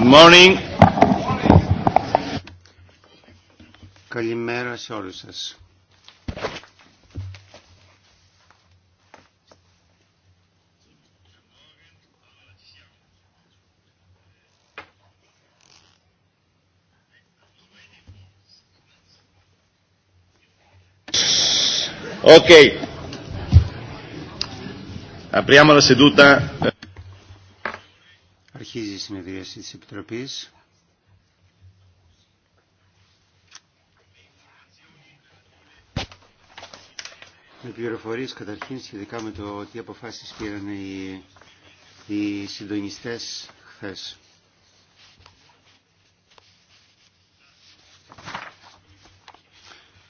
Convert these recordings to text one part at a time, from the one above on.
Good morning. Καλημέρα σε όλους σας. Ok. Apriamo la seduta Συνεχίζει η συνεδρίαση της Επιτροπής. Με πληροφορίες καταρχήν σχετικά με το τι αποφάσει πήραν οι, οι συντονιστές χθες.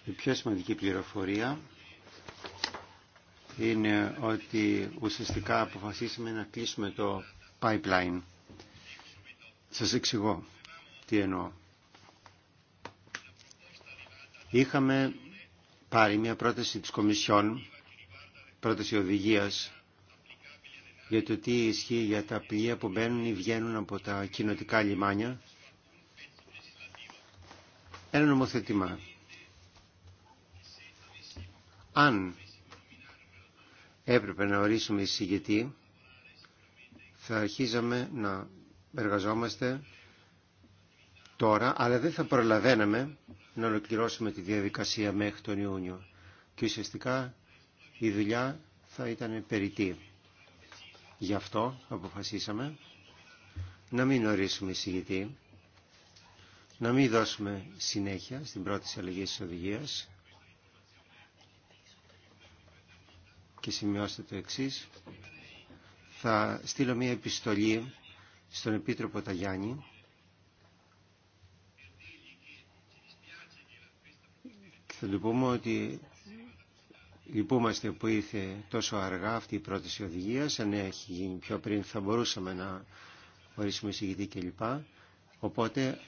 Η πιο σημαντική πληροφορία είναι ότι ουσιαστικά αποφασίσαμε να κλείσουμε το pipeline. Σας εξηγώ τι εννοώ. Είχαμε πάρει μια πρόταση της Κομισιόν, πρόταση οδηγίας, για το τι ισχύει για τα πλοία που μπαίνουν ή βγαίνουν από τα κοινοτικά λιμάνια. Ένα νομοθετήμα. Αν έπρεπε να ορίσουμε εισηγητή, θα αρχίζαμε να εργαζόμαστε τώρα, αλλά δεν θα προλαβαίναμε να ολοκληρώσουμε τη διαδικασία μέχρι τον Ιούνιο. Και ουσιαστικά η δουλειά θα ήταν περιττή. Γι' αυτό αποφασίσαμε να μην ορίσουμε εισηγητή, να μην δώσουμε συνέχεια στην πρώτη αλλαγή της οδηγίας και σημειώστε το εξής. Θα στείλω μια επιστολή στον Επίτροπο Ταγιάννη θα του πούμε ότι λυπούμαστε που ήρθε τόσο αργά αυτή η πρόταση οδηγία. Αν έχει γίνει πιο πριν θα μπορούσαμε να ορίσουμε και κλπ. Οπότε,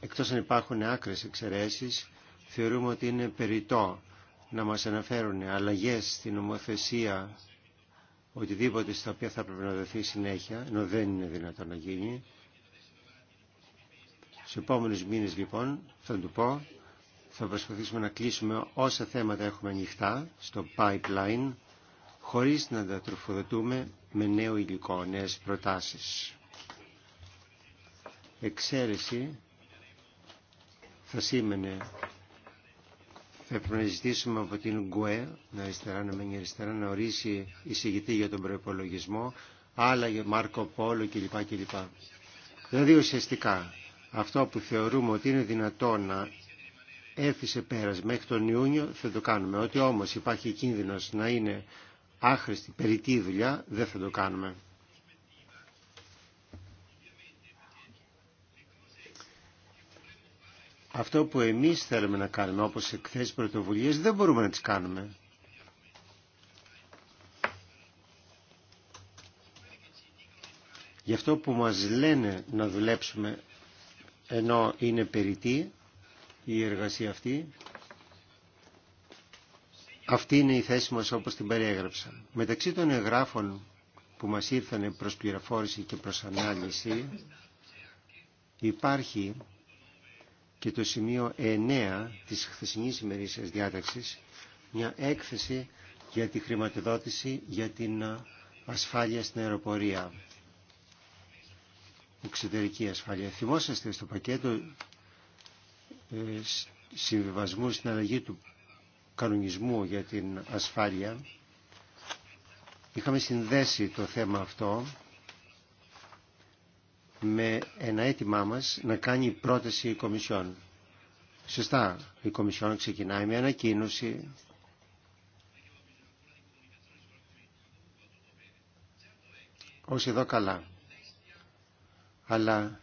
εκτός αν υπάρχουν άκρες εξαιρέσεις, θεωρούμε ότι είναι περιττό να μας αναφέρουν αλλαγές στην νομοθεσία οτιδήποτε στα οποία θα πρέπει να δοθεί συνέχεια, ενώ δεν είναι δυνατόν να γίνει. Στου επόμενου μήνε λοιπόν, θα του πω, θα προσπαθήσουμε να κλείσουμε όσα θέματα έχουμε ανοιχτά στο pipeline, χωρίς να τα τροφοδοτούμε με νέο υλικό, νέες προτάσεις. Εξαίρεση θα σήμαινε θα έπρεπε να ζητήσουμε από την ΓΚΟΕ, να αριστερά, να αριστερά, να ορίσει εισηγητή για τον προπολογισμό, άλλα για Μάρκο Πόλο κλπ. κλπ. Δηλαδή ουσιαστικά αυτό που θεωρούμε ότι είναι δυνατό να έρθει σε πέρας μέχρι τον Ιούνιο θα το κάνουμε. Ότι όμως υπάρχει κίνδυνος να είναι άχρηστη, περιττή δουλειά δεν θα το κάνουμε. Αυτό που εμείς θέλουμε να κάνουμε, όπως εκθέσεις πρωτοβουλίες, δεν μπορούμε να τις κάνουμε. Γι' αυτό που μας λένε να δουλέψουμε, ενώ είναι περιττή η εργασία αυτή, αυτή είναι η θέση μας όπως την περιέγραψα. Μεταξύ των εγγράφων που μας ήρθαν προς πληροφόρηση και προς ανάλυση υπάρχει και το σημείο 9 της χθεσινής ημερήσιας διάταξης, μια έκθεση για τη χρηματοδότηση για την ασφάλεια στην αεροπορία. Εξωτερική ασφάλεια. Θυμόσαστε στο πακέτο ε, συμβιβασμού στην αλλαγή του κανονισμού για την ασφάλεια. Είχαμε συνδέσει το θέμα αυτό με ένα αίτημά μας να κάνει πρόταση η Κομισιόν. Σωστά, η Κομισιόν ξεκινάει με ανακοίνωση ως εδώ καλά. Αλλά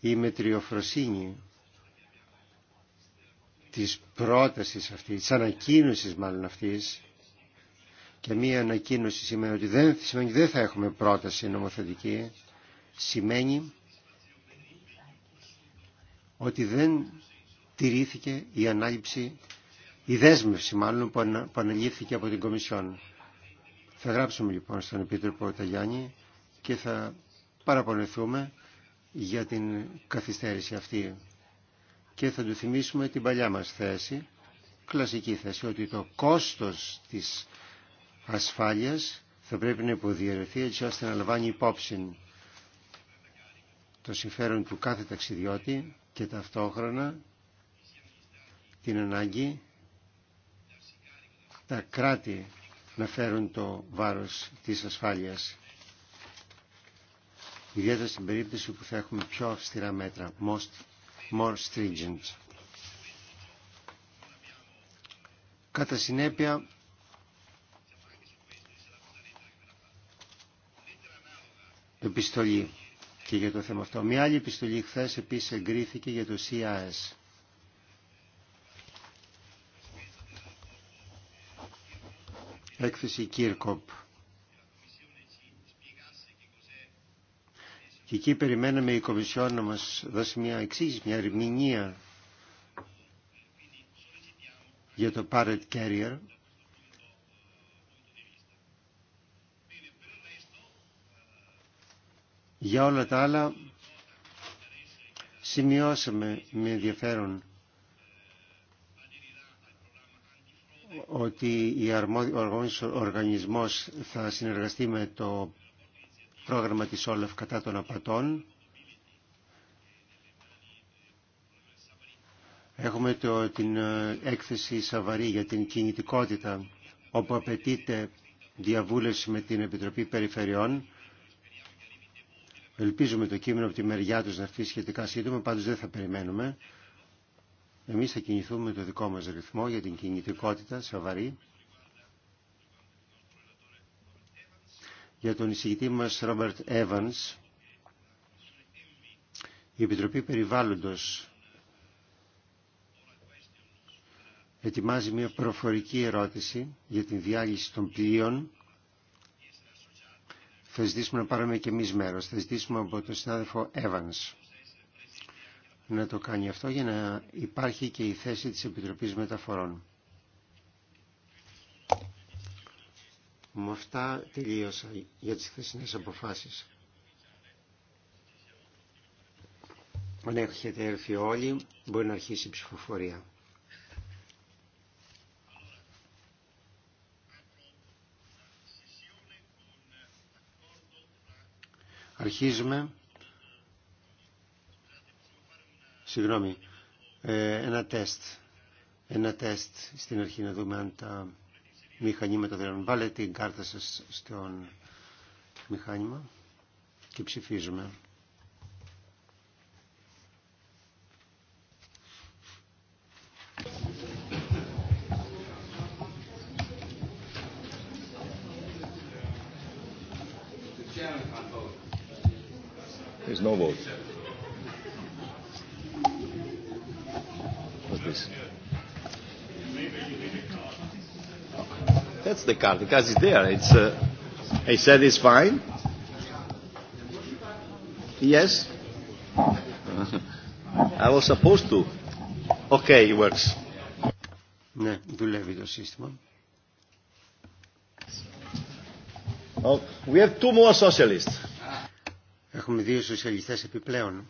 η μετριοφροσύνη της πρότασης αυτής, τη ανακοίνωση, μάλλον αυτής, και μία ανακοίνωση σημαίνει ότι δεν, σημαίνει δεν θα έχουμε πρόταση νομοθετική, σημαίνει ότι δεν τηρήθηκε η ανάληψη, η δέσμευση μάλλον που αναλήφθηκε από την Κομισιόν. Θα γράψουμε λοιπόν στον Επίτροπο Ταγιάννη και θα παραπονεθούμε για την καθυστέρηση αυτή και θα του θυμίσουμε την παλιά μας θέση, κλασική θέση, ότι το κόστος της ασφάλειας θα πρέπει να υποδιαιρεθεί έτσι ώστε να λαμβάνει υπόψη το συμφέρον του κάθε ταξιδιώτη και ταυτόχρονα την ανάγκη τα κράτη να φέρουν το βάρος της ασφάλειας. Ιδιαίτερα στην περίπτωση που θα έχουμε πιο αυστηρά μέτρα, most, more stringent. Κατά συνέπεια, επιστολή και για το θέμα αυτό. Μια άλλη επιστολή χθε επίσης εγκρίθηκε για το CIS. Έκθεση Κίρκοπ. Και εκεί περιμέναμε η Κομισιόν να μας δώσει μια εξήγηση, μια ερμηνεία για το Parrot Carrier. Για όλα τα άλλα σημειώσαμε με ενδιαφέρον ότι ο οργανισμός θα συνεργαστεί με το πρόγραμμα της ΟΛΕΦ κατά των απατών. Έχουμε το, την ε, έκθεση Σαβαρή για την κινητικότητα, όπου απαιτείται διαβούλευση με την Επιτροπή Περιφερειών Ελπίζουμε το κείμενο από τη μεριά τους να έρθει σχετικά σύντομα, πάντως δεν θα περιμένουμε. Εμείς θα κινηθούμε με το δικό μας ρυθμό για την κινητικότητα, σοβαρή. Για τον εισηγητή μας Ρόμπερτ Evans, η Επιτροπή Περιβάλλοντος ετοιμάζει μια προφορική ερώτηση για την διάλυση των πλοίων θα ζητήσουμε να πάρουμε και εμείς μέρος. Θα ζητήσουμε από τον συνάδελφο Evans να το κάνει αυτό για να υπάρχει και η θέση της Επιτροπής Μεταφορών. Με αυτά τελείωσα για τις χθεσινές αποφάσεις. Αν έχετε έρθει όλοι, μπορεί να αρχίσει η ψηφοφορία. Αρχίζουμε. Συγγνώμη. Ε, ένα τεστ. Ένα τεστ στην αρχή να δούμε αν τα μηχανήματα δεν βάλετε την κάρτα σας στον μηχάνημα και ψηφίζουμε. There's no vote. What's this? That's the card. The card is there. It's. Uh, I said it's fine. Yes. I was supposed to. Okay, it works. Ναι, δουλεύει το σύστημα. Oh, we have two more socialists. Έχουμε δύο σοσιαλιστές επιπλέον.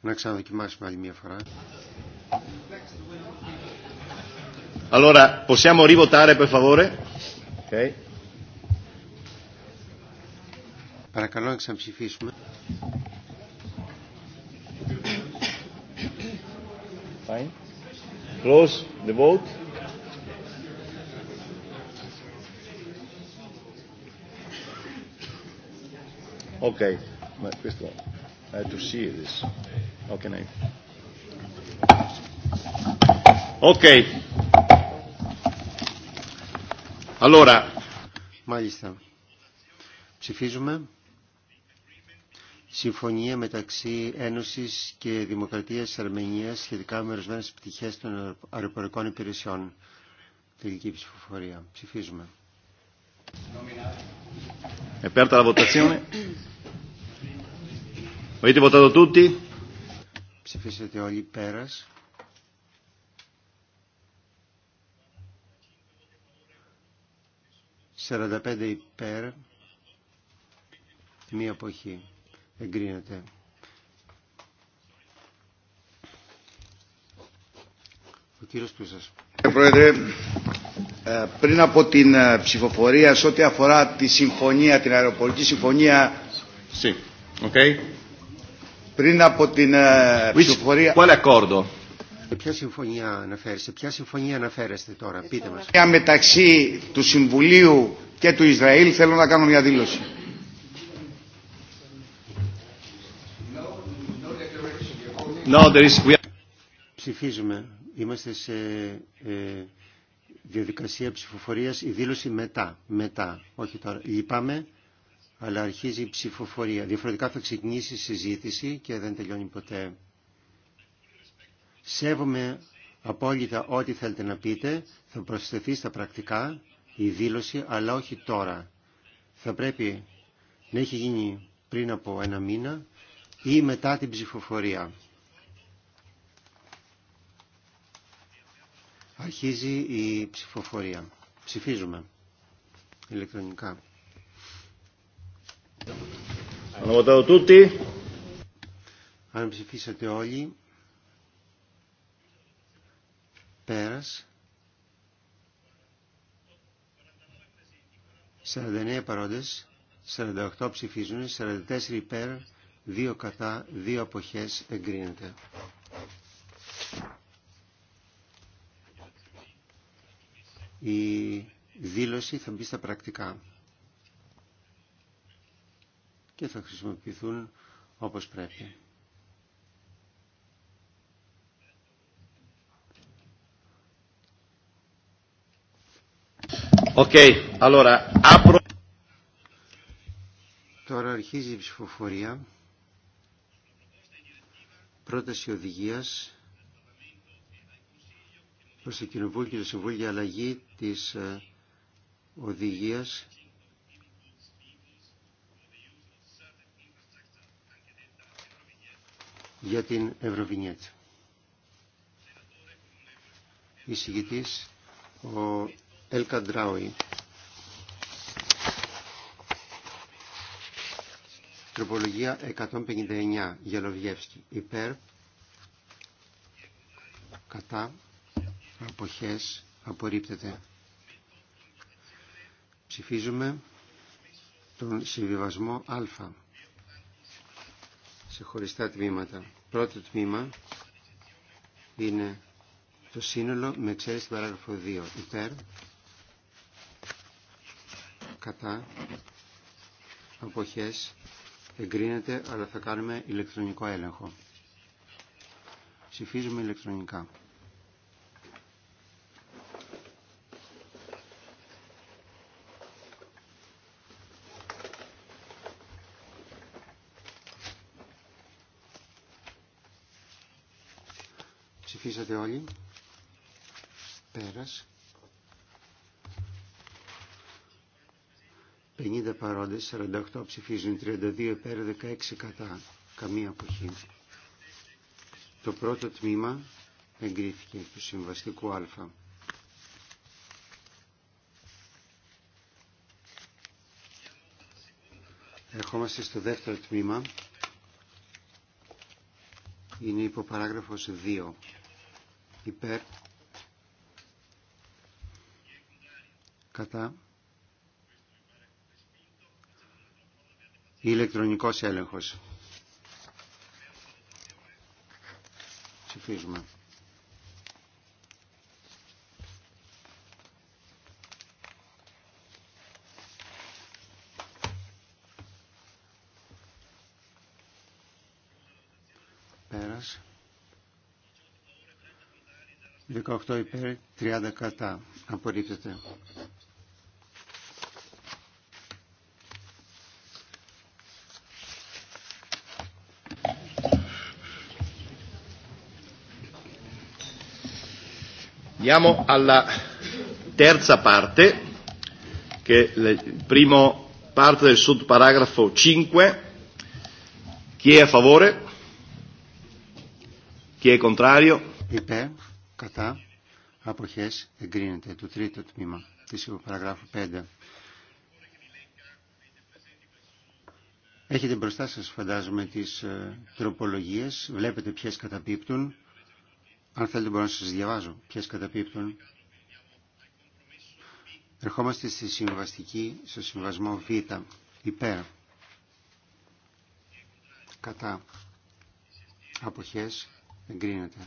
Να ξαναδοκιμάσουμε άλλη μια φορά. Allora, possiamo rivotare per favore? Παρακαλώ να ξαναψηφίσουμε. Fine. Close the vote. Ok, ma questo I have to see this. How can I? Okay. Allora. Μάλιστα. Ψηφίζουμε. Συμφωνία μεταξύ Ένωσης και Δημοκρατίας Αρμενίας σχετικά με ορισμένε πτυχές των αεροπορικών υπηρεσιών. Τελική ψηφοφορία. Ψηφίζουμε. Επέρτα la votazione τίποτα το τούτη. Ψηφίσετε όλοι πέρας. 45 υπέρ, μία εποχή Εγκρίνεται. Ο κύριος Πουσα. Κύριε Πρόεδρε, ε, πριν από την ε, ψηφοφορία σε ό,τι αφορά τη συμφωνία, την αεροπορική συμφωνία... Sí. Okay πριν από την ε, ψηφοφορία. σε ποια συμφωνία αναφέρεστε, ποια συμφωνία αναφέρεστε τώρα, ε, πείτε μας. Μεταξύ του Συμβουλίου και του Ισραήλ θέλω να κάνω μια δήλωση. No, there is... Ψηφίζουμε. Είμαστε σε ε, διαδικασία ψηφοφορίας, η δήλωση μετά, μετά, όχι τώρα. Είπαμε αλλά αρχίζει η ψηφοφορία. Διαφορετικά θα ξεκινήσει η συζήτηση και δεν τελειώνει ποτέ. Σέβομαι απόλυτα ό,τι θέλετε να πείτε, θα προσθεθεί στα πρακτικά η δήλωση, αλλά όχι τώρα. Θα πρέπει να έχει γίνει πριν από ένα μήνα ή μετά την ψηφοφορία. Αρχίζει η ψηφοφορία. Ψηφίζουμε ηλεκτρονικά. Αν ψηφίσατε όλοι, πέρας, 49 παρόντες, 48 ψηφίζουν, 44 υπέρ, 2 κατά, 2 αποχές εγκρίνεται. Η δήλωση θα μπει στα πρακτικά και θα χρησιμοποιηθούν όπως πρέπει. Okay, allora, Τώρα αρχίζει η ψηφοφορία. Πρόταση οδηγίας προς το Κοινοβούλιο και το Συμβούλιο για αλλαγή της ε, οδηγίας για την Ευρωβινιέτ Η ο Ελκα Ντράουι. Τροπολογία 159 Γελοβιεύσκη. Υπέρ, κατά, αποχές, απορρίπτεται. Ψηφίζουμε τον συμβιβασμό Α σε χωριστά τμήματα. Πρώτο τμήμα είναι το σύνολο με εξαίρεση παράγραφο 2. Υπέρ, κατά, αποχές, εγκρίνεται, αλλά θα κάνουμε ηλεκτρονικό έλεγχο. Ψηφίζουμε ηλεκτρονικά. ψηφίσατε όλοι. Πέρας. 50 παρόντες, 48 ψηφίζουν, 32 πέρα 16 κατά. Καμία αποχή. Το πρώτο τμήμα εγκρίθηκε του συμβαστικού α. Ερχόμαστε στο δεύτερο τμήμα. Είναι υπό 2 υπέρ κατά ηλεκτρονικός έλεγχος. Ψηφίζουμε. 28 υπέρ 30 κατά. Απορρίπτεται. Andiamo alla terza parte, che è il primo parte del sottoparagrafo 5. Chi è a favore? Chi è contrario? Ipe, Catà αποχές εγκρίνεται το τρίτο τμήμα της υποπαραγράφου 5. Έχετε μπροστά σας φαντάζομαι τις ε, τροπολογίες, βλέπετε ποιες καταπίπτουν. Αν θέλετε μπορώ να σας διαβάζω ποιες καταπίπτουν. Ερχόμαστε στη συμβαστική, στο συμβασμό Β, υπέρ, κατά, αποχές, εγκρίνεται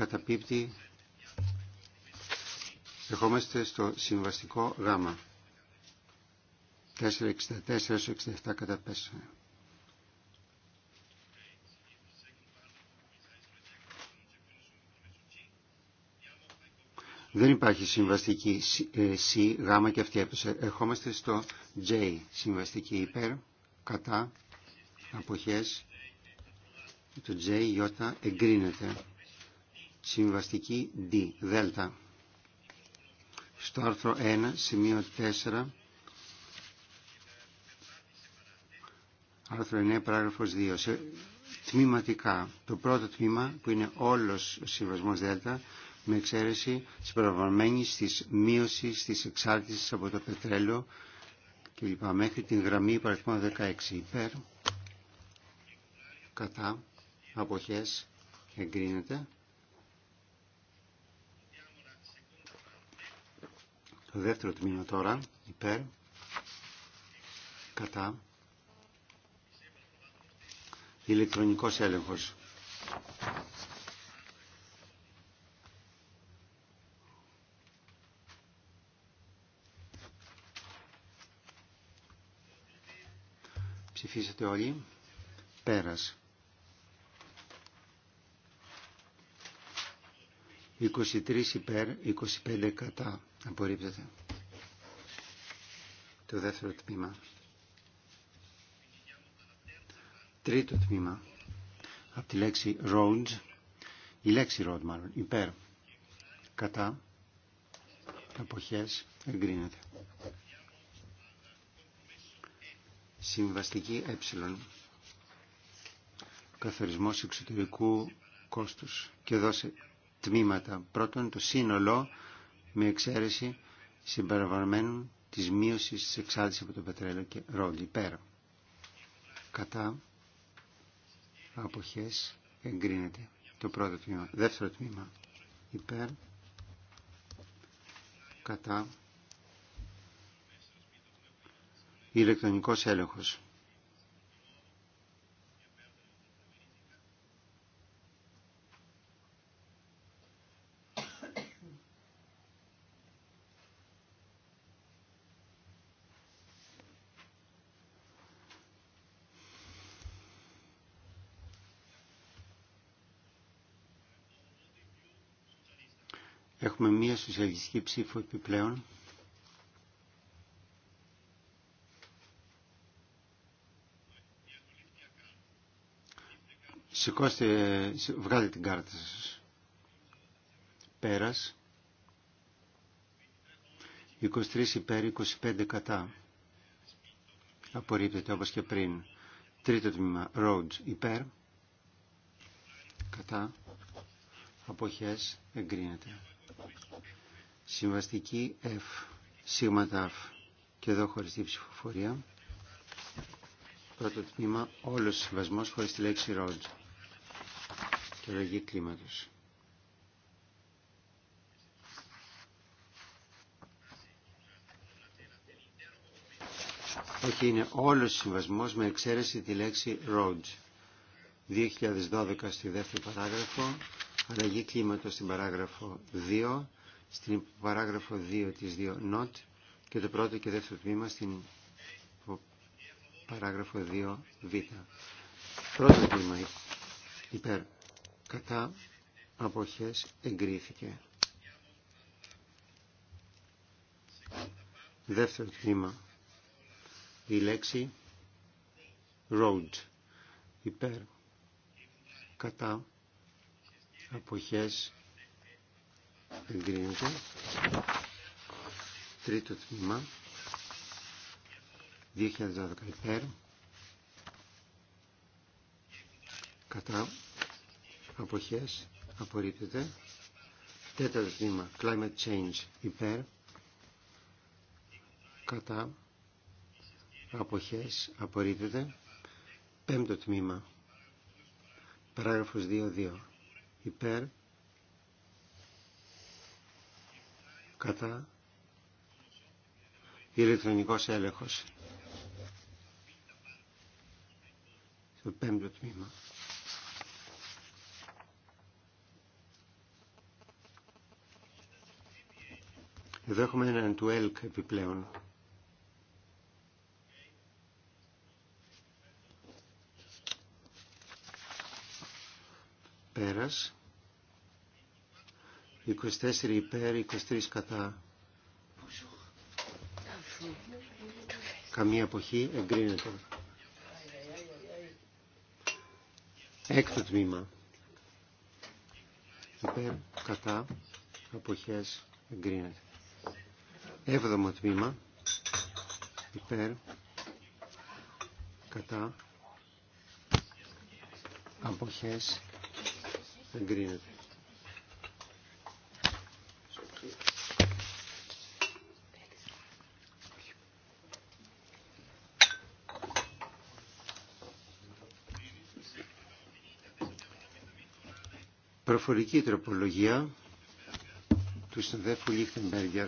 καταπίπτει ερχόμαστε στο συμβαστικό γάμα 464-67 κατά πέσα Δεν υπάρχει συμβαστική C, Γ και αυτή έπεσε. Ερχόμαστε στο J, συμβαστική υπέρ, κατά, αποχές. Το J, J εγκρίνεται. Συμβαστική D, Δέλτα. Στο άρθρο 1, σημείο 4, άρθρο 9, παράγραφος 2, σε τμήματικά. Το πρώτο τμήμα που είναι όλος ο συμβασμός Δέλτα, με εξαίρεση συμπεριλαμβανομένης της μείωση της εξάρτησης από το πετρέλαιο κλπ. Μέχρι την γραμμή παρελθόν 16 υπέρ, κατά, αποχές, εγκρίνεται. Το δεύτερο τμήμα τώρα, υπέρ, κατά, ηλεκτρονικός έλεγχος. Ψηφίσατε όλοι. Πέρας. 23 υπέρ, 25 κατά. Απορρίπτεται. Το δεύτερο τμήμα. Τρίτο τμήμα. Από τη λέξη roads. Η λέξη road μάλλον. Υπέρ. Κατά. Αποχές. Εγκρίνεται. Συμβαστική ε. Καθορισμός εξωτερικού κόστους. Και δώσε τμήματα. Πρώτον, το σύνολο με εξαίρεση συμπεριλαμβανομένου της μείωσης της εξάρτησης από το πετρέλαιο και ρόλι. Πέρα. Κατά αποχές εγκρίνεται το πρώτο τμήμα. Δεύτερο τμήμα. Υπέρ. Κατά. Ηλεκτρονικός έλεγχος. σοσιαλιστική ψήφο επιπλέον. Σηκώστε, βγάλε την κάρτα σας. Πέρας. 23 υπέρ, 25 κατά. Απορρίπτεται όπως και πριν. Τρίτο τμήμα, Roads υπέρ. Κατά. Αποχές εγκρίνεται. Συμβαστική F, σίγμα ΑΦ Και εδώ χωριστή ψηφοφορία. Πρώτο τμήμα, όλος ο συμβασμός χωρίς τη λέξη road. Και λογή κλίματος. Όχι, είναι όλος ο συμβασμός με εξαίρεση τη λέξη road. 2012 στη δεύτερη παράγραφο, αλλαγή κλίματος στην παράγραφο 2, στην παράγραφο 2 της 2 not και το πρώτο και δεύτερο τμήμα στην παράγραφο 2 β. Πρώτο τμήμα υπέρ κατά αποχές εγκρίθηκε. Δεύτερο τμήμα η λέξη road υπέρ κατά αποχές εγκρίνεται τρίτο τμήμα 2012 υπέρ κατά αποχές απορρίπτεται τέταρτο τμήμα climate change υπέρ κατά αποχές απορρίπτεται πέμπτο τμήμα παράγραφος 2.2 υπέρ κατά ηλεκτρονικός έλεγχος στο πέμπτο τμήμα. Εδώ έχουμε έναν του ΕΛΚ επιπλέον. Πέρας. 24 υπέρ, 23 κατά. Καμία αποχή εγκρίνεται. Έκτο τμήμα. Υπέρ, κατά, αποχές εγκρίνεται. Έβδομο τμήμα. Υπέρ, κατά, αποχές εγκρίνεται. Προφορική τροπολογία του συνδέφου Λίχτεμπεργκερ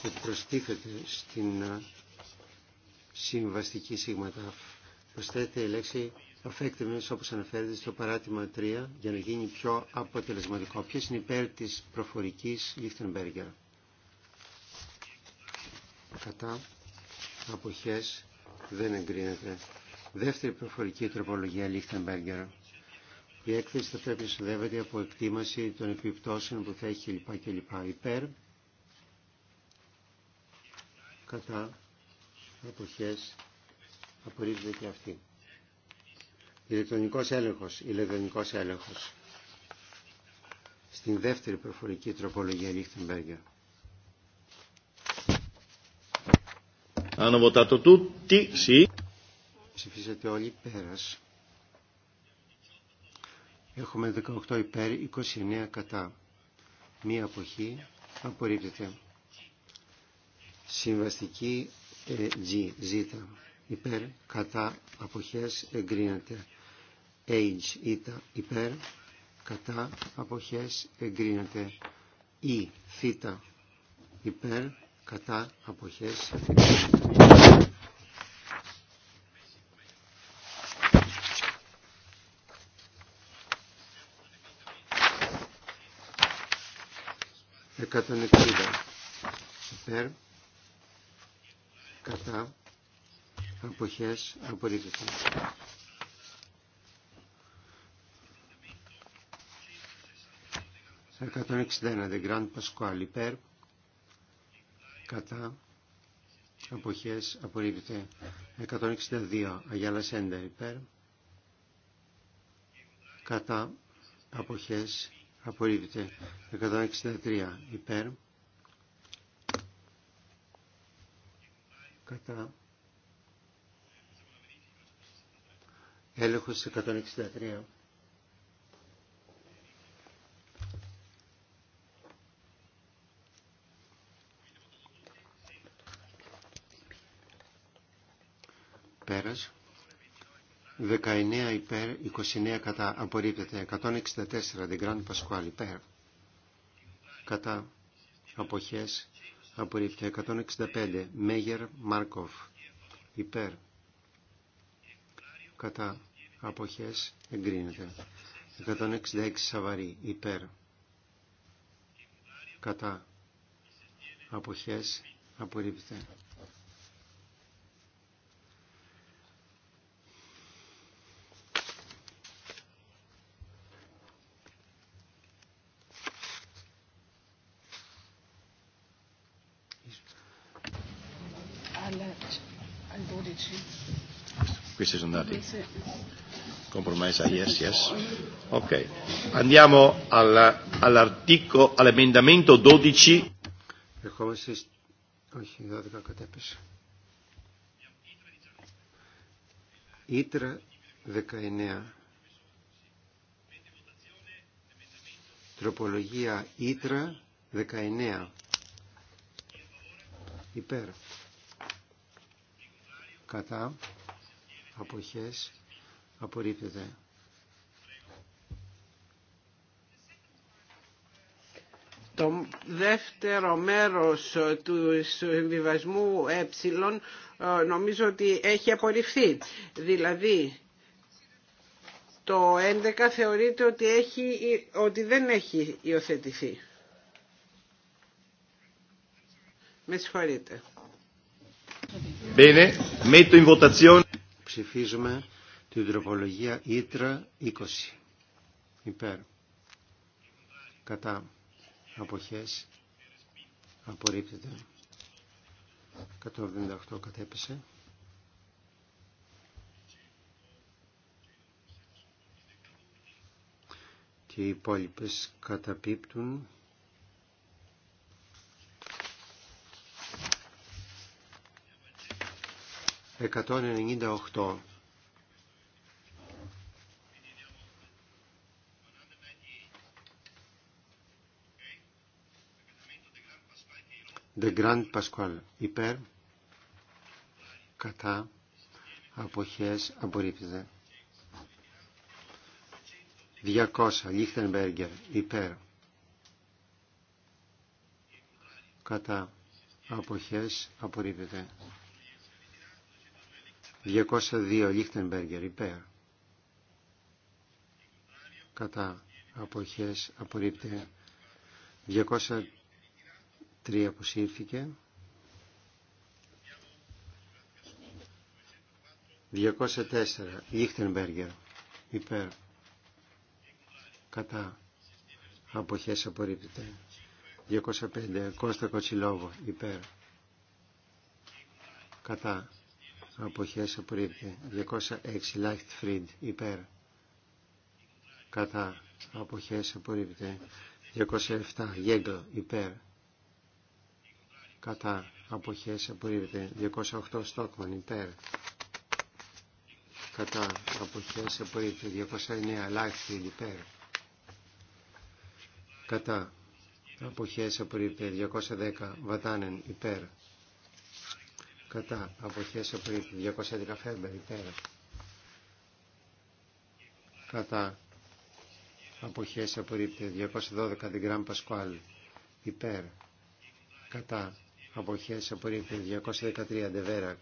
που προστίθεται στην ε, συμβαστική σίγματα. Προσθέτεται η λέξη effectiveness όπως αναφέρεται στο παράτημα 3 για να γίνει πιο αποτελεσματικό. Ποιες είναι υπέρ της προφορικής Λίχτενμπέργκερ. Κατά αποχές δεν εγκρίνεται. Δεύτερη προφορική τροπολογία Λίχτενμπέργκερ. Η έκθεση θα πρέπει να συνδέεται από εκτίμαση των επιπτώσεων που θα έχει κλπ. λοιπά Υπέρ, κατά, εποχές απορρίζονται και αυτή. Ηλεκτρονικός έλεγχος, ηλεκτρονικός έλεγχος. Στην δεύτερη προφορική τροπολογία Λίχτεμπεργκερ. Hanno votato tutti, Ψηφίσατε όλοι πέρας. Έχουμε 18 υπέρ, 29 κατά. Μία αποχή απορρίπτεται. Συμβαστική ε, G, Z, υπέρ, κατά, αποχές, εγκρίνεται. H, Ι, υπέρ, κατά, αποχές, εγκρίνεται. E, Θ, υπέρ, κατά, αποχές, εγκρίνεται. 160 υπέρ κατά αποχές απορρίπτεται. 161 de Grand Pasquale υπέρ κατά αποχές απορρίπτεται 162 Αγιάλα Σέντερ υπέρ κατά αποχές απορρίπτεται 163 υπέρ κατά έλεγχος 163 19 υπέρ, 29 κατά. Απορρίπτεται. 164 Grand Πασκουάλ υπέρ. Κατά. Αποχές. Απορρίπτεται. 165 Μέγερ Μάρκοφ υπέρ. Κατά. Αποχές. Εγκρίνεται. 166 Σαβαρή υπέρ. Κατά. Αποχές. Απορρίπτεται. compromise, isn't that yes, yes. Ok. Andiamo all'articolo, all'emendamento 12. Itra 12 19. Τροπολογία Ήτρα 19. Υπέρ. Κατά αποχές απορρίπτεται. Το δεύτερο μέρος του συμβιβασμού ε νομίζω ότι έχει απορριφθεί. Δηλαδή το 11 θεωρείται ότι, έχει, ότι δεν έχει υιοθετηθεί. Με συγχωρείτε. Bene, metto in votazione. Ψηφίζουμε την τροπολογία Ήτρα 20. Υπέρ. Κατά. Αποχές. Απορρίπτεται. 178 κατέπεσε. Και οι υπόλοιπες καταπίπτουν. 198. The Grand Pasquale. Υπέρ. Κατά. Αποχές. Απορρίπτεται. 200. Λίχτενμπεργκερ. Υπέρ. Κατά. Αποχές. Απορρίπτεται. 202 Λίχτενμπεργκερ υπέρ κατά αποχές απορρίπτει 203 αποσύρθηκε 204 Λίχτενμπεργκερ υπέρ κατά αποχές απορρίπτεται 205 Κώστα Κοτσιλόβο υπέρ κατά Αποχέ απορρίπτει 206 Λάχτφριντ υπέρ κατά αποχές απορρίπτει 207 Γέγκλ υπέρ κατά αποχές απορρίπτει 208 Στόκμαν υπέρ κατά αποχές απορρίπτει 209 Λάχτφριντ υπέρ κατά αποχές απορρίπτει 210 Βατάνεν υπέρ κατά αποχές απορρίπτεται 211 φέρμπερ κατά αποχές απορρίπτεται 212 διγκράμμ πασκουάλ υπέρ κατά αποχές απορρίπτεται 213 δεβέρακ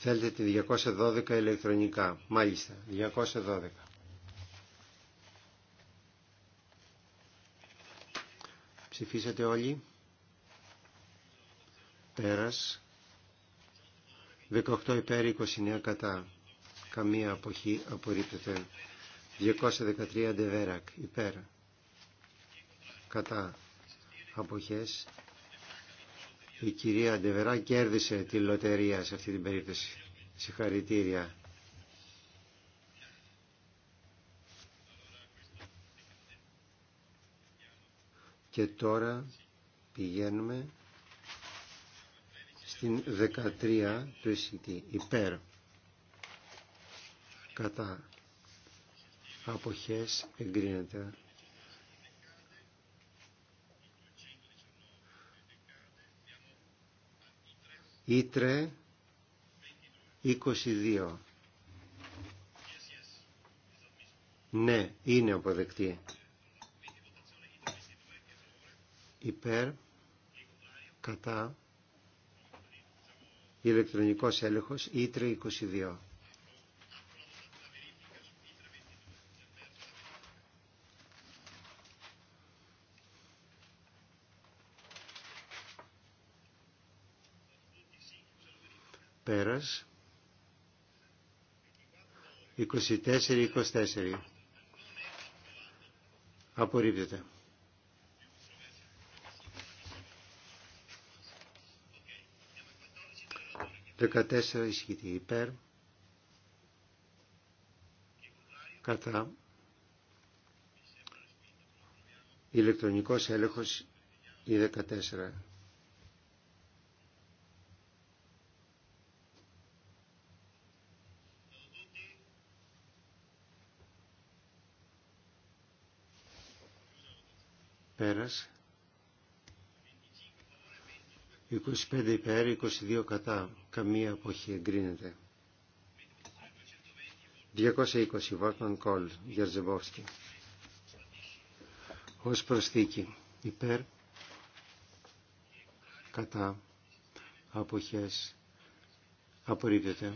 Θέλετε τη 212 ηλεκτρονικά. Μάλιστα, 212. Ψηφίσατε όλοι. Πέρας. 18 υπέρ 29 κατά. Καμία αποχή απορρίπτεται. 213 αντεβέρακ υπέρ. Κατά. Αποχές. Η κυρία Αντεβερά κέρδισε τη λοτερία σε αυτή την περίπτωση. Συγχαρητήρια. Και τώρα πηγαίνουμε στην 13 του εισηγητή. Υπέρ. Κατά. Αποχές εγκρίνεται. Ήτρε 22. Ναι, είναι αποδεκτή υπέρ, κατά, ηλεκτρονικός έλεγχος, ήτρε 22. Πέρας, 24-24. Απορρίπτεται. 14 ισχυρή υπέρ κατά ηλεκτρονικός έλεγχος η 14. Πέρας. 25 υπέρ, 22 κατά. Καμία αποχή εγκρίνεται. 220 Βόρτμαν Κόλ, Γερζεμπόφσκι. Ω προσθήκη. Υπέρ, κατά, αποχές, απορρίπτεται.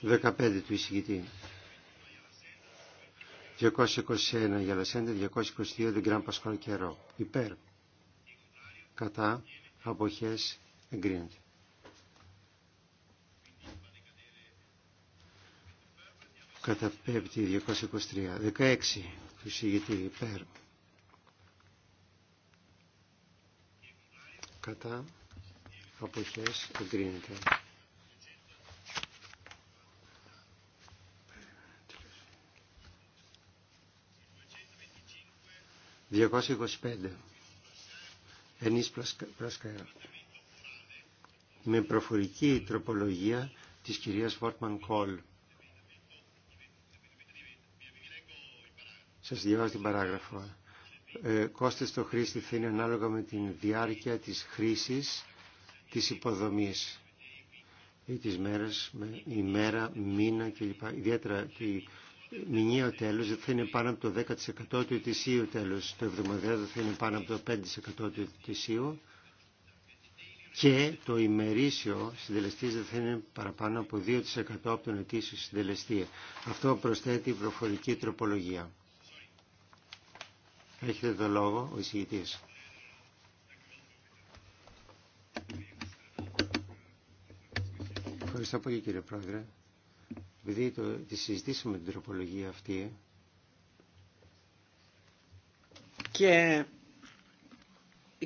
Δεκαπέντε του εισηγητή. 221 για Λασέντε, 222 την Γκραν Πασχόλ Καιρό. Υπέρ. Κατά. Αποχές. Εγκρίνεται. πέπτη 223. 16 του συγητή υπέρ. Κατά. Αποχές. Εγκρίνεται. 225. Ενής Με προφορική τροπολογία της κυρίας Βόρτμαν Κόλ. Σας διαβάζω την παράγραφο. Ε, κόστες στο χρήστη θα είναι ανάλογα με την διάρκεια της χρήσης της υποδομής ή τις η ημέρα, μήνα κλπ. Ιδιαίτερα τη μηνιαίο τέλος δεν θα είναι πάνω από το 10% του ετησίου τέλος. Το εβδομαδιαίο δεν θα είναι πάνω από το 5% του ετησίου και το ημερήσιο συντελεστή δεν θα είναι παραπάνω από 2% από τον ετήσιο συντελεστή. Αυτό προσθέτει η προφορική τροπολογία. Έχετε το λόγο ο εισηγητή. Ευχαριστώ πολύ κύριε Πρόεδρε επειδή το, τη συζητήσαμε την τροπολογία αυτή και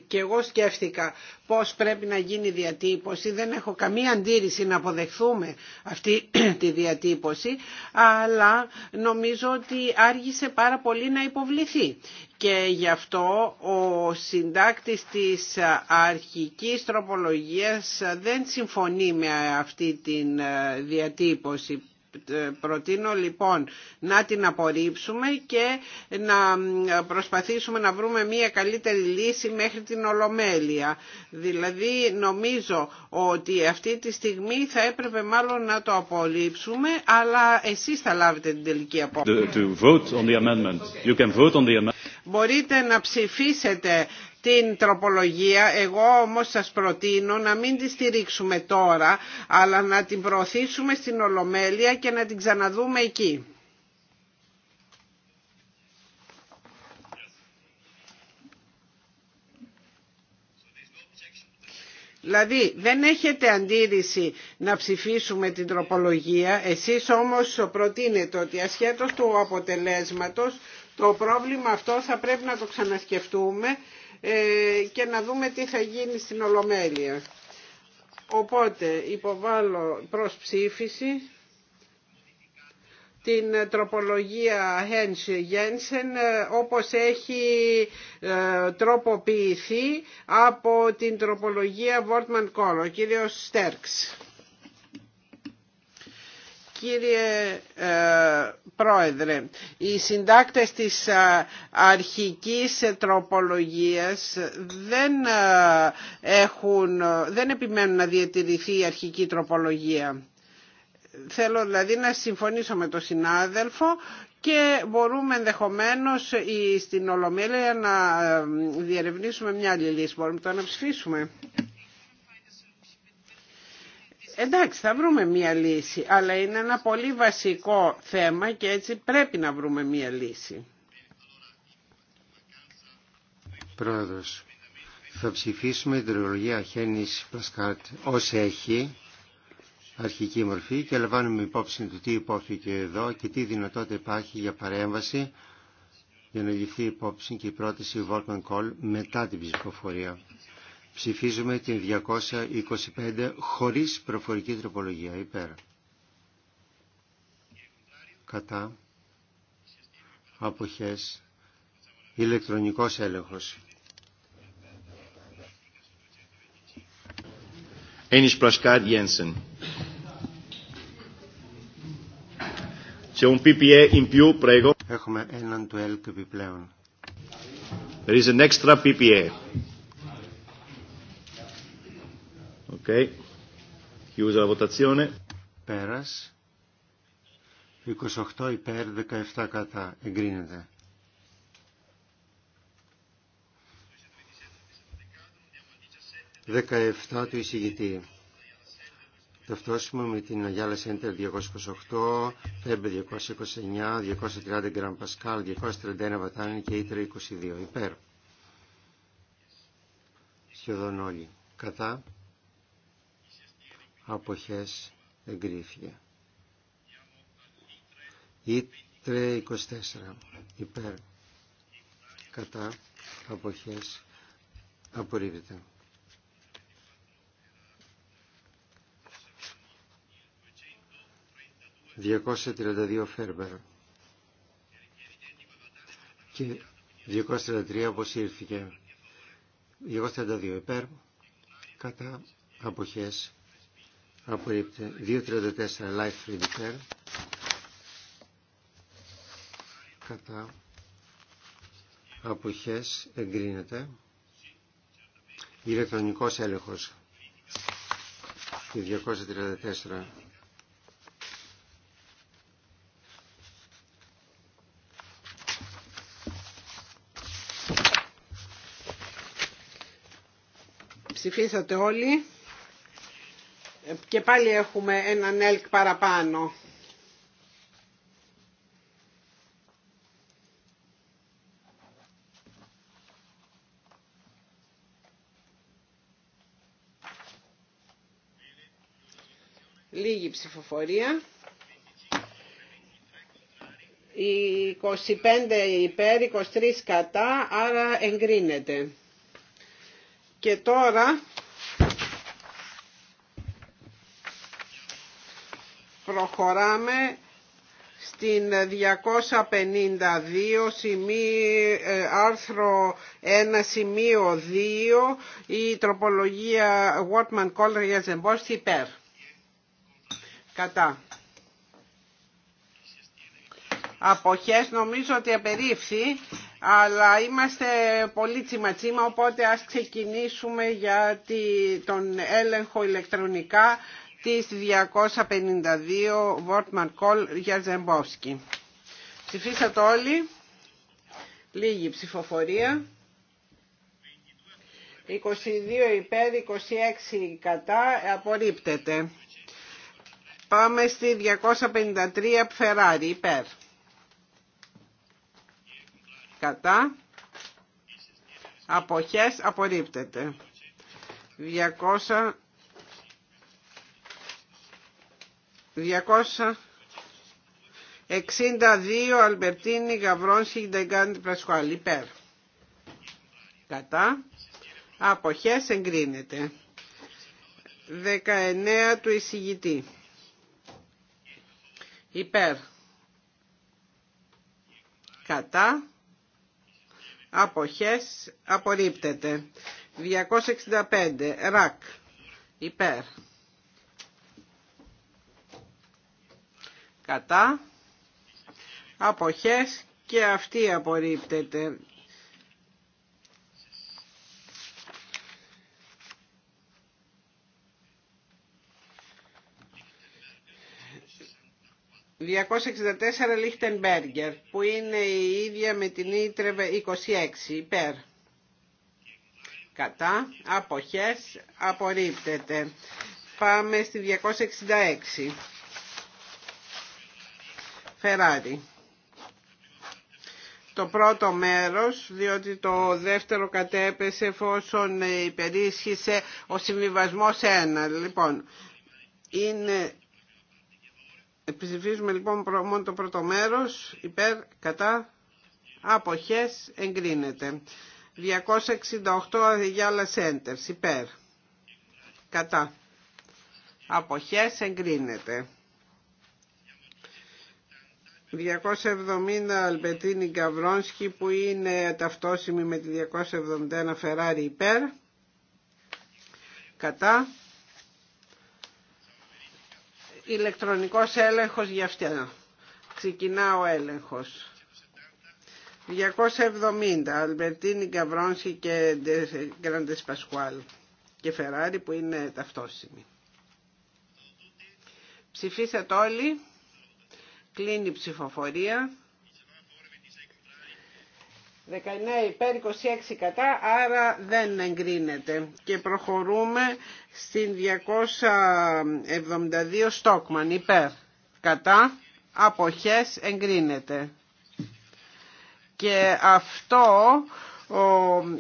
και εγώ σκέφτηκα πώς πρέπει να γίνει η διατύπωση. Δεν έχω καμία αντίρρηση να αποδεχθούμε αυτή τη διατύπωση, αλλά νομίζω ότι άργησε πάρα πολύ να υποβληθεί. Και γι' αυτό ο συντάκτης της αρχικής τροπολογίας δεν συμφωνεί με αυτή τη ε, διατύπωση ε, προτείνω λοιπόν να την απορρίψουμε και να προσπαθήσουμε να βρούμε μια καλύτερη λύση μέχρι την Ολομέλεια. Δηλαδή νομίζω ότι αυτή τη στιγμή θα έπρεπε μάλλον να το απορρίψουμε αλλά εσείς θα λάβετε την τελική απόφαση. Μπορείτε να ψηφίσετε την τροπολογία. Εγώ όμως σας προτείνω να μην τη στηρίξουμε τώρα, αλλά να την προωθήσουμε στην Ολομέλεια και να την ξαναδούμε εκεί. Δηλαδή δεν έχετε αντίρρηση να ψηφίσουμε την τροπολογία, εσείς όμως προτείνετε ότι ασχέτως του αποτελέσματος το πρόβλημα αυτό θα πρέπει να το ξανασκεφτούμε ε, και να δούμε τι θα γίνει στην Ολομέλεια. Οπότε υποβάλλω προς ψήφιση την τροπολογία Hens-Jensen όπως έχει ε, τροποποιηθεί από την τροπολογια wortmann Wortman-Koll, ο κύριος Στέρξ. Κύριε ε, Πρόεδρε, οι συντάκτες της ε, αρχικής τροπολογίας δεν, ε, έχουν, δεν επιμένουν να διατηρηθεί η αρχική τροπολογία. Θέλω δηλαδή να συμφωνήσω με τον συνάδελφο και μπορούμε ενδεχομένως στην Ολομέλεια να διερευνήσουμε μια άλλη λύση. Μπορούμε το να ψηφίσουμε. Εντάξει, θα βρούμε μία λύση, αλλά είναι ένα πολύ βασικό θέμα και έτσι πρέπει να βρούμε μία λύση. Πρόεδρος, θα ψηφίσουμε την τρολογία Χένης Πασκάρτ ως έχει αρχική μορφή και λαμβάνουμε υπόψη του τι υπόθηκε εδώ και τι δυνατότητα υπάρχει για παρέμβαση για να ληφθεί υπόψη και η πρόταση Βόρκμαν Κόλ μετά την ψηφοφορία. Ψηφίζουμε την 225 χωρίς προφορική τροπολογία. Υπέρ. Κατά. Αποχές. Ηλεκτρονικός έλεγχος. Ένις Πρασκάρ Γιένσεν. Έχουμε έναν του ΕΛΚ επιπλέον. There is an extra PPA. E. Ok. Chiusa la votazione. Πέρας. 28 υπέρ, 17 κατά. Εγκρίνεται. 17 του εισηγητή. Ταυτόσιμο με την Αγιάλα Σέντερ 228, Φέμπε 229, 230 Γκραμ Πασκάλ, 231 Βατάνη και Ήτρα 22. Υπέρ. Σχεδόν όλοι. Κατά αποχές εγκρίθηκε. Ήτρε 24 υπέρ κατά αποχές απορρίβεται. ...232 Φέρμπερ και 233 αποσύρθηκε 232 υπέρ κατά αποχές Απορρίπτε 2.34 life free repair κατά αποχές εγκρίνεται ηλεκτρονικός έλεγχος τη 234 Ψηφίσατε όλοι. Και πάλι έχουμε έναν ΕΛΚ παραπάνω. Λίγη ψηφοφορία. 25 υπέρ, 23 κατά, άρα εγκρίνεται. Και τώρα προχωράμε στην 252 ε, σημείο, άρθρο 1 σημείο 2 η τροπολογία Wortman Collar για Ζεμπόρσκι υπέρ. Κατά. Αποχές νομίζω ότι απερίφθη, αλλά είμαστε πολύ τσιματσίμα, οπότε ας ξεκινήσουμε για τον έλεγχο ηλεκτρονικά της 252 Βόρτμαν Κόλ για Ψηφίσατε όλοι. Λίγη ψηφοφορία. 22 υπέρ, 26 κατά, απορρίπτεται. Πάμε στη 253 Φεράρι, υπέρ. Κατά. Αποχές, απορρίπτεται. 200 262 Αλμπερτίνη Γαβρόνση Ντεγκάντη Πρασκουάλ υπέρ κατά αποχές εγκρίνεται 19 του εισηγητή υπέρ κατά αποχές απορρίπτεται 265 ρακ υπέρ κατά αποχές και αυτή απορρίπτεται. ...264 Λίχτενμπέργκερ... ...που είναι η ίδια με την Ήτρεβε 26... ...υπέρ... ...κατά... ...αποχές... ...απορρίπτεται... ...πάμε στη 266... Φεράρι. Το πρώτο μέρος, διότι το δεύτερο κατέπεσε εφόσον υπερίσχυσε ο συμβιβασμός 1. Λοιπόν, είναι... λοιπόν μόνο το πρώτο μέρος, υπέρ, κατά, αποχές, εγκρίνεται. 268 αδεγιάλα σέντερς, υπέρ, κατά, αποχές, εγκρίνεται. 270 Αλμπετίνη Γκαβρόνσκι που είναι ταυτόσιμη με τη 271 Φεράρι υπέρ. Κατά. Ηλεκτρονικός έλεγχος για αυτά. Ξεκινά ο έλεγχος. 270 Αλμπερτίνη Γκαβρόνσκι και Γκραντε Πασχουάλ και Φεράρι που είναι ταυτόσημη. Ψηφίσατε όλοι. Κλείνει η ψηφοφορία. 19 υπέρ 26 κατά, άρα δεν εγκρίνεται. Και προχωρούμε στην 272 Στόκμαν υπέρ. Κατά, αποχές εγκρίνεται. Και αυτό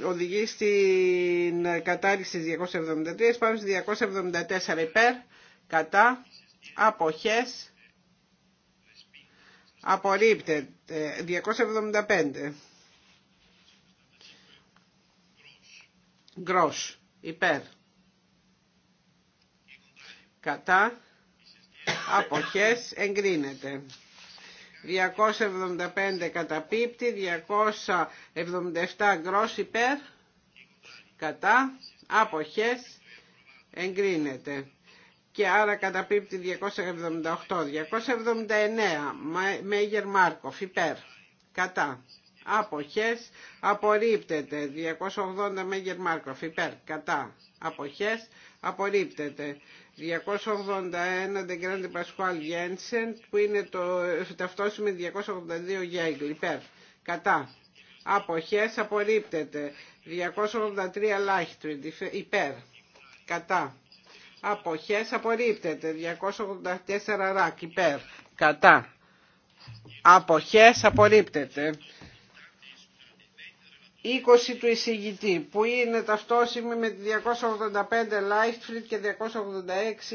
οδηγεί στην κατάρριξη της 273, πάμε στη 274 υπέρ, κατά, αποχές Απορρίπτεται. 275. Γκρός. Υπέρ. Κατά. Αποχές. Εγκρίνεται. 275 καταπίπτει. 277 γκρός. Υπέρ. Κατά. Αποχές. Εγκρίνεται και άρα καταπίπτει 278. 279 Μέγερ Μάρκοφ υπέρ κατά αποχές απορρίπτεται 280 Μέγερ Μάρκοφ υπέρ κατά αποχές απορρίπτεται 281 Ντεγκράντε Πασχουάλ Γένσεν που είναι το ταυτόσιμο 282 Γέγκλ υπέρ κατά αποχές απορρίπτεται 283 Λάχτριντ, υπέρ κατά αποχές απορρίπτεται 284 ρακ υπέρ κατά αποχές απορρίπτεται 20 του εισηγητή που είναι ταυτόσιμη με τη 285 Lightfried και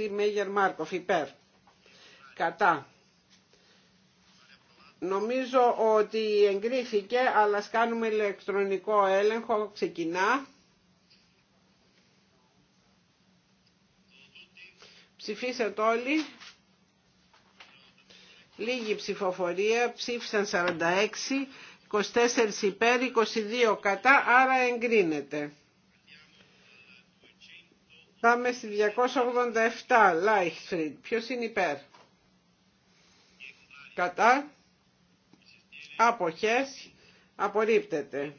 286 Μέγερ Μάρκοφ υπέρ κατά Νομίζω ότι εγκρίθηκε, αλλά κάνουμε ηλεκτρονικό έλεγχο, ξεκινά. Ψηφίσατε όλοι. Λίγη ψηφοφορία. Ψήφισαν 46. 24 υπέρ, 22 κατά, άρα εγκρίνεται. Πάμε στη 287, Λάιχτφριντ. Ποιος είναι υπέρ. Κατά. Αποχές. Απορρίπτεται.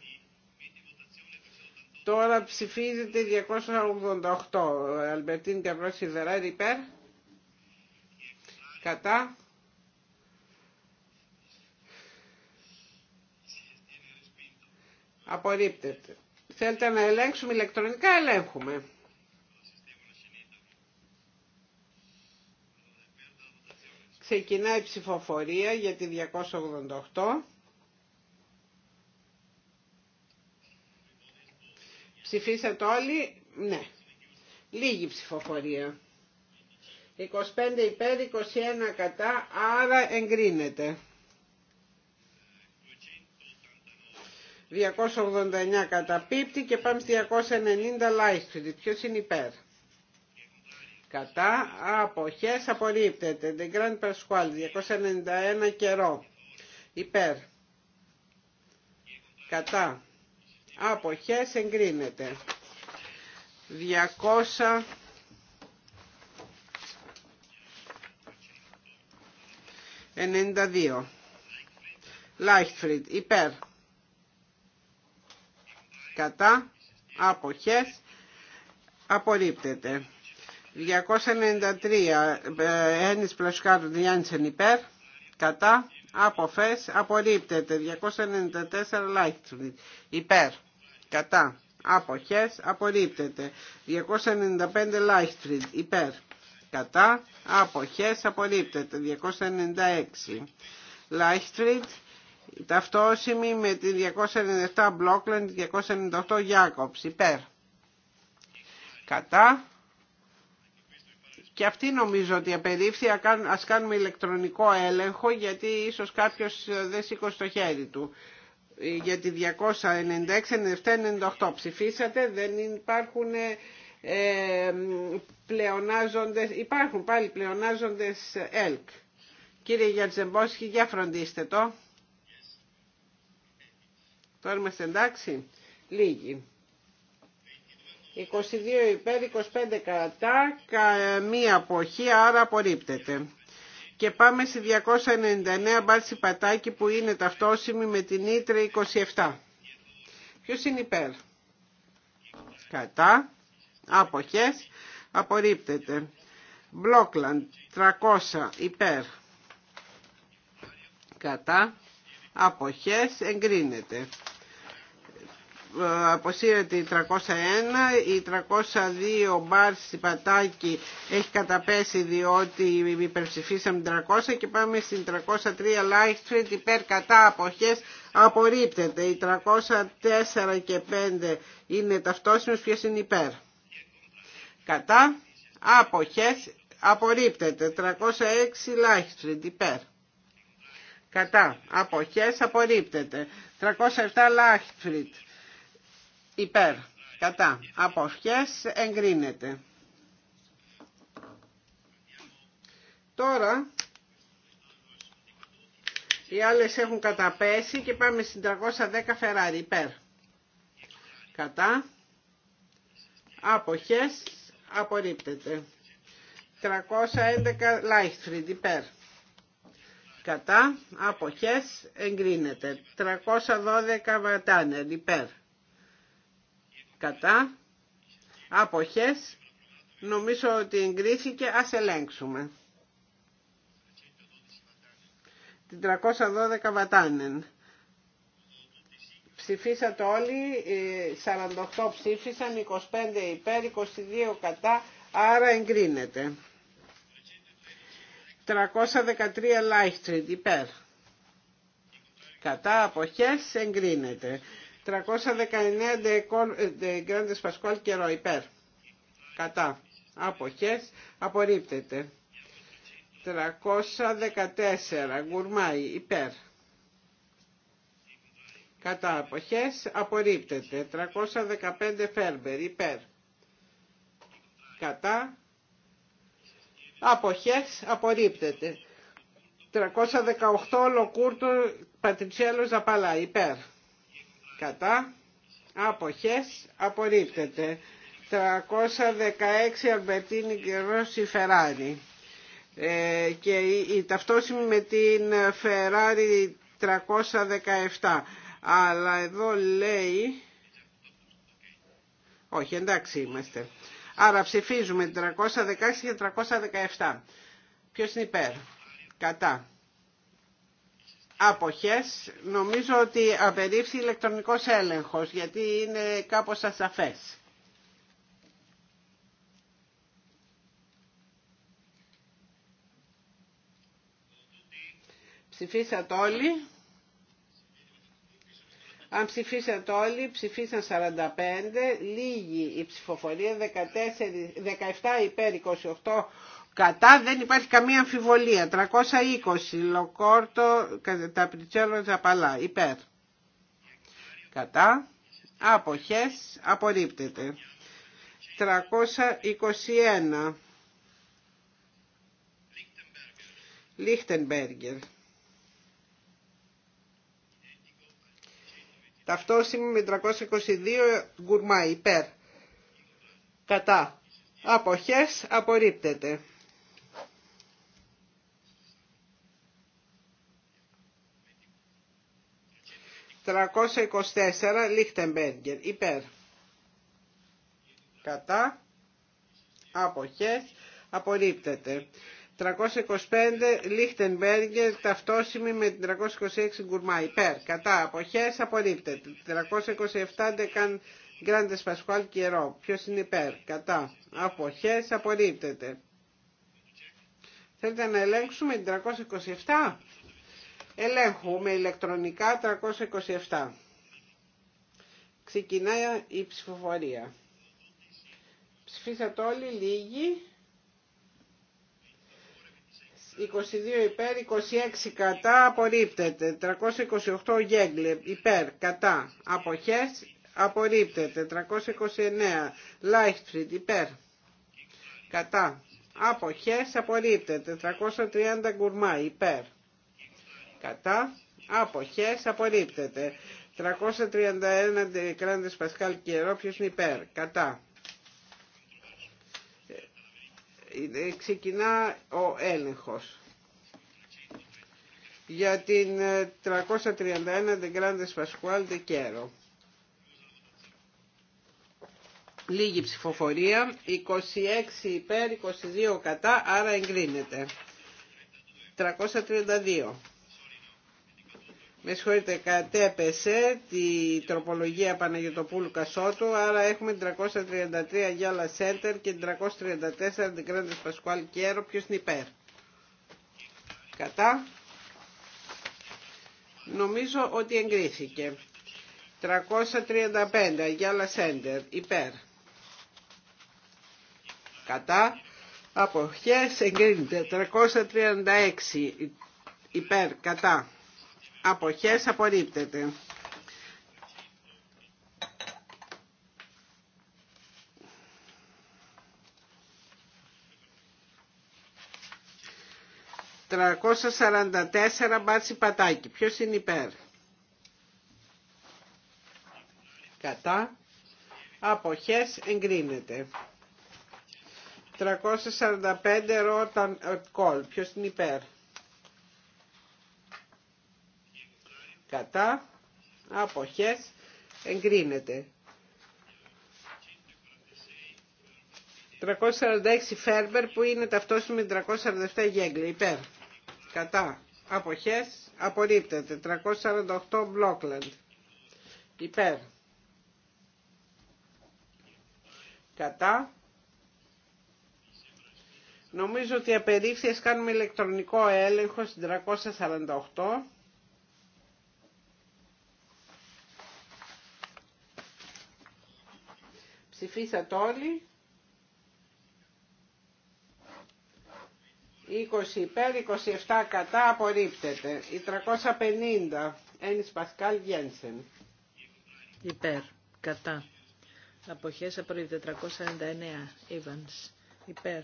Τώρα ψηφίζεται 288. Αλμπερτίν Καβρό Ιδεράρη υπέρ. Κατά. Απορρίπτεται. Θέλετε να ελέγξουμε ηλεκτρονικά, ελέγχουμε. Ξεκινάει η ψηφοφορία για τη 288. Ψηφίσατε όλοι. Ναι. Λίγη ψηφοφορία. 25 υπέρ, 21 κατά, άρα εγκρίνεται. 289 καταπίπτει και πάμε στη 290 λάιχτριτ. Ποιο είναι υπέρ. Κατά, αποχές, απορρίπτεται. The Grand Pasquale, 291 καιρό. Υπέρ. Κατά αποχές εγκρίνεται 292. Λάιχτφριντ υπέρ. Κατά. Αποχές. Απορρίπτεται. 293. Ε, Ένις Πλασκάρου Διάννησεν υπέρ. Κατά. ΦΕΣ απορρίπτεται. 294 Λάιχτφριντ. Υπέρ. Κατά. Αποχές απορρίπτεται. 295 Λάιχτφριντ. Υπέρ. Κατά. Αποχές απορρίπτεται. 296 ΛΑΙΧΤΡΙΤ, Ταυτόσημη με τη 297 Blockland 298 Γιάκοψ. Υπέρ. Κατά. Και αυτή νομίζω ότι απερίφθη, ας κάνουμε ηλεκτρονικό έλεγχο γιατί ίσως κάποιος ε, δεν σήκωσε το χέρι του. Ε, γιατί 296, 97, 98 ψηφίσατε, δεν υπάρχουν ε, πλεονάζοντες, υπάρχουν πάλι πλεονάζοντες ΕΛΚ. Κύριε Γιατζεμπόσχη, για φροντίστε το. Τώρα είμαστε εντάξει. Λίγοι. 22 υπέρ, 25 κατά, μία αποχή, άρα απορρίπτεται. Και πάμε στη 299 μπάρση πατάκι που είναι ταυτόσιμη με την Ήτρε 27. Ποιος είναι υπέρ. Κατά. Αποχές. Απορρίπτεται. Μπλόκλαντ 300 υπέρ. Κατά. Αποχές εγκρίνεται αποσύρεται η 301, η 302 μπαρ στη πατάκι έχει καταπέσει διότι υπερψηφίσαμε 300 και πάμε στην 303 Λάχτφριντ, υπέρ κατά αποχές απορρίπτεται. Οι 304 και 5 είναι ταυτόσιμες ποιες είναι υπέρ. Κατά αποχές απορρίπτεται. 306 Λάχτφριντ υπέρ. Κατά αποχές απορρίπτεται. 307 Λάχτφριντ υπέρ, κατά, αποχές, εγκρίνεται. Τώρα, οι άλλες έχουν καταπέσει και πάμε στην 310 Φεράρι, υπέρ. Κατά, αποχές, απορρίπτεται. 311 Λάιχτφριντ, υπέρ. Κατά, αποχές, εγκρίνεται. 312 Βατάνερ, υπέρ κατά, αποχές, νομίζω ότι εγκρίθηκε, ας ελέγξουμε. Την 312 βατάνεν. Ψηφίσατε όλοι, 48 ε, ψήφισαν, 25 υπέρ, 22 κατά, άρα εγκρίνεται. 313 Λάιχτριντ υπέρ. Κατά αποχές εγκρίνεται. 319 ε, Γκράντες Pascual και υπέρ. Κατά. Αποχές. Απορρίπτεται. 314 Γκουρμάι υπέρ. Κατά αποχές απορρίπτεται. 315 Φέρμπερ υπέρ. Κατά αποχές απορρίπτεται. 318 Λοκούρτου Πατριτσέλο Ζαπαλά υπέρ κατά αποχές απορρίπτεται 316 Αλμπερτίνη και Ρώση Φεράρι ε, και η, η ταυτόσημη με την Φεράρι 317 αλλά εδώ λέει όχι εντάξει είμαστε άρα ψηφίζουμε 316 και 317 ποιος είναι υπέρ κατά Αποχές νομίζω ότι απερίφθη ηλεκτρονικός έλεγχος γιατί είναι κάπως ασαφές. Ψηφίσατε όλοι. Αν ψηφίσατε όλοι, ψηφίσαν 45, λίγη η ψηφοφορία, 14, 17 υπέρ, 28 Κατά δεν υπάρχει καμία αμφιβολία. 320 Λοκόρτο πριτσέλο Ζαπαλά. Υπέρ. Κατά. Αποχές. Απορρίπτεται. 321 Λίχτενμπέργκερ. Ταυτόσημη με 322 γκουρμά υπέρ. Κατά. Αποχές απορρίπτεται. 324 Λίχτεμπέργκερ υπέρ κατά αποχές απορρίπτεται 325 Λίχτενμπέργκερ ταυτόσημη με την 326 Γκουρμά υπέρ κατά αποχές απορρίπτεται 327 δεκαν, Γκράντες Πασχουάλ Κιερό ποιος είναι υπέρ κατά αποχές απορρίπτεται Θέλετε να ελέγξουμε την 327 Ελέγχουμε ηλεκτρονικά 327. Ξεκινάει η ψηφοφορία. Ψηφίσατε όλοι λίγοι. 22 υπέρ, 26 κατά, απορρίπτεται. 328 γέγκλε, υπέρ, κατά, αποχές, απορρίπτεται. 329, Λάιχτφριντ, υπέρ, κατά, αποχές, απορρίπτεται. 330 γκουρμά, υπέρ κατά αποχές απορρίπτεται 331 κράντες Πασκάλ καιρό. ποιος είναι υπέρ κατά ε, ε, ξεκινά ο έλεγχος για την 331 ε, κράντες Πασκάλ Κιερό Λίγη ψηφοφορία, 26 υπέρ, 22 κατά, άρα εγκρίνεται. 332 με συγχωρείτε, κατέπεσε τη τροπολογία Παναγιωτοπούλου Κασότου, άρα έχουμε 333 Γιάλα Σέντερ και 334 την Πασκουάλ Κιέρο, ποιος είναι υπέρ. Κατά. Νομίζω ότι εγκρίθηκε. 335 Γιάλα Σέντερ, υπέρ. Κατά. Αποχές εγκρίνεται. 336 υπέρ, κατά αποχές απορρίπτεται. «344 μπάτσι πατάκι». Ποιος είναι υπέρ. Κατά. Αποχές εγκρίνεται. 345 ρόταν κολ. Ποιος είναι υπέρ. κατά αποχές εγκρίνεται 346 Φέρμπερ που είναι ταυτόσιμη με 347 Γέγκλη υπέρ κατά αποχές απορρίπτεται 348 Μπλόκλαντ υπέρ κατά Νομίζω ότι απερίφθειες κάνουμε ηλεκτρονικό έλεγχο στην 348. Ψηφίσατε όλοι. 20 υπέρ, 27 κατά, απορρίπτεται. Η 350, Ένις Πασκάλ Γένσεν. Υπέρ, κατά. Αποχές απορρίπτεται. 349, Ιβανς. Υπέρ,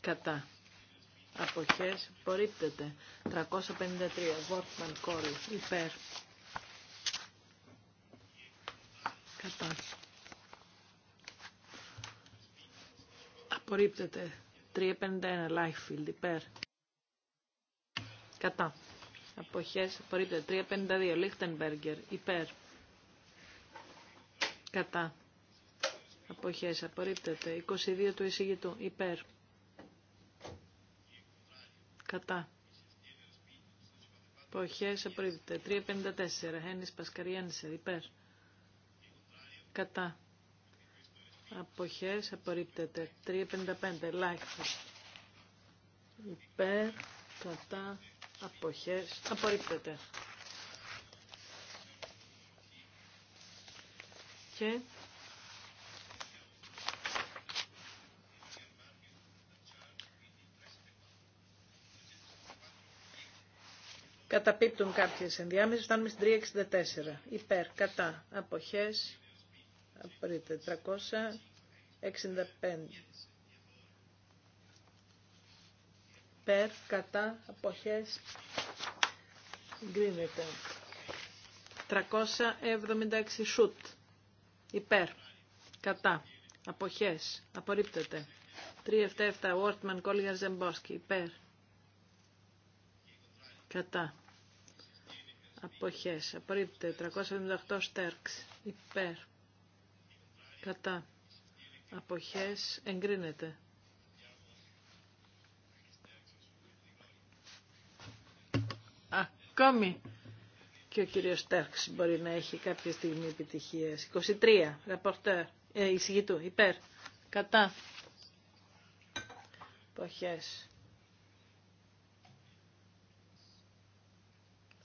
κατά. Αποχές απορρίπτεται. 353, Βόρτμαν Κόλ. Υπέρ, κατά. Απορρίπτεται. 351 Λάιχφιλντ, υπέρ. Κατά. Αποχές απορρίπτεται. 352 Λίχτενμπεργκερ υπέρ. Κατά. Αποχές απορρίπτεται. 22 του εισηγητού υπέρ. Κατά. Αποχές απορρίπτεται. 354 Χένις Πασκαριένσερ υπέρ. Κατά. Αποχές απορρίπτεται. 3.55 ελάχιστο. Υπέρ, κατά, αποχές απορρίπτεται. Και Καταπίπτουν κάποιες ενδιάμεσες, φτάνουμε στην 364. Υπέρ, κατά, αποχές, Απορρίπτεται. 365. Περ, κατά, αποχές, γκρίνεται. 376 σουτ. Υπέρ. Κατά. Αποχές. Απορρίπτεται. 377 Wortman Collier Ζεμπόσκι. Υπέρ. Κατά. Αποχές. Απορρίπτεται. 378 Στέρξ. Υπέρ κατά αποχές εγκρίνεται. Ακόμη και ο κύριος Στέρξ μπορεί να έχει κάποια στιγμή επιτυχίες. 23, ραπορτέρ, ε, εισηγητού, υπέρ, κατά, αποχές.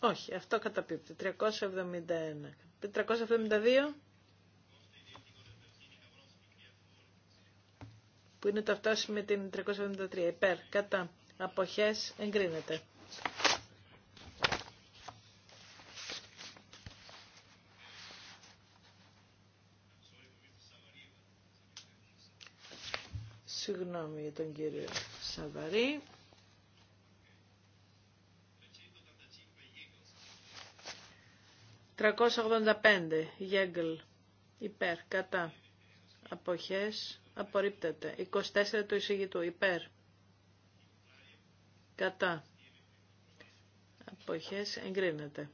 Όχι, αυτό καταπίπτει. 371. 372. που είναι ταυτόσιμη με την 373. Υπέρ, κατά, αποχές, εγκρίνεται. Συγγνώμη για τον κύριο Σαβαρή. 385. Γέγκλ. Υπέρ. Κατά αποχές απορρίπτεται. 24 του εισηγητού υπέρ κατά αποχές εγκρίνεται.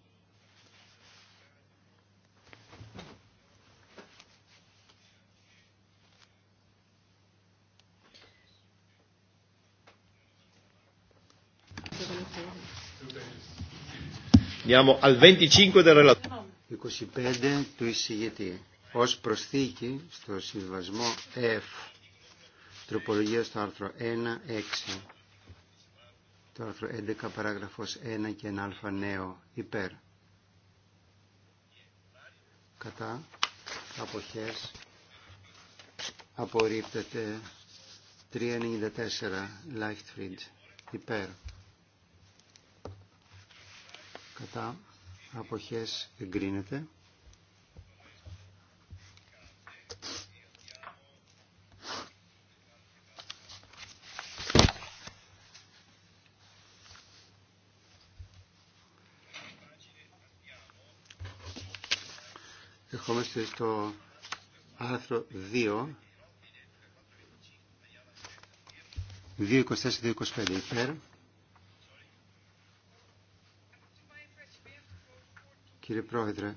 Andiamo al 25 del relatore. 25 του εισηγητή ως προσθήκη στο συμβασμό F τροπολογία στο άρθρο 1, 6 το άρθρο 11 παράγραφος 1 και 1α νέο υπέρ κατά αποχές απορρίπτεται 394 λαιχτφριντ υπέρ κατά αποχές εγκρίνεται ερχόμαστε στο άρθρο 2, 2.24-2.25 υπέρ Κύριε Πρόεδρε,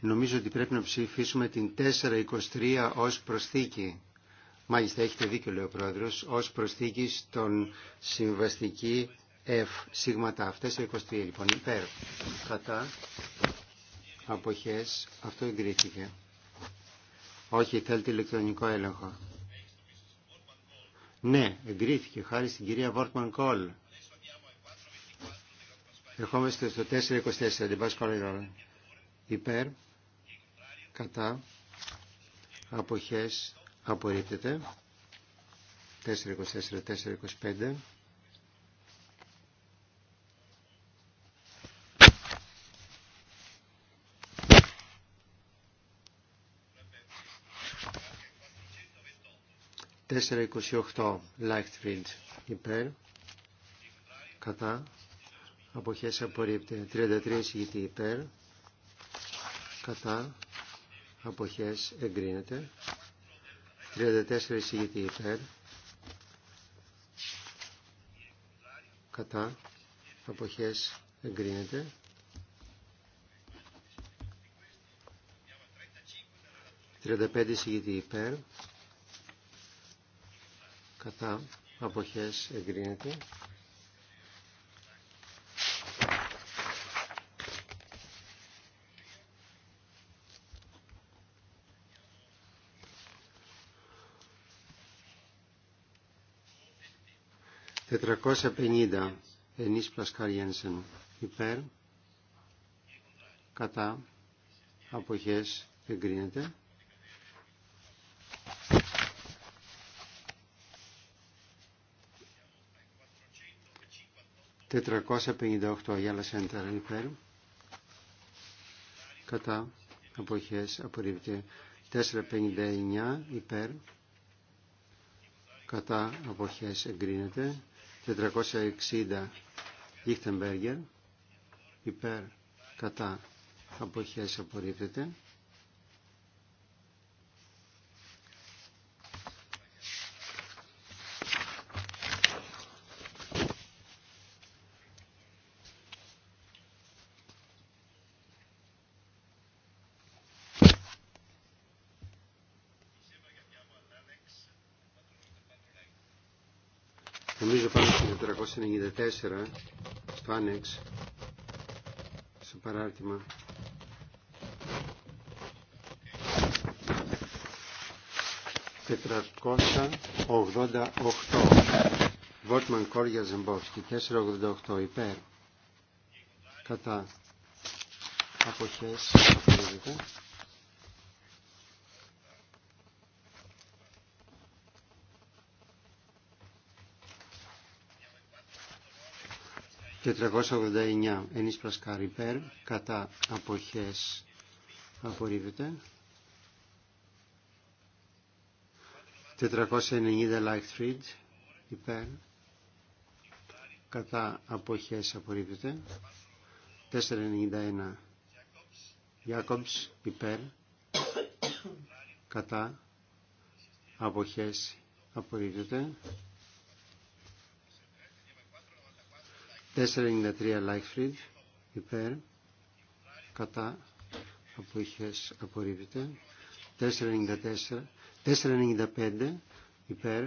νομίζω ότι πρέπει να ψηφίσουμε την 4.23 ως προσθήκη. Μάλιστα, έχετε δίκιο, λέει ο Πρόεδρος, ως προσθήκη στον συμβαστική F σίγματα αυτές, 23 λοιπόν, υπέρ, κατά, αποχές αυτό εγκρίθηκε όχι θέλετε ηλεκτρονικό έλεγχο ναι εγκρίθηκε χάρη στην κυρία Βόρτμαν Κόλ ερχόμαστε στο 424 την Πάσκολα υπέρ κατά αποχές απορρίπτεται 424-425 428 Lightfield υπέρ κατά αποχές απορρίπτεται 33 ηγητή υπέρ κατά αποχές εγκρίνεται 34 ηγητή υπέρ κατά αποχές εγκρίνεται 35 ηγητή υπέρ κατά αποχές εγκρίνεται. Τετρακόσια πενήντα ενίς υπέρ κατά αποχές εγκρίνεται. 458 για Σέντερ υπέρ. Κατά αποχές απορρίφεται. 459 υπέρ. Κατά αποχές εγκρίνεται. 460 Λίχτεμπεργκερ υπέρ. Κατά αποχές απορρίπτεται. 94 στο άνεξ στο παράρτημα τετρακόσα ογδόντα οχτώ Βόρτμαν Κόρια Ζεμπόφσκι 488 υπέρ κατά αποχές αποχές 489 Ένις πλασκαρι υπέρ κατά αποχές απορρίβεται 490 light thread υπέρ κατά αποχές απορρίβεται 491 Jacobs υπέρ κατά αποχές απορρίβεται 493 Λάιχφριντ υπέρ κατά αποχές απορρίπτεται 494 495 υπέρ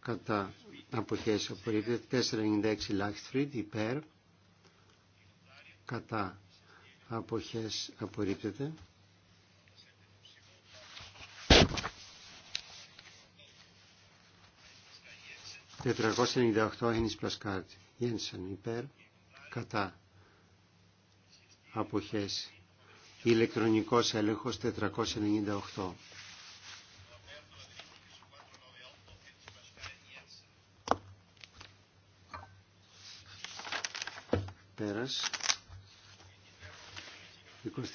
κατά αποχές απορρίπτεται 496 Lightfried υπέρ κατά αποχές απορρίπτεται 498 Ένις Πλασκάρτη Γένσεν υπέρ κατά αποχές ηλεκτρονικός έλεγχος 498 πέρας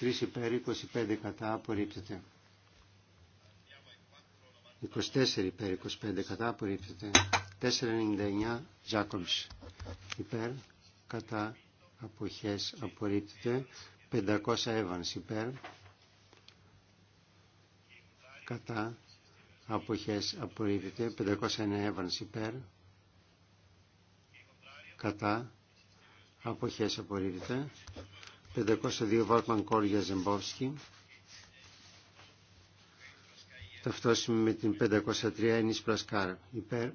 23 υπέρ 25 κατά απορρίπτεται 24 υπέρ 25 κατά απορρίπτεται 499 Jacobs υπέρ κατά αποχές απορρίπτεται 500 Evans υπέρ κατά αποχές απορρίπτεται 501 Evans υπέρ κατά αποχές απορρίπτεται 502 κόρ για Ζεμπόφσκι ταυτόσιμη με την 503 Ενίς Πλασκάρ υπέρ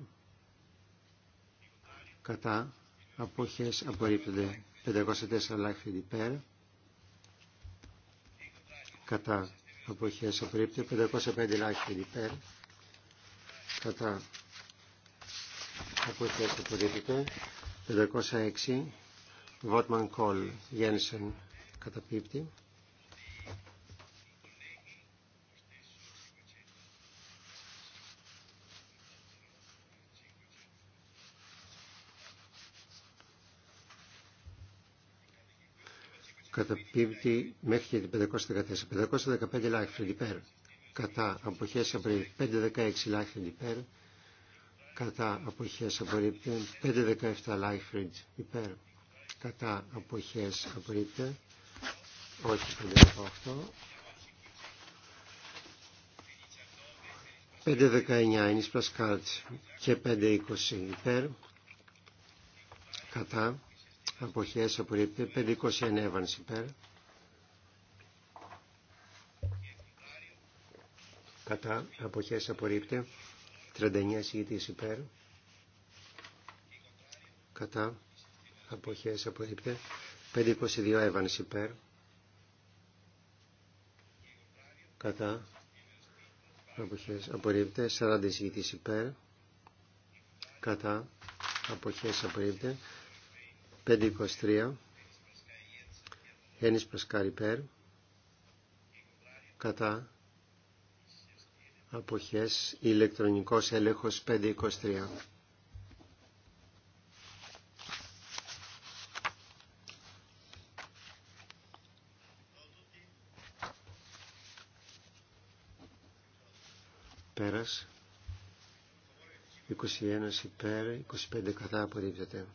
κατά αποχές απορρίπτονται 504 λάχθη διπέρ. κατά αποχές απορρίπτονται 505 λάχθη διπέρ. κατά αποχές απορρίπτονται 506 Βότμαν Κόλ Γένσεν καταπίπτει Κατά καταπίπτει μέχρι και την 514. 515 λάχιστον υπέρ κατά αποχές απορρίπτει. 516 λάχιστον υπέρ κατά αποχές απορρίπτει. 517 λάχιστον υπέρ κατά αποχές απορρίπτει. Όχι 518. 5.19 είναι σπλασκάλτς και 5.20 υπέρ κατά αποχές απορρίπτεται 529 Εύανς υπέρ κατά αποχές απορρίπτεται 39 συγητής υπέρ κατά αποχές απορρίπτεται 522 έβανση υπέρ κατά αποχές απορρίπτεται 40 συγητής υπέρ κατά απόχέ απορρίπτεται 523 Ένις Πασκαρι Πέρ κατά αποχές ηλεκτρονικός έλεγχος 523 Πέρας 21 υπέρ 25 κατά απορρίπτεται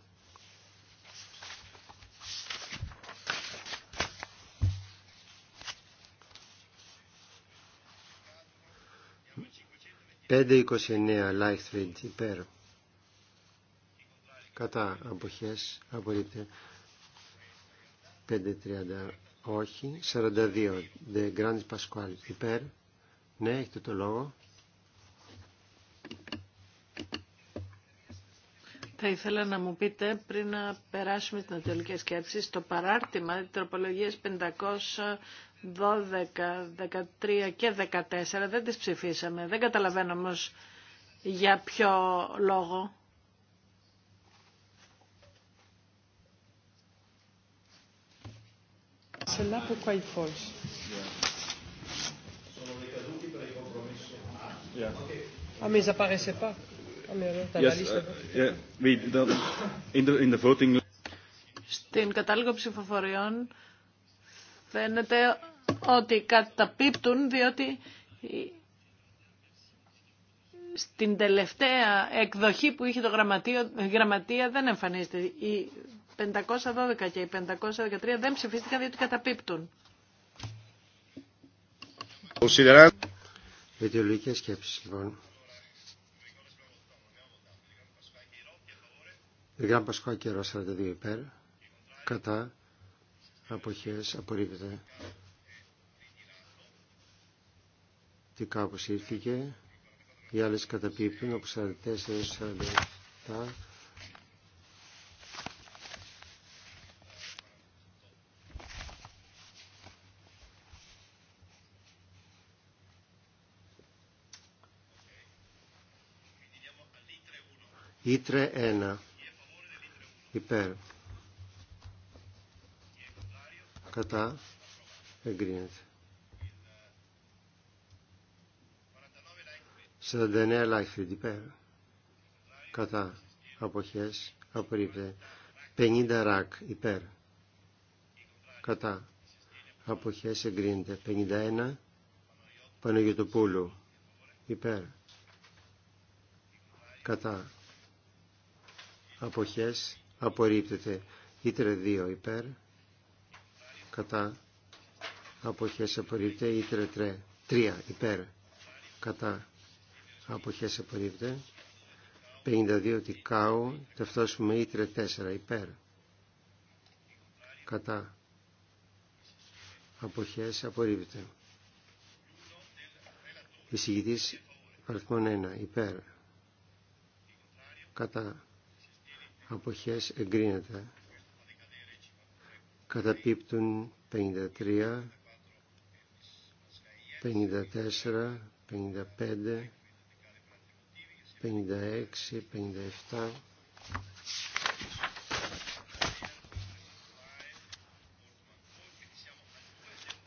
529 Λάιχτφριντ υπέρ κατά αποχές απορρίπτεται 530 όχι 42 The Grand Pasquale υπέρ ναι έχετε το λόγο Θα ήθελα να μου πείτε πριν να περάσουμε στην ατολική σκέψη το παράρτημα τροπολογίες 500. 12, 13 και 14 δεν τις ψηφίσαμε. Δεν καταλαβαίνω όμω για ποιο λογο ah, ah, uh, Στην κατάλληλη ψηφοφοριών φαίνεται ότι καταπίπτουν διότι στην τελευταία εκδοχή που είχε το γραμματείο, η γραμματεία δεν εμφανίζεται. Οι 512 και οι 513 δεν ψηφίστηκαν διότι καταπίπτουν. Ιδεολογικές σκέψεις λοιπόν. η Πασχουά καιρό 42 υπέρ, κατά αποχές απορρίπτεται. Τι κάπως ήρθηκε. Οι άλλες καταπίπτουν από 44 47. Ήτρε 1. Υπέρ κατά εγκρίνεται 49 Λάιφριντ πέρα. κατά αποχές απορρίπτε 50 Ρακ υπέρ κατά αποχές εγκρίνεται 51 Παναγιωτοπούλου υπέρ κατά αποχές απορρίπτεται ήτρε 2 υπέρ κατά αποχές απορρίπτε ή 3 υπέρ κατά αποχές απορρίπτε 52 τικάου με ήτρε 4 υπέρ κατά αποχές απορρίπτε εισηγητής αριθμών 1 υπέρ κατά αποχές εγκρίνεται καταπίπτουν 53, 54, 55, 56, 57,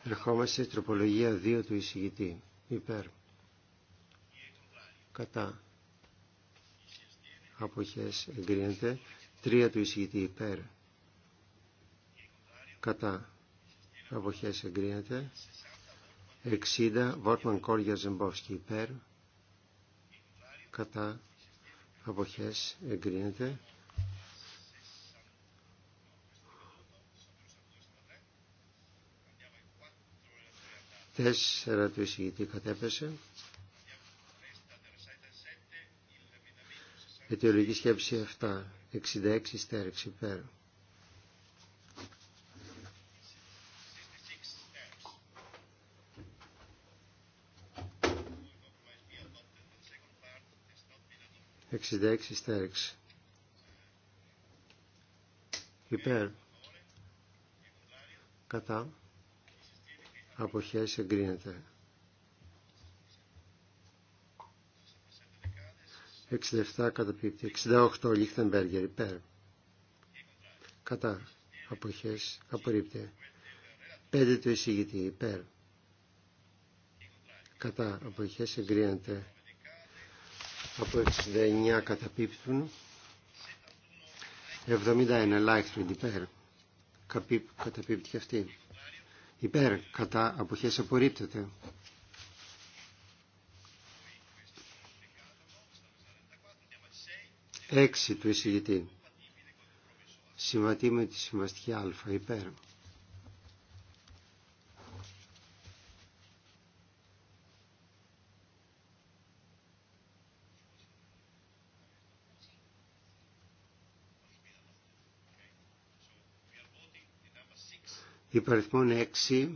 Ερχόμαστε στη τροπολογία 2 του εισηγητή. Υπέρ. Κατά. Αποχές εγκρίνεται. 3 του εισηγητή υπέρ κατά αποχές εγκρίνεται 60 Βόρτμαν Κόρια Ζεμπόφσκι υπέρ κατά αποχές εγκρίνεται 4 του εισηγητή κατέπεσε αιτιολογική σκέψη 7 66 στέρεξη υπέρ 66 6. Υπέρ. Κατά. Αποχές εγκρίνεται. 67 καταπίπτει. 68 Λίχτεμπεργκερ. υπέρ. Κατά. Αποχές απορρίπτει. 5 του εισηγητή υπέρ. Κατά. Αποχές εγκρίνεται από 69 καταπίπτουν 71 ελάχιστον υπέρ καταπίπτει και αυτή υπέρ κατά αποχές απορρίπτεται 6 του εισηγητή συμβατή με τη συμβαστική α υπέρ Υπαριθμών 6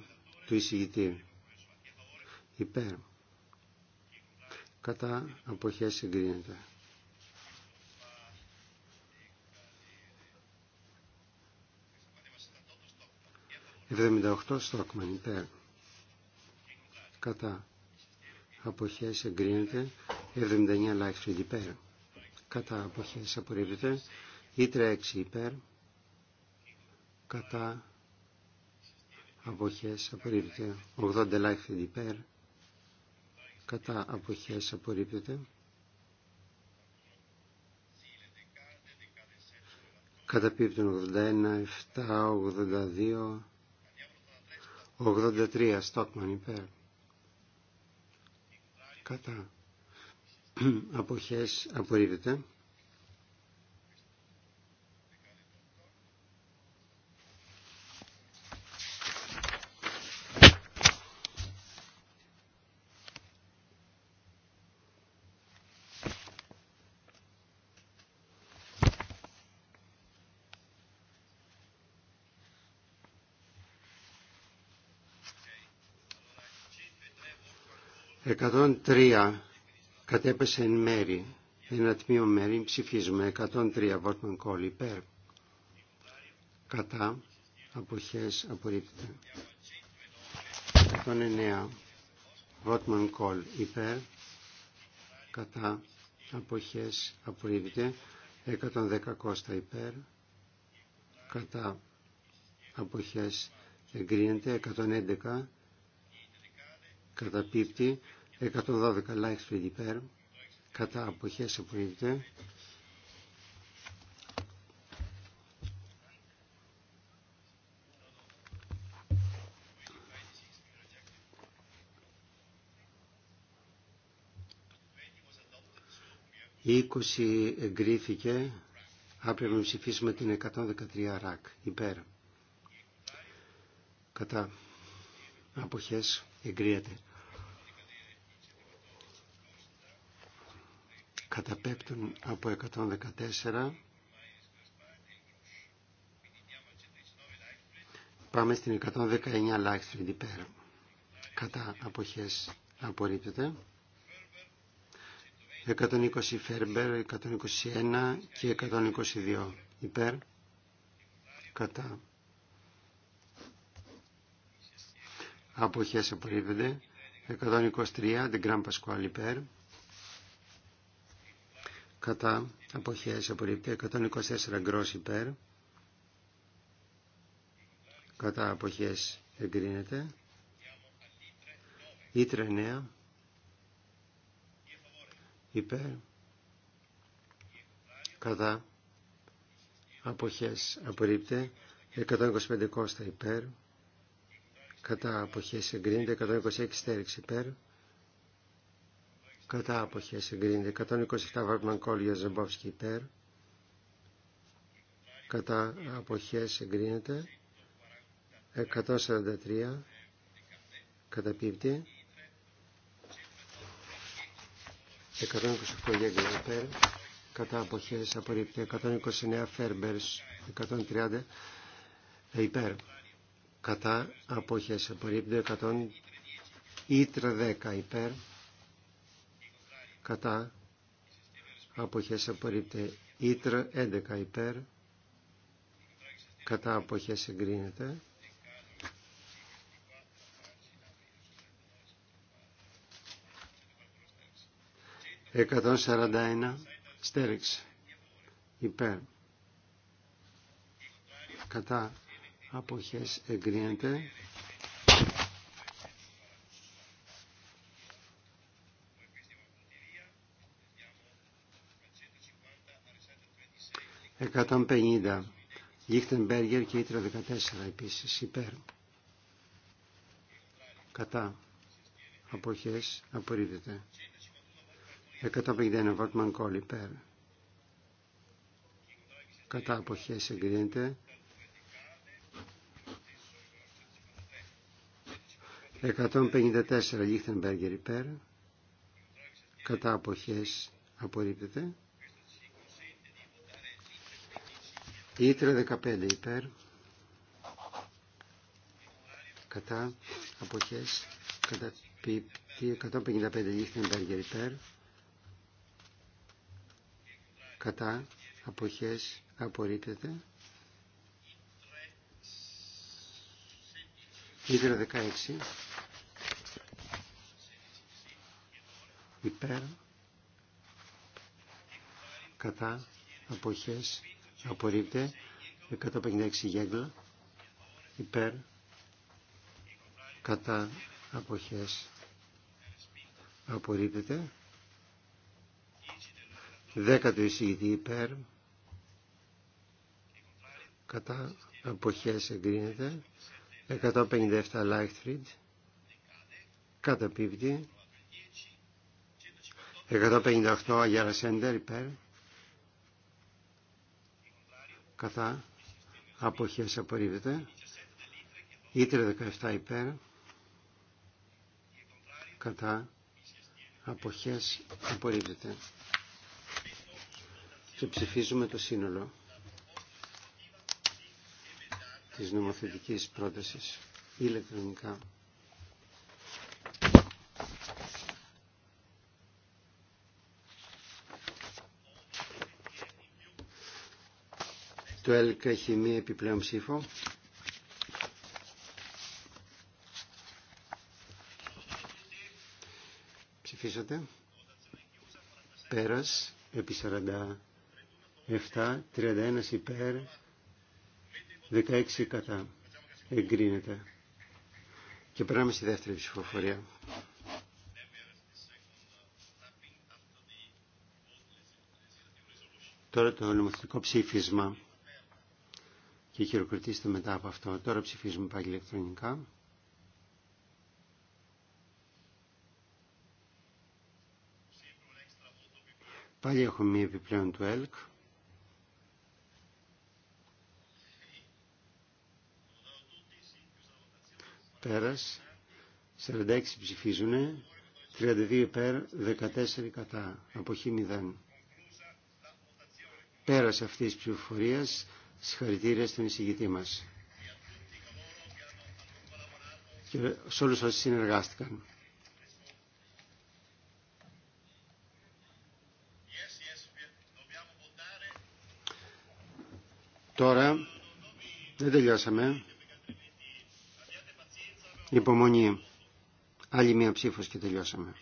του εισηγητή. Υπέρ. Κατά αποχές εγκρίνεται. 78 Στόκμαν υπέρ. Κατά αποχές εγκρίνεται. 79 λάχιστον. υπέρ. Κατά αποχές απορρίπτεται. Ήτρα 6. υπέρ. Κατά αποχές απορρίπτεται 80 ελάχιστον υπέρ κατά αποχές απορρίπτεται καταπίπτουν 81, 7, 82, 83 στόκμαν υπέρ κατά αποχές απορρίπτεται 103 κατέπεσε εν μέρη. Ένα τμήμα μέρη ψηφίζουμε. 103 βότμαν Κόλ υπέρ. Κατά. Αποχές απορρίπτεται. 109 βότμαν Κόλ υπέρ. Κατά. Αποχές απορρίπτεται. 110 Κώστα υπέρ. Κατά. Αποχές εγκρίνεται. 111 καταπίπτει 112 likes υπέρ κατά αποχές Η 20 εγκρίθηκε, άπρεπε να ψηφίσουμε την 113 ΡΑΚ, υπέρ. Κατά αποχές εγκρίνεται. καταπέπτουν από 114. Πάμε στην 119 Lightstream υπέρ. Κατά αποχές απορρίπτεται. 120 Φέρμπερ, 121 και 122 υπέρ. Κατά αποχές απορρίπτεται. 123 Δεγκράμ Πασκουάλ υπέρ κατά αποχές απορρίπτει 124 γκρός υπέρ κατά αποχές εγκρίνεται ήτρε 9 υπέρ κατά αποχές απορρίπτει 125 κόστα υπέρ κατά αποχές εγκρίνεται 126 στέριξη υπέρ κατά αποχές εγκρίνεται 127 βαρμαν Κόλια Ζεμπόφσκι υπέρ κατά αποχές εγκρίνεται 143 κατά καταπίπτει 128 γέγγλια υπέρ κατά αποχές απορρίπτει 129 Φέρμπερς 130 ε, υπέρ κατά αποχές απορρίπτει 100 10 υπέρ κατά αποχές απορρίπτεται ήτρ 11 υπέρ κατά αποχές εγκρίνεται Εκατόν σαράντα ένα υπέρ κατά αποχές εγκρίνεται 150. Λίχτενμπέργκερ και Ήτρα 14 επίσης υπέρ. Κατά. Αποχές απορρίπτεται. 151 Βόρτμαν Κόλ υπέρ. Κατά αποχές εγκρίνεται. 154 Λίχτενμπέργκερ υπέρ. Κατά αποχές απορρίπτεται. Ήτρε 15 υπέρ. Κατά αποχές κατά πίπτη 155 Λίχτενμπεργκερ υπέρ. Κατά αποχές απορρίπτεται. Ήτρε 16 υπέρ κατά αποχές απορρίπτεται 156 γέγκλα υπέρ κατά αποχές απορρίπτεται 10 του εισηγητή υπέρ κατά αποχές εγκρίνεται 157 κατά καταπίπτει 158 Αγιάρα Σέντερ υπέρ κατά αποχές απορρίβεται ήτρε 17 υπέρ κατά αποχές απορρίβεται και ψηφίζουμε το σύνολο της νομοθετικής πρότασης ηλεκτρονικά. Το ΕΛΚ έχει μία επιπλέον ψήφο. Ψηφίσατε. Πέρας, επί 47, 31 υπέρ, 16 κατά. Εγκρίνεται. Και περνάμε στη δεύτερη ψηφοφορία. Τώρα το νομοθετικό ψήφισμα και χειροκροτήστε μετά από αυτό. Τώρα ψηφίζουμε πάλι ηλεκτρονικά. Πάλι έχουμε μία επιπλέον του ΕΛΚ. Πέρας. 46 ψηφίζουν. 32 υπέρ, 14 κατά. Αποχή 0. Πέρας αυτή τη ψηφοφορία. Συγχαρητήρια στον εισηγητή μας και σε όλους όσοι συνεργάστηκαν. Τώρα δεν τελειώσαμε. Υπομονή. Άλλη μία ψήφος και τελειώσαμε.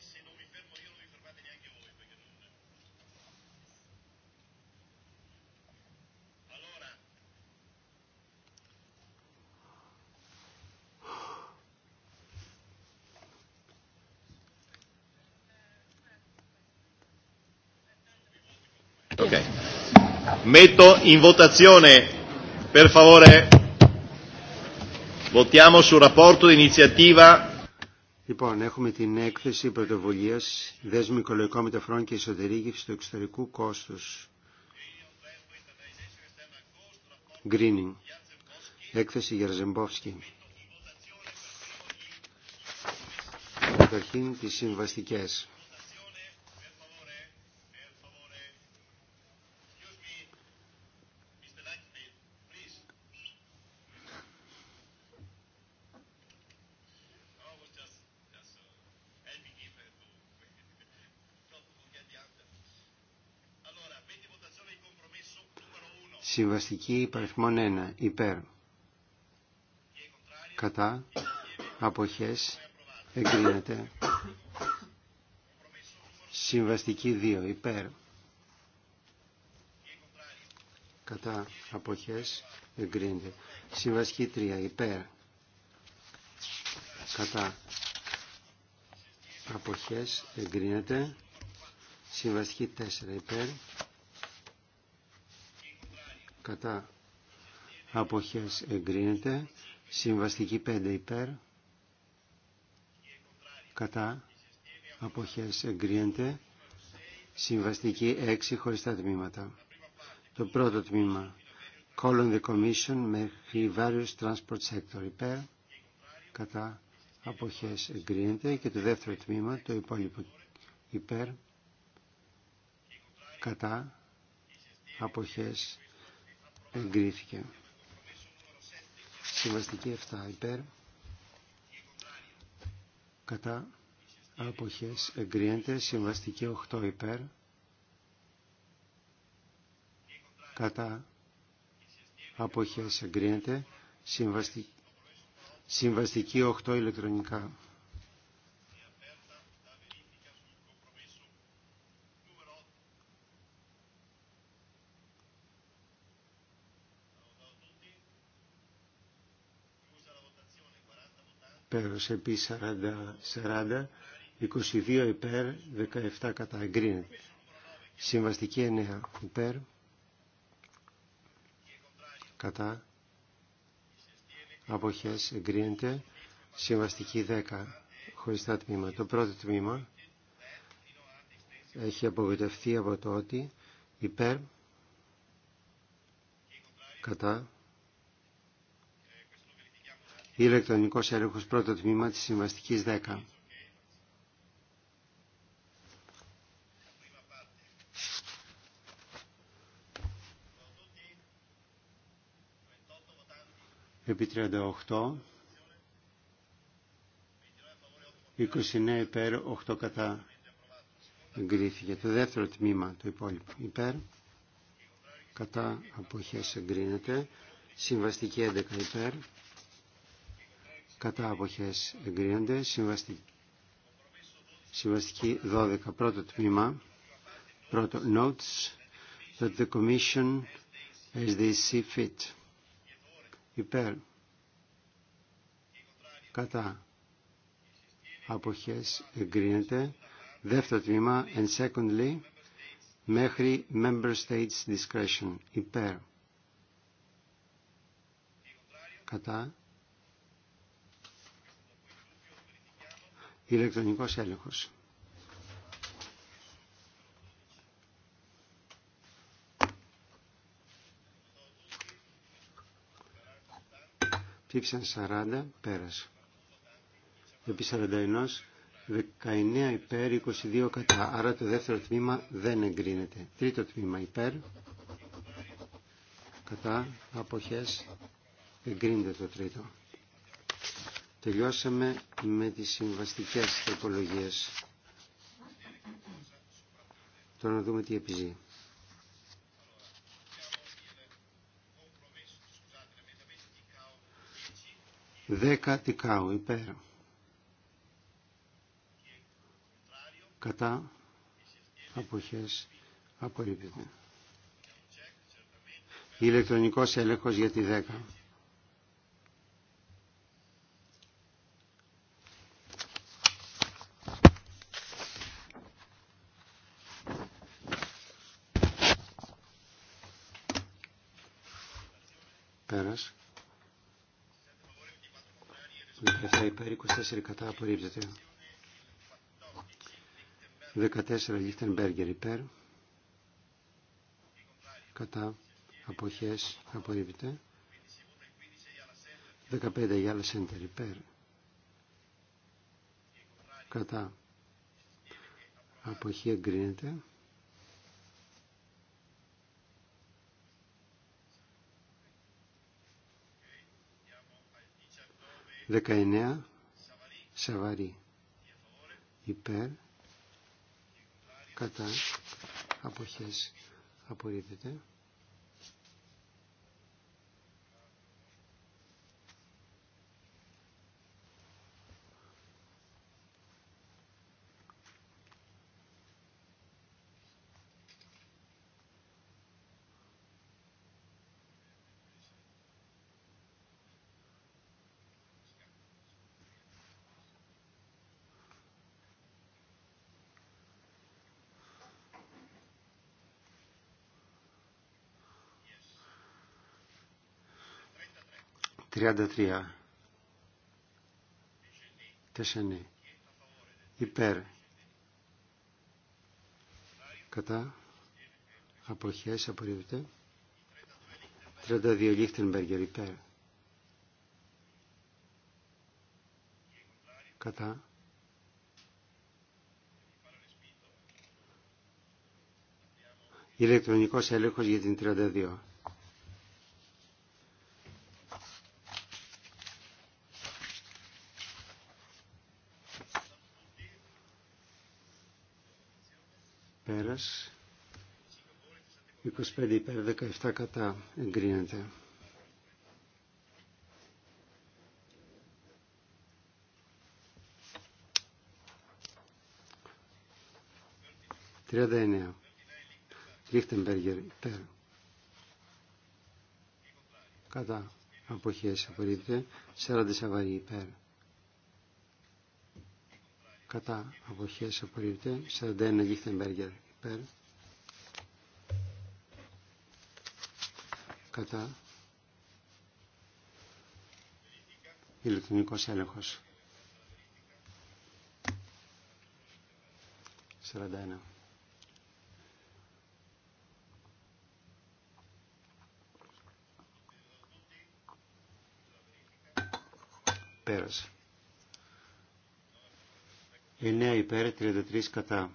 Metto in votazione, per favore, votiamo sul rapporto di iniziativa. Λοιπόν, έχουμε την έκθεση πρωτοβουλία δέσμη οικολογικών μεταφορών και εσωτερήκευση του εξωτερικού κόστου. Greening. Έκθεση για Ρεζεμπόφσκι. Καταρχήν τι συμβαστικέ. Συμβαστική υπαριθμών 1. Υπέρ. Κατά. Αποχές. Εγκρίνεται. Συμβαστική 2. Υπέρ. Κατά. Αποχές. Εγκρίνεται. Συμβαστική 3. Υπέρ. Κατά. Αποχές. Εγκρίνεται. Συμβαστική 4. Υπέρ κατά αποχές εγκρίνεται συμβαστική 5 υπέρ κατά αποχές εγκρίνεται συμβαστική 6 χωριστά τμήματα το πρώτο τμήμα Call on the Commission μέχρι various transport sector υπέρ κατά αποχές εγκρίνεται και το δεύτερο τμήμα το υπόλοιπο υπέρ κατά αποχές εγκρίθηκε. Συμβαστική 7 υπέρ κατά αποχές εγκρίνεται. Συμβαστική 8 υπέρ κατά αποχές εγκρίνεται. συμβαστική 8 ηλεκτρονικά. πέρος επί 40, 22 υπέρ, 17 κατά εγκρίνεται. Συμβαστική 9 υπέρ, κατά, αποχές εγκρίνεται. Συμβαστική 10 χωριστά τμήμα. Το πρώτο τμήμα έχει απογοητευτεί από το ότι υπέρ, κατά, ηλεκτρονικός έλεγχος πρώτο τμήμα της συμβαστικής 10. Επί 38, 29 υπέρ, 8 κατά εγκρίθηκε. Το δεύτερο τμήμα το υπόλοιπο υπέρ, κατά αποχές εγκρίνεται. Συμβαστική 11 υπέρ, κατά αποχές εγκρίνονται. Συμβαστική 12 πρώτο τμήμα, πρώτο notes that the commission as they see fit. Υπέρ, κατά αποχές εγκρίνεται. Δεύτερο τμήμα and secondly μέχρι member states discretion. Υπέρ, κατά ηλεκτρονικός έλεγχος. Ψήφισαν 40, πέρασε. Επί 41, 19 υπέρ, 22 κατά. Άρα το δεύτερο τμήμα δεν εγκρίνεται. Τρίτο τμήμα υπέρ, κατά, αποχές, εγκρίνεται το τρίτο. Τελειώσαμε με τις συμβαστικές τροπολογίες. Τώρα να δούμε τι επιζεί. Δέκα τικάου υπέρ. Κατά αποχές απορρίπτεται. Ηλεκτρονικός έλεγχος για τη δέκα. 14 κατά απορρίπτεται. 14 Λίχτενμπέργκερ υπέρ. Κατά αποχές απορρίπτεται. 15 Γιάλα Σέντερ υπέρ. Κατά αποχή εγκρίνεται. 19 σεβαρή υπέρ κατά αποχές απορρίπτεται 33. Τεσενή. Υπέρ. Κατά. Αποχές απορρίβεται. 32 Λίχτενμπεργκερ υπέρ. Κατά. Ηλεκτρονικός έλεγχος για την 32. Πέρας. 25 υπέρ 17 κατά εγκρίνεται. Τριάντα εννέα. Λίχτεμπεργκερ υπέρ. Κατά. Αποχές απορρίπτεται. 40 σαβαρή υπέρ κατά αποχές απορρίπτε 41 Λίχτεμπεργκερ υπέρ κατά ηλεκτρονικός έλεγχος 41 Πέρασε. 9 υπέρ 33 κατά.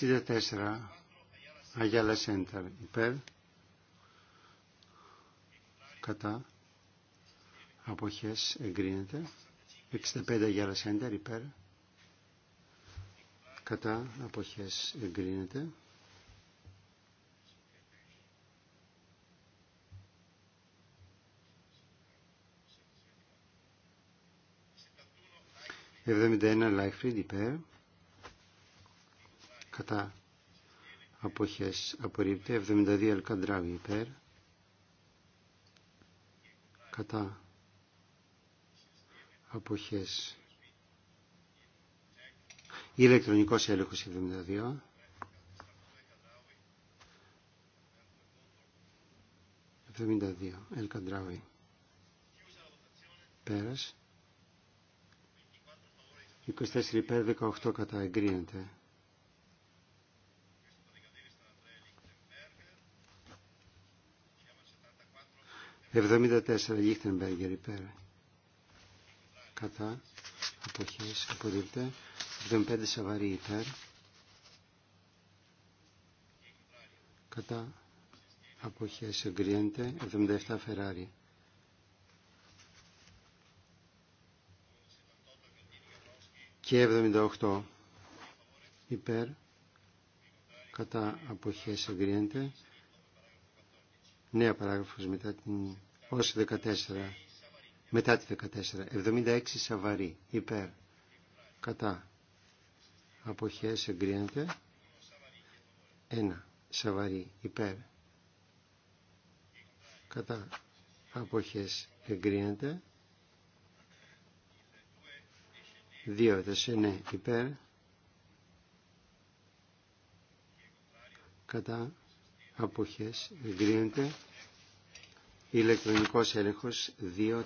64 Αγιάλα Σέντερ υπέρ κατά αποχές εγκρίνεται 65 Αγιάλα Σέντερ υπέρ κατά αποχές εγκρίνεται 71 ένα Λάιφριντ υπέρ κατά αποχές απορρίπτει. 72 αλκαντράβι υπέρ κατά αποχές ηλεκτρονικός έλεγχος 72 72 Ελκαντράβη πέρας 24 υπέρ 18 κατά εγκρίνεται 74 Λίχτενμπεργκερ υπέρ. Κατά. Αποχές απορρίπτεται. 75 Σαβαρή υπέρ. Κατά. Αποχές εγκρίνεται. 77 Φεράρι. και 78 υπέρ κατά αποχές εγκρίνεται Νέα παράγραφος μετά την... 14. Μετά τη 14. 76 σαβαρή. Υπέρ. Κατά. Αποχές εγκρίνεται. 1. Σαβαρή. Υπέρ. Κατά. Αποχές εγκρίνεται. 2. Δεσενέ. Υπέρ. Κατά αποχές εγκρίνεται ηλεκτρονικός έλεγχος 2-9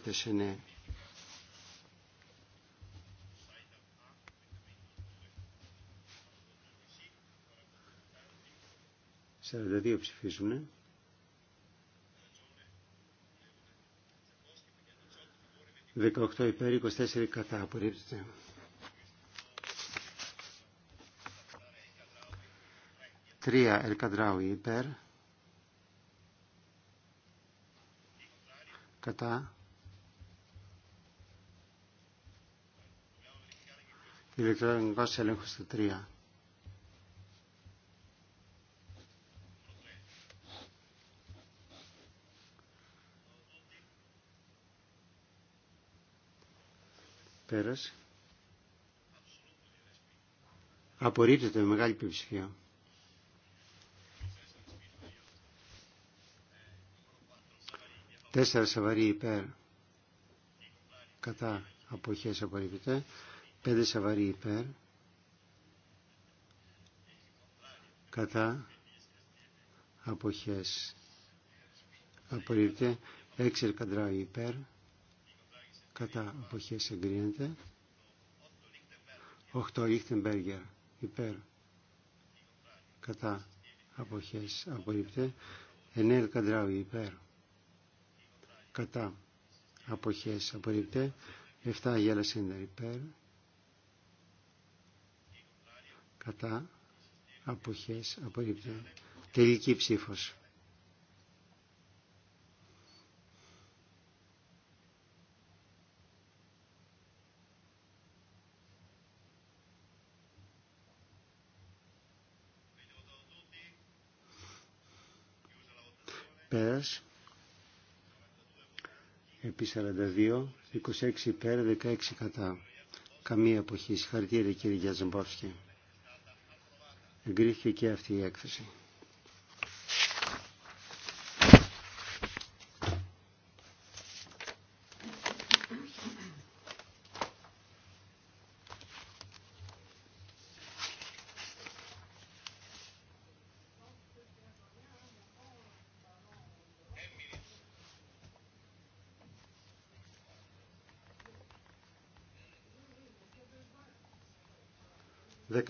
42 ψηφίζουν. Δεκαοκτώ υπέρ, 24 κατά απορρίπτεται. Τρία Ελκαντράου υπέρ. κατά ηλεκτρονικός έλεγχος στα 3. Πέρασε. Απορρίπτεται με μεγάλη πλειοψηφία. 4 σαβαρή υπέρ κατά αποχές απορρίπτεται 5 σαβαρή υπέρ κατά αποχές απορρίπτεται 6 ελκαντράου υπέρ κατά αποχές εγκρίνεται 8 Λίχτενμπέργκερ υπέρ κατά αποχές απορρίπτεται 9 ελκαντράου υπέρ κατά αποχές απορρίπτε Εφτά γέλα σύνδερ υπέρ κατά αποχές απορρίπτε τελική ψήφος Πέρας. Επί 42, 26 υπέρ, 16 κατά. Καμία εποχή. Συγχαρητήρια κύριε Γιαζεμπόφσκι. Εγκρίθηκε και αυτή η έκθεση.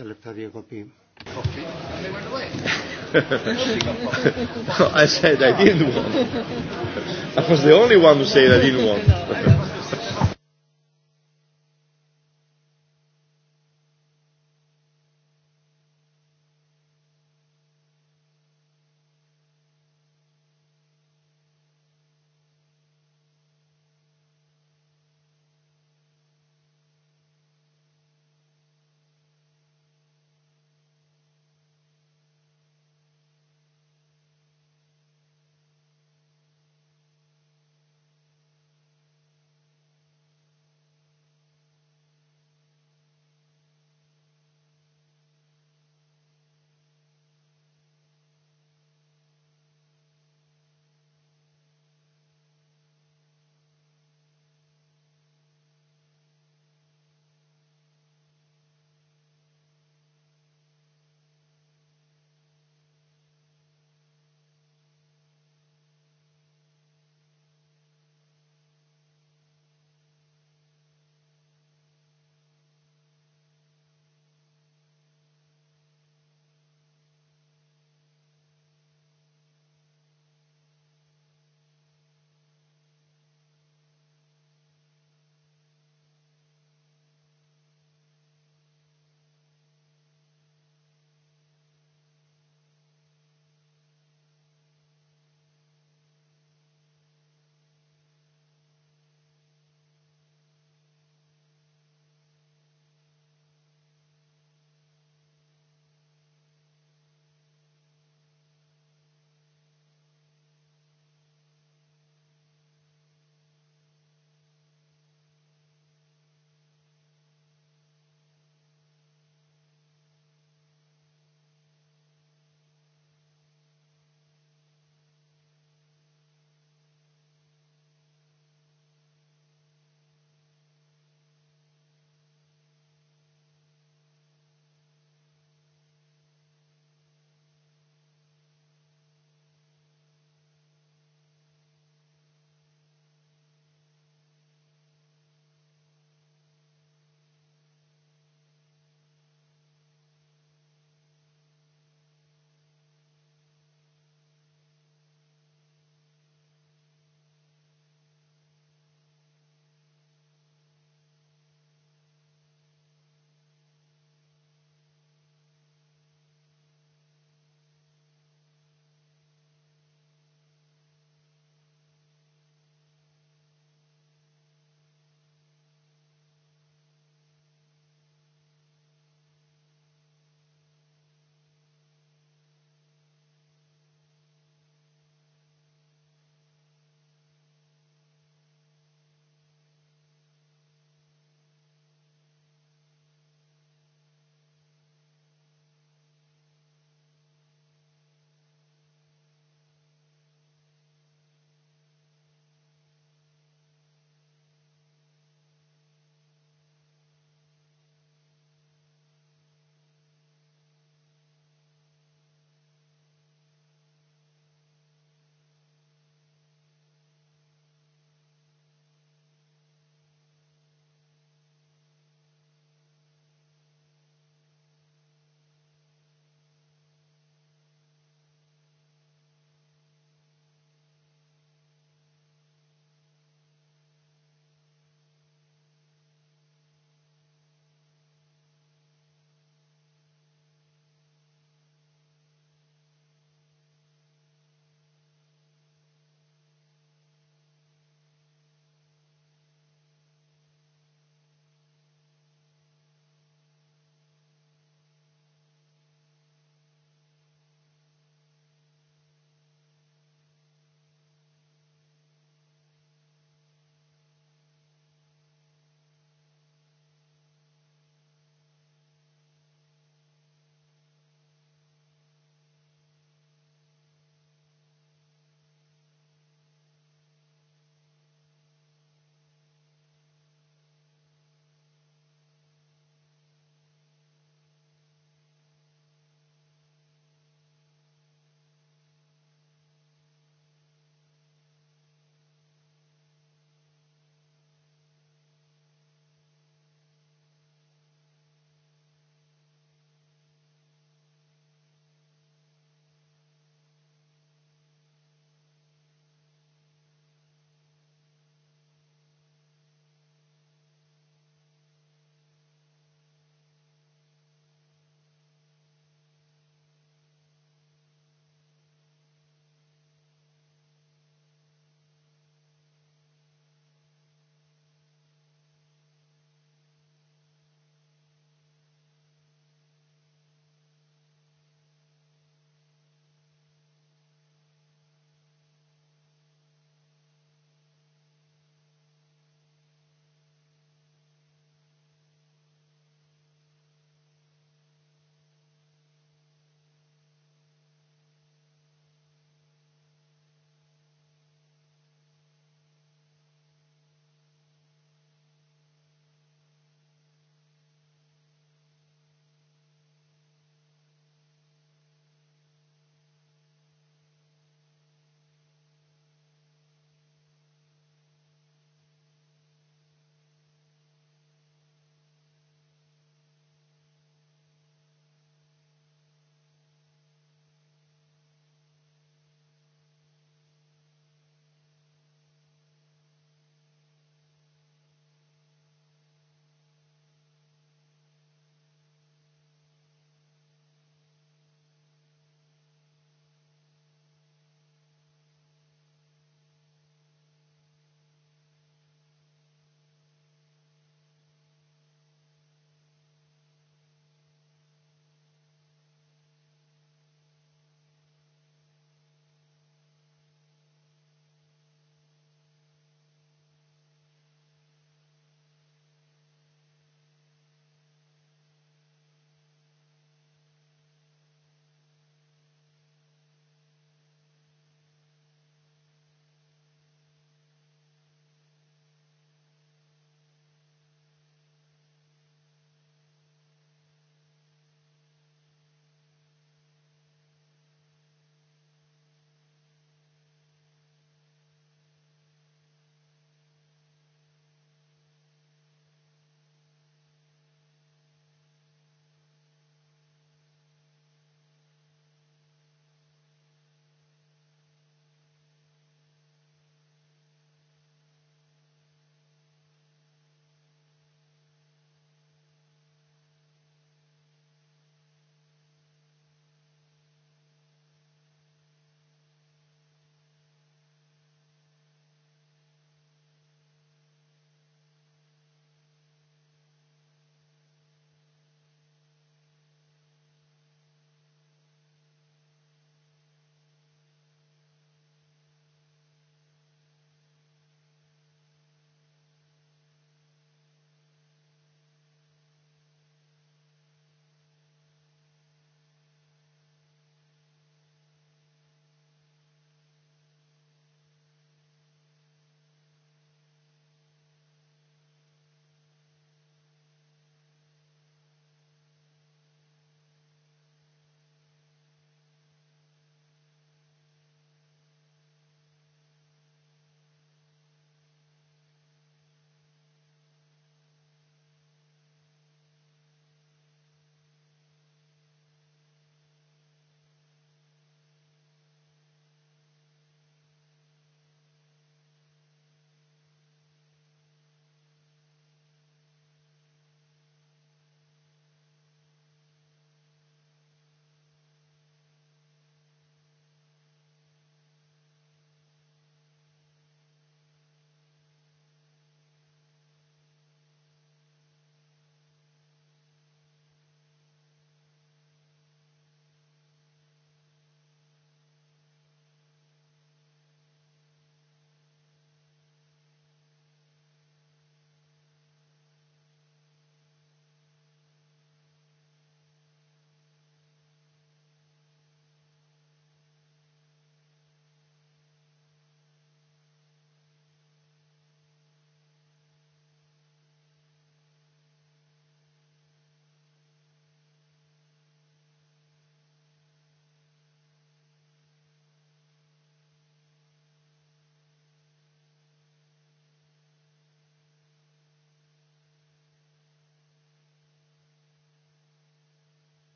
10 λεπτά διακοπή. I said I didn't want. I was the only one who said I didn't want.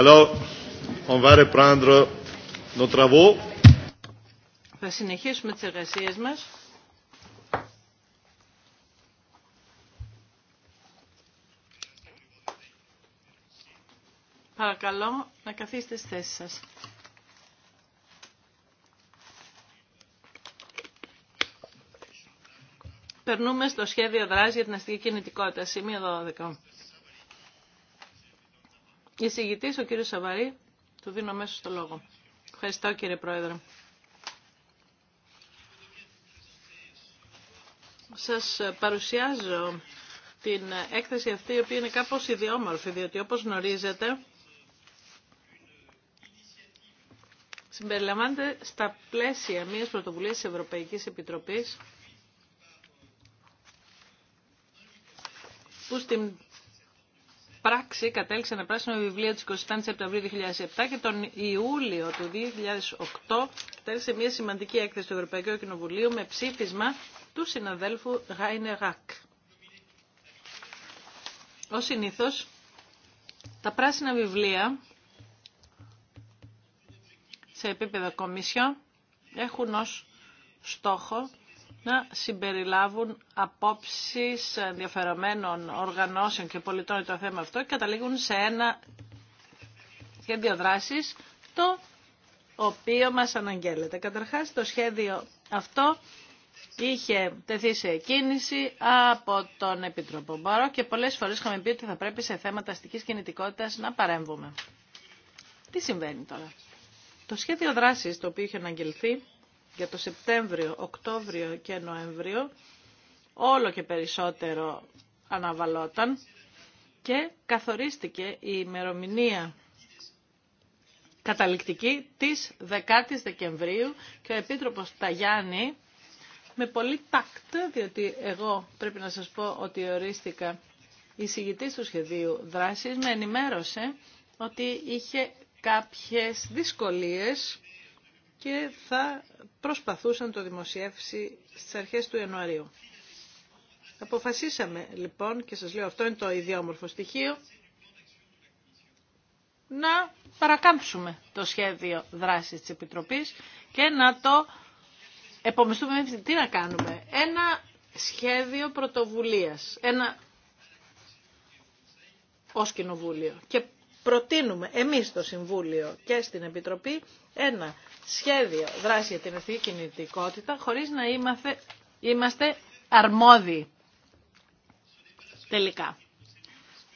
Alors, on va reprendre nos travaux. Θα συνεχίσουμε τις εργασίες μας. Παρακαλώ να καθίσετε στη θέσεις σας. Περνούμε στο σχέδιο δράση για την αστική κινητικότητα, σημείο 12. Εισηγητής, ο κύριο Σαβαρή, του δίνω μέσω το λόγο. Ευχαριστώ κύριε Πρόεδρε. Σας παρουσιάζω την έκθεση αυτή, η οποία είναι κάπως ιδιόμορφη, διότι όπως γνωρίζετε, συμπεριλαμβάνεται στα πλαίσια μιας πρωτοβουλίας της Ευρωπαϊκής Επιτροπής, που στην πράξη κατέληξε να πράσινο βιβλίο της 25 Σεπτεμβρίου 2007 και τον Ιούλιο του 2008 κατέληξε μια σημαντική έκθεση του Ευρωπαϊκού Κοινοβουλίου με ψήφισμα του συναδέλφου Γάινε Ρακ. Ως συνήθως, τα πράσινα βιβλία σε επίπεδο κομίσιο έχουν ως στόχο να συμπεριλάβουν απόψεις ενδιαφερομένων οργανώσεων και πολιτών το θέμα αυτό και καταλήγουν σε ένα σχέδιο δράσης το οποίο μας αναγγέλλεται. Καταρχάς το σχέδιο αυτό είχε τεθεί σε κίνηση από τον Επίτροπο και πολλές φορές είχαμε πει ότι θα πρέπει σε θέματα αστικής κινητικότητας να παρέμβουμε. Τι συμβαίνει τώρα. Το σχέδιο δράσης το οποίο είχε αναγγελθεί για το Σεπτέμβριο, Οκτώβριο και Νοέμβριο όλο και περισσότερο αναβαλόταν και καθορίστηκε η ημερομηνία καταληκτική της 10ης Δεκεμβρίου και ο Επίτροπος Ταγιάννη με πολύ τάκτ, διότι εγώ πρέπει να σας πω ότι ορίστηκα εισηγητής του σχεδίου δράσης, με ενημέρωσε ότι είχε κάποιες δυσκολίες και θα προσπαθούσαν το δημοσιεύσει στις αρχές του Ιανουαρίου. Αποφασίσαμε λοιπόν, και σας λέω αυτό είναι το ιδιόμορφο στοιχείο, να παρακάμψουμε το σχέδιο δράσης της Επιτροπής και να το επομιστούμε. Τι να κάνουμε. Ένα σχέδιο πρωτοβουλίας. Ένα ως κοινοβούλιο προτείνουμε εμείς στο Συμβούλιο και στην Επιτροπή ένα σχέδιο δράση για την εθνική κινητικότητα χωρίς να είμαστε, αρμόδιοι τελικά.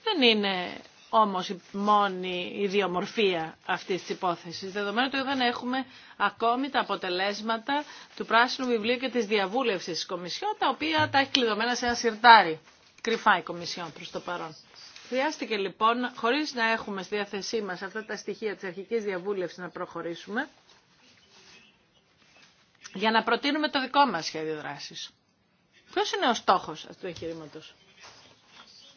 Δεν είναι όμως η μόνη ιδιομορφία αυτής της υπόθεσης, δεδομένου ότι δεν έχουμε ακόμη τα αποτελέσματα του πράσινου βιβλίου και της διαβούλευσης της Κομισιόν, τα οποία τα έχει κλειδωμένα σε ένα σιρτάρι. Κρυφά η Κομισιόν προς το παρόν. Χρειάστηκε λοιπόν, χωρίς να έχουμε στη διάθεσή μας αυτά τα στοιχεία της αρχικής διαβούλευσης να προχωρήσουμε, για να προτείνουμε το δικό μας σχέδιο δράσης. Ποιος είναι ο στόχος αυτού του εγχειρήματο.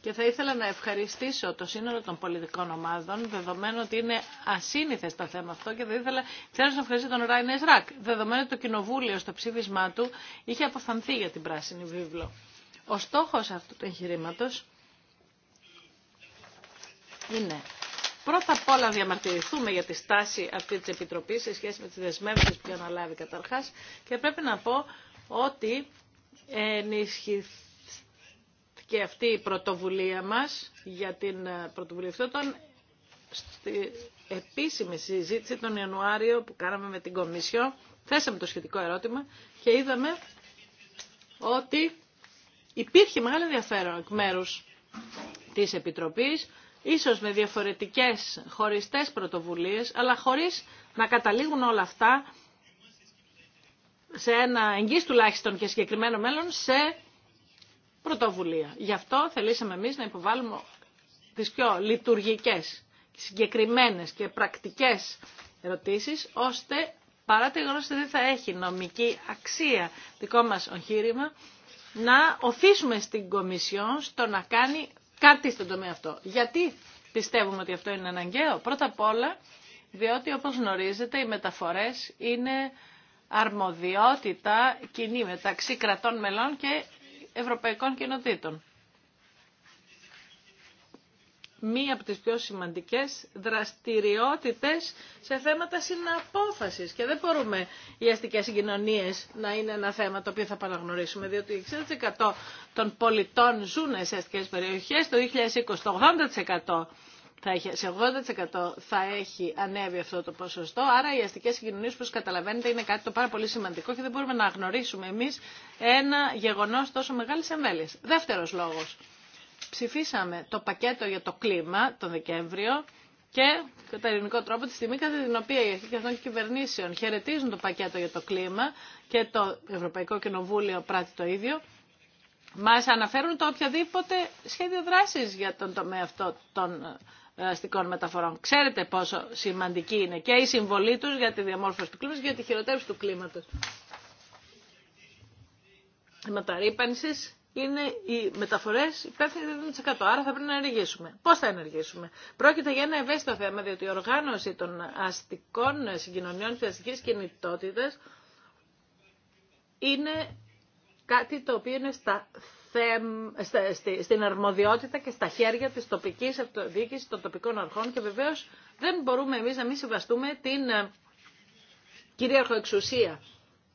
Και θα ήθελα να ευχαριστήσω το σύνολο των πολιτικών ομάδων, δεδομένου ότι είναι ασύνηθε το θέμα αυτό και θα ήθελα θέλω να ευχαριστήσω τον Ράιν Ρακ, δεδομένου ότι το Κοινοβούλιο στο ψήφισμά του είχε αποφανθεί για την Πράσινη Βίβλο. Ο στόχος αυτού του εγχειρήματο είναι πρώτα απ' όλα να διαμαρτυρηθούμε για τη στάση αυτή της Επιτροπής σε σχέση με τις δεσμεύσεις που αναλάβει καταρχάς και πρέπει να πω ότι ενισχύθηκε αυτή η πρωτοβουλία μας για την ε, πρωτοβουλία των στη επίσημη συζήτηση τον Ιανουάριο που κάναμε με την Κομισιό θέσαμε το σχετικό ερώτημα και είδαμε ότι υπήρχε μεγάλο ενδιαφέρον εκ μέρους της Επιτροπής ίσως με διαφορετικές χωριστές πρωτοβουλίες, αλλά χωρίς να καταλήγουν όλα αυτά σε ένα εγγύς τουλάχιστον και συγκεκριμένο μέλλον σε πρωτοβουλία. Γι' αυτό θελήσαμε εμείς να υποβάλουμε τις πιο λειτουργικές, συγκεκριμένες και πρακτικές ερωτήσεις, ώστε παρά τη γνώση ότι δεν θα έχει νομική αξία δικό μας οχήρημα, να οθήσουμε στην Κομισιόν στο να κάνει κάτι στον τομέα αυτό. Γιατί πιστεύουμε ότι αυτό είναι αναγκαίο. Πρώτα απ' όλα, διότι όπως γνωρίζετε οι μεταφορές είναι αρμοδιότητα κοινή μεταξύ κρατών μελών και ευρωπαϊκών κοινοτήτων μία από τις πιο σημαντικές δραστηριότητες σε θέματα συναπόφασης. Και δεν μπορούμε οι αστικές συγκοινωνίες να είναι ένα θέμα το οποίο θα παραγνωρίσουμε, διότι 60% των πολιτών ζουν σε αστικές περιοχές, το 2020 το 80% θα έχει, σε 80% θα έχει ανέβει αυτό το ποσοστό. Άρα οι αστικές συγκοινωνίες, όπως καταλαβαίνετε, είναι κάτι το πάρα πολύ σημαντικό και δεν μπορούμε να αγνωρίσουμε εμείς ένα γεγονός τόσο μεγάλης εμβέλειας. Δεύτερος λόγος ψηφίσαμε το πακέτο για το κλίμα τον Δεκέμβριο και κατά ελληνικό τρόπο τη στιγμή κατά την οποία οι αρχικές των κυβερνήσεων χαιρετίζουν το πακέτο για το κλίμα και το Ευρωπαϊκό Κοινοβούλιο πράττει το ίδιο, μας αναφέρουν το οποιαδήποτε σχέδιο δράσης για τον τομέα αυτό των ε, αστικών μεταφορών. Ξέρετε πόσο σημαντική είναι και η συμβολή του για τη διαμόρφωση του κλίματος και για τη χειροτέρευση του κλίματος. Η είναι οι μεταφορέ υπεύθυνε 70%. Άρα θα πρέπει να ενεργήσουμε. Πώ θα ενεργήσουμε, Πρόκειται για ένα ευαίσθητο θέμα, διότι η οργάνωση των αστικών συγκοινωνιών τη αστική κινητότητα είναι κάτι το οποίο είναι στα στην αρμοδιότητα και στα χέρια της τοπικής αυτοδιοίκηση των τοπικών αρχών και βεβαίως δεν μπορούμε εμείς να μην συμβαστούμε την ε, κυρίαρχο εξουσία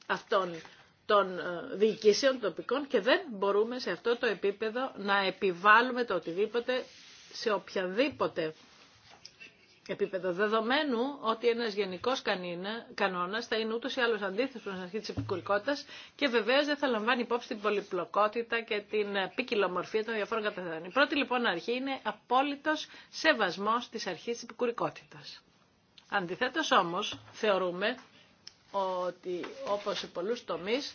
αυτών των ε, διοικήσεων τοπικών και δεν μπορούμε σε αυτό το επίπεδο να επιβάλλουμε το οτιδήποτε σε οποιαδήποτε επίπεδο. Δεδομένου ότι ένας γενικός κανόνας θα είναι ούτως ή άλλως αντίθετος στην αρχή της επικουρικότητας και βεβαίως δεν θα λαμβάνει υπόψη την πολυπλοκότητα και την ε, ποικιλομορφία των διαφόρων καταθέτων. Η πρώτη λοιπόν αρχή είναι απόλυτος σεβασμός της αρχής της επικουρικότητας. Αντιθέτως όμως θεωρούμε ότι όπως σε πολλούς τομείς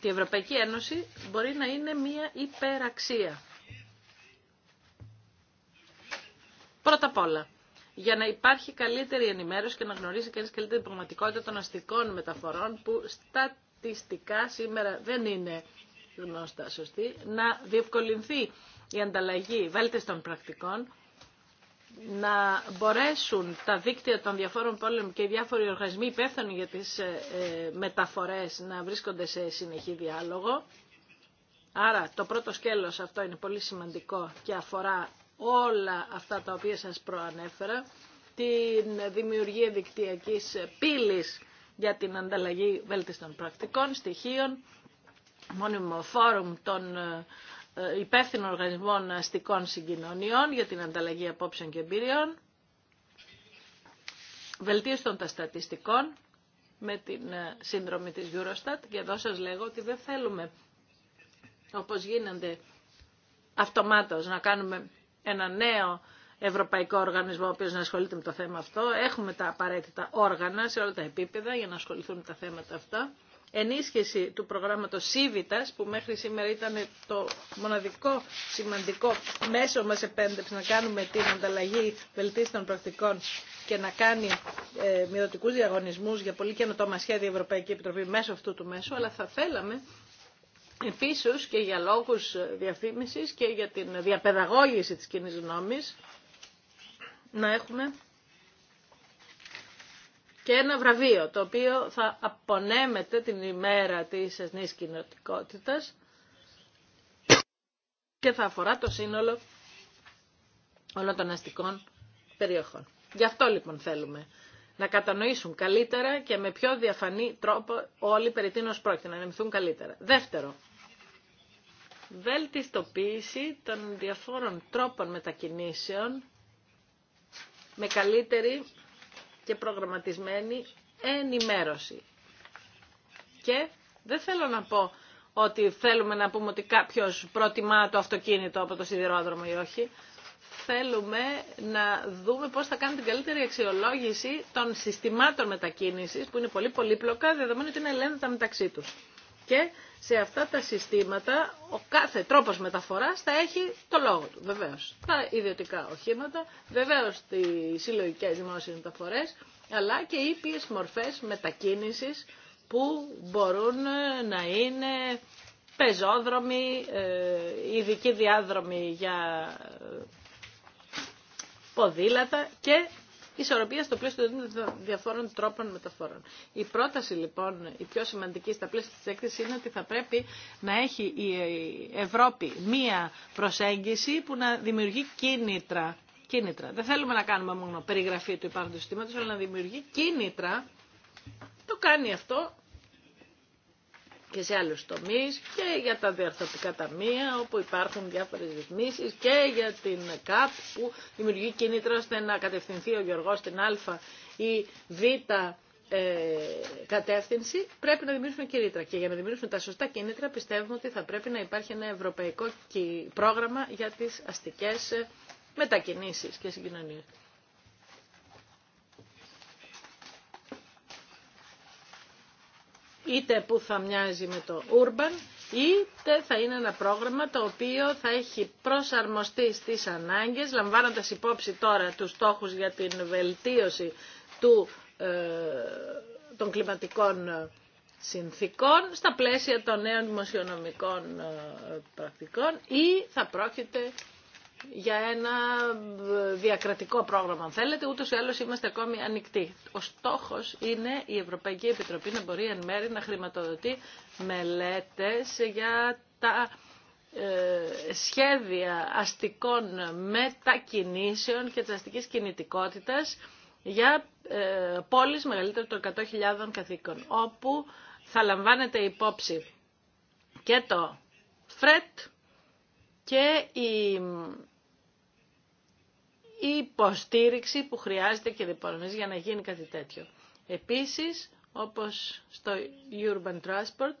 η Ευρωπαϊκή Ένωση μπορεί να είναι μία υπεραξία. Πρώτα απ' όλα, για να υπάρχει καλύτερη ενημέρωση και να γνωρίζει κανείς καλύτερη πραγματικότητα των αστικών μεταφορών που στατιστικά σήμερα δεν είναι γνώστα σωστή, να διευκολυνθεί η ανταλλαγή των πρακτικών να μπορέσουν τα δίκτυα των διαφόρων πόλεων και οι διάφοροι οργανισμοί υπεύθυνοι για τις ε, ε, μεταφορές να βρίσκονται σε συνεχή διάλογο. Άρα το πρώτο σκέλος αυτό είναι πολύ σημαντικό και αφορά όλα αυτά τα οποία σας προανέφερα, την δημιουργία δικτυακής πύλης για την ανταλλαγή βέλτιστων πρακτικών, στοιχείων, μόνιμο φόρουμ των ε, υπεύθυνων οργανισμών αστικών συγκοινωνιών για την ανταλλαγή απόψεων και εμπειριών, βελτίωση των τα με την ε, σύνδρομη της Eurostat και εδώ σας λέγω ότι δεν θέλουμε όπως γίνεται αυτομάτως να κάνουμε ένα νέο ευρωπαϊκό οργανισμό ο οποίος να ασχολείται με το θέμα αυτό. Έχουμε τα απαραίτητα όργανα σε όλα τα επίπεδα για να ασχοληθούν με τα θέματα αυτά ενίσχυση του προγράμματος Σίβητας που μέχρι σήμερα ήταν το μοναδικό σημαντικό μέσο μας επέντευξη να κάνουμε την ανταλλαγή βελτίστων πρακτικών και να κάνει ε, μειωτικούς διαγωνισμούς για πολύ καινοτόμα σχέδια Ευρωπαϊκή Επιτροπή μέσω αυτού του μέσου, αλλά θα θέλαμε επίσης και για λόγους διαφήμισης και για την διαπαιδαγώγηση της κοινή γνώμη να έχουμε και ένα βραβείο το οποίο θα απονέμεται την ημέρα της εθνής κοινοτικότητας και θα αφορά το σύνολο όλων των αστικών περιοχών. Γι' αυτό λοιπόν θέλουμε να κατανοήσουν καλύτερα και με πιο διαφανή τρόπο όλοι περί τίνος πρόκειται να ανεμηθούν καλύτερα. Δεύτερο, βελτιστοποίηση των διαφόρων τρόπων μετακινήσεων με καλύτερη και προγραμματισμένη ενημέρωση. Και δεν θέλω να πω ότι θέλουμε να πούμε ότι κάποιος προτιμά το αυτοκίνητο από το σιδηρόδρομο ή όχι. Θέλουμε να δούμε πώς θα κάνει την καλύτερη αξιολόγηση των συστημάτων μετακίνησης, που είναι πολύ πολύπλοκα, δεδομένου ότι είναι ελέγχοντα μεταξύ τους και σε αυτά τα συστήματα ο κάθε τρόπος μεταφοράς θα έχει το λόγο του, βεβαίως. Τα ιδιωτικά οχήματα, βεβαίως τις συλλογικέ δημόσιες μεταφορές, αλλά και οι ποιες μορφές μετακίνησης που μπορούν ε, να είναι πεζόδρομοι, ε, ειδικοί διάδρομοι για ε, ποδήλατα και ισορροπία στο πλαίσιο των διαφόρων τρόπων μεταφορών. Η πρόταση λοιπόν, η πιο σημαντική στα πλαίσια της έκθεσης είναι ότι θα πρέπει να έχει η Ευρώπη μία προσέγγιση που να δημιουργεί κίνητρα. κίνητρα. Δεν θέλουμε να κάνουμε μόνο περιγραφή του υπάρχοντος συστήματος, αλλά να δημιουργεί κίνητρα. Το κάνει αυτό και σε άλλους τομείς και για τα διαρθρωτικά ταμεία όπου υπάρχουν διάφορες ρυθμίσεις και για την ΚΑΠ που δημιουργεί κίνητρο ώστε να κατευθυνθεί ο Γεωργός στην Α ή Β ε, κατεύθυνση πρέπει να δημιουργήσουμε κίνητρα. Και για να δημιουργήσουμε τα σωστά κίνητρα πιστεύουμε ότι θα πρέπει να υπάρχει ένα ευρωπαϊκό πρόγραμμα για τις αστικές ε, μετακινήσεις και συγκοινωνίες. είτε που θα μοιάζει με το Urban, είτε θα είναι ένα πρόγραμμα το οποίο θα έχει προσαρμοστεί στις ανάγκες, λαμβάνοντας υπόψη τώρα τους στόχους για την βελτίωση του, ε, των κλιματικών συνθήκων στα πλαίσια των νέων δημοσιονομικών ε, πρακτικών ή θα πρόκειται για ένα ε, διακρατικό πρόγραμμα, αν θέλετε, ούτως ή άλλως είμαστε ακόμη ανοιχτοί. Ο στόχος είναι η Ευρωπαϊκή Επιτροπή να μπορεί εν μέρη να χρηματοδοτεί μελέτες για τα ε, σχέδια αστικών μετακινήσεων και της αστικής κινητικότητας για ε, πόλεις μεγαλύτερων των 100.000 καθήκων, όπου θα λαμβάνεται υπόψη και το φρέτ και η υποστήριξη που χρειάζεται και διπονομής για να γίνει κάτι τέτοιο. Επίσης, όπως στο Urban Transport,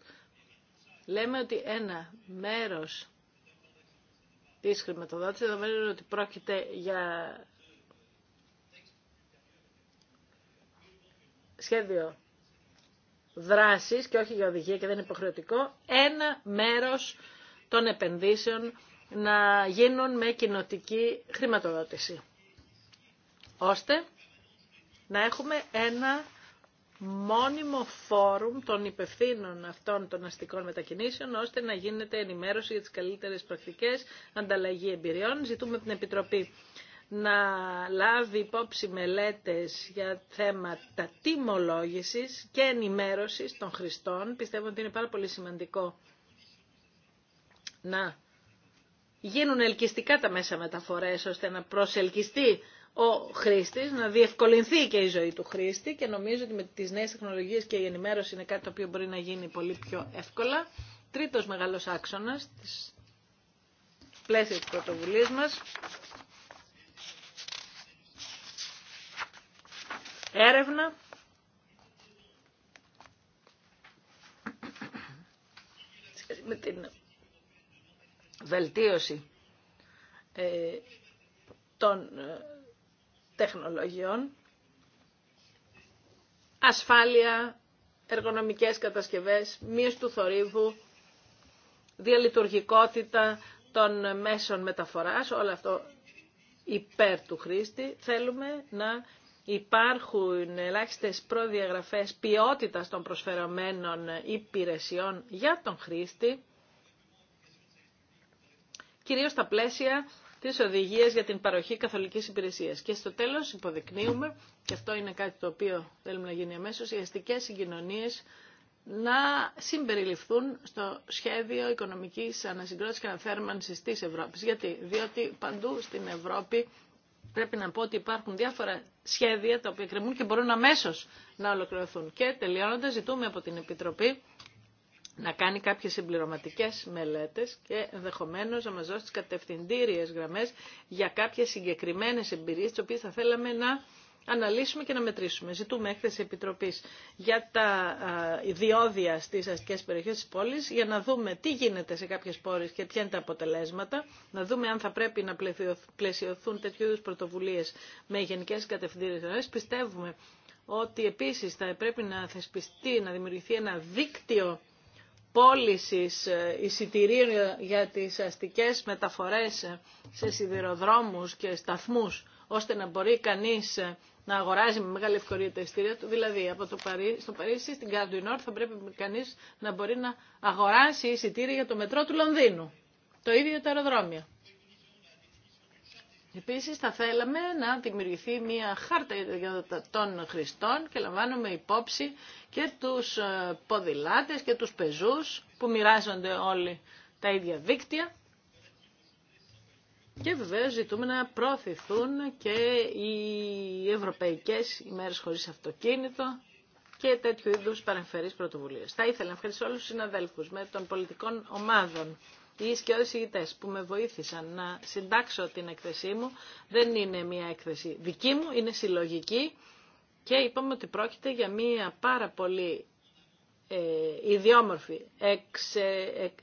λέμε ότι ένα μέρος της χρηματοδότησης, δεδομένου ότι πρόκειται για σχέδιο δράσης και όχι για οδηγία και δεν είναι υποχρεωτικό, ένα μέρος των επενδύσεων να γίνουν με κοινοτική χρηματοδότηση ώστε να έχουμε ένα μόνιμο φόρουμ των υπευθύνων αυτών των αστικών μετακινήσεων, ώστε να γίνεται ενημέρωση για τις καλύτερες πρακτικές, ανταλλαγή εμπειριών. Ζητούμε την Επιτροπή να λάβει υπόψη μελέτες για θέματα τιμολόγησης και ενημέρωσης των χρηστών. Πιστεύω ότι είναι πάρα πολύ σημαντικό να γίνουν ελκυστικά τα μέσα μεταφορές, ώστε να προσελκυστεί ο χρήστη, να διευκολυνθεί και η ζωή του χρήστη και νομίζω ότι με τις νέες τεχνολογίες και η ενημέρωση είναι κάτι το οποίο μπορεί να γίνει πολύ πιο εύκολα. Τρίτος μεγάλος άξονας της πλαίσια τη πρωτοβουλία μα. Έρευνα. Με την βελτίωση ε, των ε, τεχνολογιών, ασφάλεια, εργονομικές κατασκευές, μείωση του θορύβου, διαλειτουργικότητα των μέσων μεταφοράς, όλο αυτό υπέρ του χρήστη. Θέλουμε να υπάρχουν ελάχιστες προδιαγραφές ποιότητας των προσφερωμένων υπηρεσιών για τον χρήστη, κυρίως στα πλαίσια τι οδηγίε για την παροχή καθολική υπηρεσία. Και στο τέλο υποδεικνύουμε, και αυτό είναι κάτι το οποίο θέλουμε να γίνει αμέσω, οι αστικέ συγκοινωνίε να συμπεριληφθούν στο σχέδιο οικονομική ανασυγκρότηση και αναθέρμανση τη Ευρώπη. Γιατί, διότι παντού στην Ευρώπη πρέπει να πω ότι υπάρχουν διάφορα σχέδια τα οποία κρεμούν και μπορούν αμέσω να ολοκληρωθούν. Και τελειώνοντα, ζητούμε από την Επιτροπή να κάνει κάποιες συμπληρωματικές μελέτες και ενδεχομένω να μας δώσει τις κατευθυντήριες γραμμές για κάποιες συγκεκριμένες εμπειρίες τις οποίες θα θέλαμε να αναλύσουμε και να μετρήσουμε. Ζητούμε έκθεση Επιτροπής για τα ιδιώδια στις αστικές περιοχές της πόλης για να δούμε τι γίνεται σε κάποιες πόρες και ποια είναι τα αποτελέσματα, να δούμε αν θα πρέπει να πλαισιωθούν τέτοιου είδους πρωτοβουλίες με γενικές κατευθυντήριες. Πιστεύουμε ότι επίσης θα πρέπει να θεσπιστεί, να δημιουργηθεί ένα δίκτυο πώληση ε, εισιτηρίων για τις αστικές μεταφορές ε, σε σιδηροδρόμους και σταθμούς, ώστε να μπορεί κανείς ε, να αγοράζει με μεγάλη ευκολία τα εισιτήρια του. Δηλαδή, από το Παρί... στο Παρίσι, στην Καρδουινόρ, θα πρέπει κανείς να μπορεί να αγοράσει εισιτήρια για το μετρό του Λονδίνου. Το ίδιο τα αεροδρόμια. Επίσης θα θέλαμε να δημιουργηθεί μια χάρτα των χρηστών και λαμβάνουμε υπόψη και τους ε, ποδηλάτες και τους πεζούς που μοιράζονται όλοι τα ίδια δίκτυα. Και βεβαίω ζητούμε να προωθηθούν και οι ευρωπαϊκές ημέρες χωρίς αυτοκίνητο και τέτοιου είδους παρεμφερείς πρωτοβουλίες. Θα ήθελα να ευχαριστήσω όλους τους συναδέλφους με των πολιτικών ομάδων οι σκιώδεις ηγητές που με βοήθησαν να συντάξω την έκθεσή μου. Δεν είναι μια έκθεση δική μου, είναι συλλογική και είπαμε ότι πρόκειται για μια πάρα πολύ ε, ιδιόμορφη,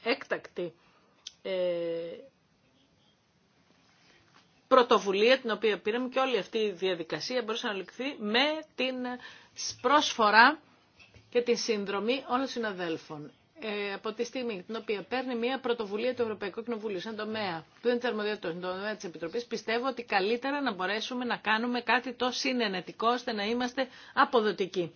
έκτακτη ε, πρωτοβουλία την οποία πήραμε και όλη αυτή η διαδικασία μπορούσε να ληφθεί με την πρόσφορα και την συνδρομή όλων των συναδέλφων. Ε, από τη στιγμή την οποία παίρνει μια πρωτοβουλία του Ευρωπαϊκού Κοινοβουλίου, σαν τομέα που είναι αρμοδιότητα, σαν τομέα τη Επιτροπή, πιστεύω ότι καλύτερα να μπορέσουμε να κάνουμε κάτι τόσο συνενετικό ώστε να είμαστε αποδοτικοί.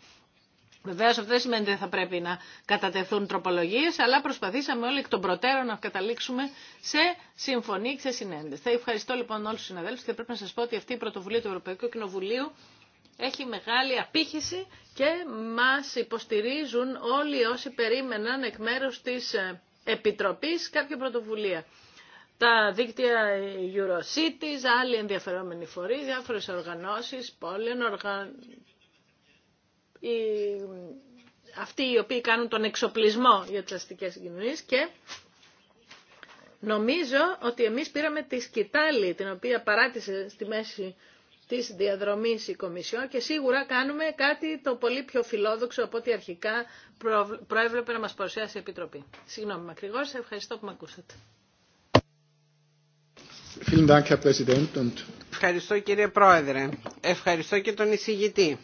Βεβαίω αυτό δεν σημαίνει ότι δεν θα πρέπει να κατατεθούν τροπολογίε, αλλά προσπαθήσαμε όλοι εκ των προτέρων να καταλήξουμε σε συμφωνή και σε συνέντε. Θα ευχαριστώ λοιπόν όλου του συναδέλφου και πρέπει να σα πω ότι αυτή η πρωτοβουλία του Ευρωπαϊκού Κοινοβουλίου έχει μεγάλη απήχηση και μας υποστηρίζουν όλοι όσοι περίμεναν εκ μέρους της ε, Επιτροπής κάποια πρωτοβουλία. Τα δίκτυα Eurocities, άλλοι ενδιαφερόμενοι φορείς, διάφορες οργανώσεις, πόλεων, οργαν... οι... αυτοί οι οποίοι κάνουν τον εξοπλισμό για τις αστικές συγκοινωνίες και νομίζω ότι εμείς πήραμε τη σκητάλη την οποία παράτησε στη μέση της διαδρομής η Κομισιόν και σίγουρα κάνουμε κάτι το πολύ πιο φιλόδοξο από ό,τι αρχικά προέβλεπε να μας παρουσιάσει η Επιτροπή. Συγγνώμη μακριγώς, ευχαριστώ που με ακούσατε. Ευχαριστώ κύριε Πρόεδρε. Ευχαριστώ και τον εισηγητή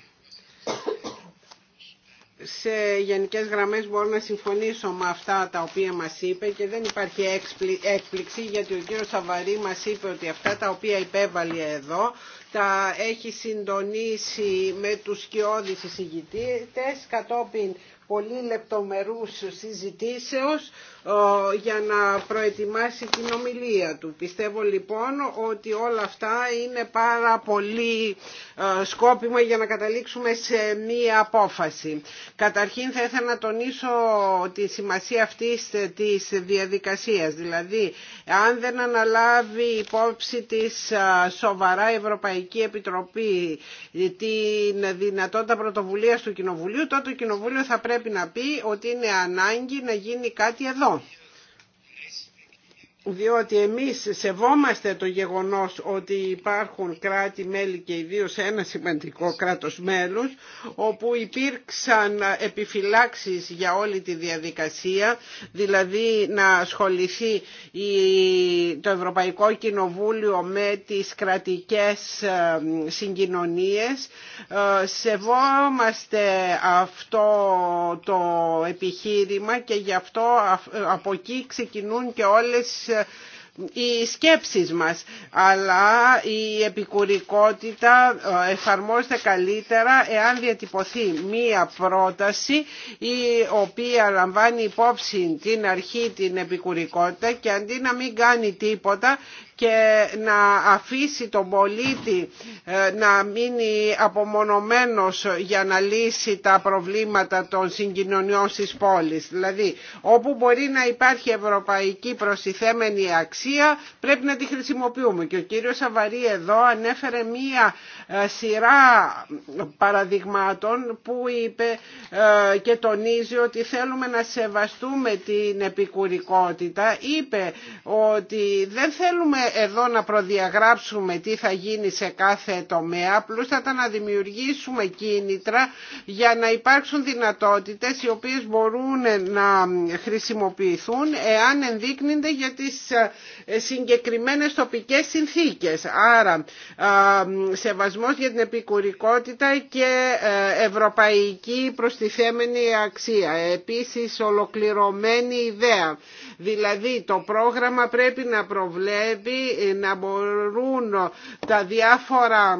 σε γενικές γραμμές μπορώ να συμφωνήσω με αυτά τα οποία μας είπε και δεν υπάρχει έκπληξη γιατί ο κύριος Σαβαρή μας είπε ότι αυτά τα οποία υπέβαλε εδώ τα έχει συντονίσει με τους σκιώδεις εισηγητές κατόπιν πολύ λεπτομερούς συζητήσεως ε, για να προετοιμάσει την ομιλία του. Πιστεύω λοιπόν ότι όλα αυτά είναι πάρα πολύ ε, σκόπιμα για να καταλήξουμε σε μία απόφαση. Καταρχήν θα ήθελα να τονίσω τη σημασία αυτής της διαδικασίας. Δηλαδή, αν δεν αναλάβει υπόψη της ε, σοβαρά Ευρωπαϊκή Επιτροπή την δυνατότητα πρωτοβουλίας του Κοινοβουλίου, τότε το Κοινοβούλιο θα πρέπει πρέπει να πει ότι είναι ανάγκη να γίνει κάτι εδώ διότι εμείς σεβόμαστε το γεγονός ότι υπάρχουν κράτη-μέλη και ιδίως ένα σημαντικό κράτος μέλους όπου υπήρξαν επιφυλάξεις για όλη τη διαδικασία δηλαδή να ασχοληθεί το Ευρωπαϊκό Κοινοβούλιο με τις κρατικές ε, συγκοινωνίες ε, σεβόμαστε αυτό το επιχείρημα και γι' αυτό ε, από εκεί ξεκινούν και όλες οι σκέψεις μας αλλά η επικουρικότητα ε, εφαρμόζεται καλύτερα εάν διατυπωθεί μία πρόταση η οποία λαμβάνει υπόψη την αρχή την επικουρικότητα και αντί να μην κάνει τίποτα και να αφήσει τον πολίτη ε, να μείνει απομονωμένος για να λύσει τα προβλήματα των συγκοινωνιών στις πόλεις. Δηλαδή, όπου μπορεί να υπάρχει ευρωπαϊκή προστιθέμενη αξία, πρέπει να τη χρησιμοποιούμε. Και ο κύριος Σαβαρή εδώ ανέφερε μία ε, σειρά παραδειγμάτων που είπε ε, και τονίζει ότι θέλουμε να σεβαστούμε την επικουρικότητα. Είπε ότι δεν θέλουμε εδώ να προδιαγράψουμε τι θα γίνει σε κάθε τομέα, τα να δημιουργήσουμε κίνητρα για να υπάρξουν δυνατότητες οι οποίες μπορούν να χρησιμοποιηθούν εάν ενδείκνυνται για τις ε, συγκεκριμένες τοπικές συνθήκες. Άρα, σεβασμός για την επικουρικότητα και ε, ευρωπαϊκή προστιθέμενη αξία. Επίσης, ολοκληρωμένη ιδέα Δηλαδή το πρόγραμμα πρέπει να προβλέπει ε, να μπορούν τα διάφορα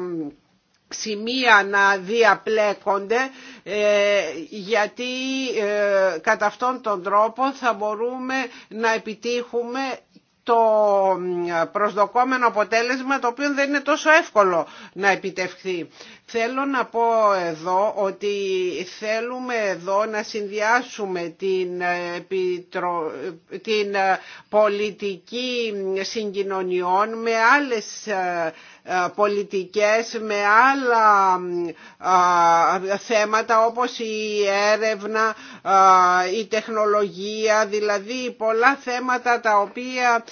σημεία να διαπλέκονται ε, γιατί ε, κατά αυτόν τον τρόπο θα μπορούμε να επιτύχουμε το προσδοκόμενο αποτέλεσμα το οποίο δεν είναι τόσο εύκολο να επιτευχθεί. Θέλω να πω εδώ ότι θέλουμε εδώ να συνδυάσουμε την, ε, την ε, πολιτική συγκοινωνιών με άλλες ε, ε, πολιτικές με άλλα ε, θέματα όπως η έρευνα, η τεχνολογία, δηλαδή πολλά θέματα τα οποία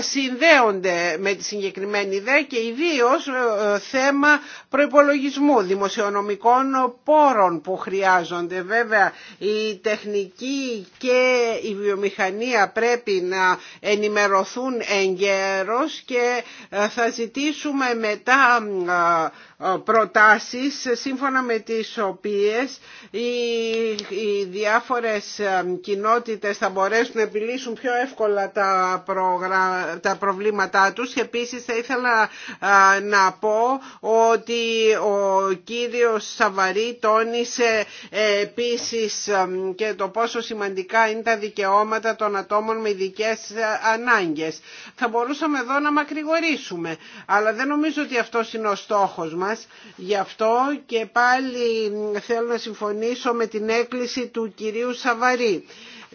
συνδέονται με τη συγκεκριμένη ιδέα και ιδίως ε, θέμα προϋπολογισμού, δημοσιονομικών πόρων που χρειάζονται. Βέβαια η τεχνική και η βιομηχανία πρέπει να ενημερωθούν εγκαίρως και θα ζητήσουμε μετά ε, προτάσεις σύμφωνα με τις οποίες οι διάφορες ε, κοινότητες θα μπορέσουν να επιλύσουν πιο εύκολα τα προβλήματά τους και επίσης θα ήθελα ε, να πω ότι ο κύριος Σαβαρή τόνισε επίσης και το πόσο σημαντικά είναι τα δικαιώματα των ατόμων με ειδικέ ανάγκες. Θα μπορούσαμε εδώ να μακρηγορήσουμε αλλά δεν νομίζω ότι αυτό είναι ο στόχος μας γι' αυτό και πάλι θέλω να συμφωνήσω με την έκκληση του κυρίου Σαβαρή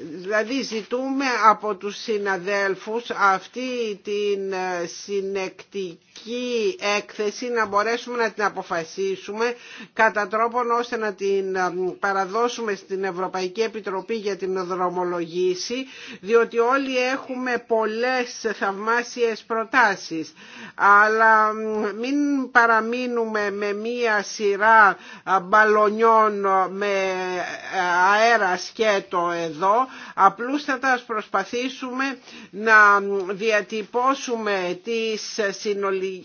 Δηλαδή ζητούμε από τους συναδέλφους αυτή την ε, συνεκτική έκθεση να μπορέσουμε να την αποφασίσουμε κατά τρόπον ώστε να την ε, παραδώσουμε στην Ευρωπαϊκή Επιτροπή για την δρομολογήση διότι όλοι έχουμε πολλές θαυμάσιες προτάσεις αλλά μην παραμείνουμε με μία σειρά ε, μπαλονιών με αέρα σκέτο εδώ απλούστατα ας προσπαθήσουμε να διατυπώσουμε τις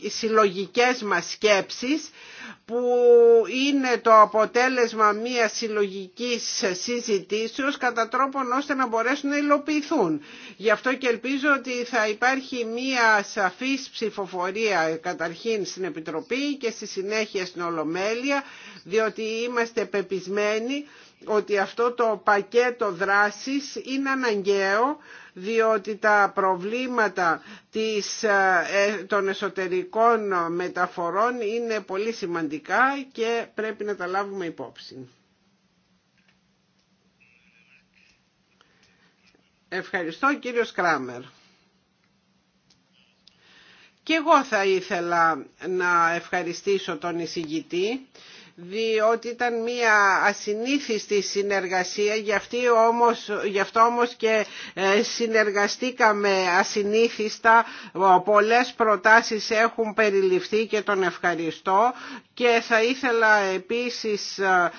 συλλογικές μας σκέψεις που είναι το αποτέλεσμα μιας συλλογικής συζητήσεως κατά τρόπον ώστε να μπορέσουν να υλοποιηθούν. Γι' αυτό και ελπίζω ότι θα υπάρχει μια σαφής ψηφοφορία καταρχήν στην Επιτροπή και στη συνέχεια στην Ολομέλεια διότι είμαστε πεπισμένοι ότι αυτό το πακέτο δράσης είναι αναγκαίο διότι τα προβλήματα της, ε, ε, των εσωτερικών μεταφορών είναι πολύ σημαντικά και πρέπει να τα λάβουμε υπόψη. Ευχαριστώ κύριο Κράμερ. Και εγώ θα ήθελα να ευχαριστήσω τον εισηγητή διότι ήταν μια ασυνήθιστη συνεργασία, γι, όμως, γι' αυτό όμως και ε, συνεργαστήκαμε ασυνήθιστα, πολλές προτάσεις έχουν περιληφθεί και τον ευχαριστώ και θα ήθελα επίσης ε,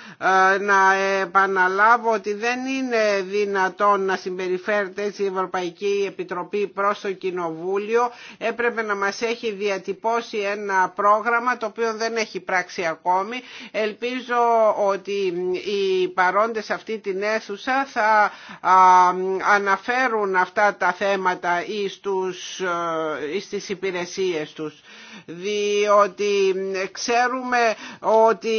ε, να επαναλάβω ότι δεν είναι δυνατόν να συμπεριφέρεται έτσι η Ευρωπαϊκή Επιτροπή προς το Κοινοβούλιο. Έπρεπε να μας έχει διατυπώσει ένα πρόγραμμα το οποίο δεν έχει πράξει ακόμη Ελπίζω ότι οι παρόντες αυτή την αίθουσα θα αναφέρουν αυτά τα θέματα στους, στις υπηρεσίες τους διότι ξέρουμε ότι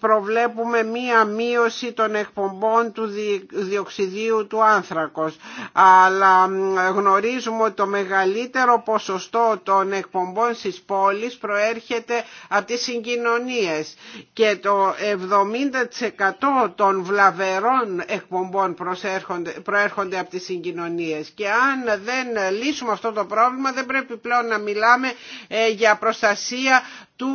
προβλέπουμε μία μείωση των εκπομπών του διοξιδίου του άνθρακος αλλά γνωρίζουμε ότι το μεγαλύτερο ποσοστό των εκπομπών στις πόλεις προέρχεται από τις συγκοινωνίες και το 70% των βλαβερών εκπομπών προέρχονται από τις συγκοινωνίες και αν δεν λύσουμε αυτό το πρόβλημα δεν πρέπει πλέον να μιλάμε ε, για προστασία του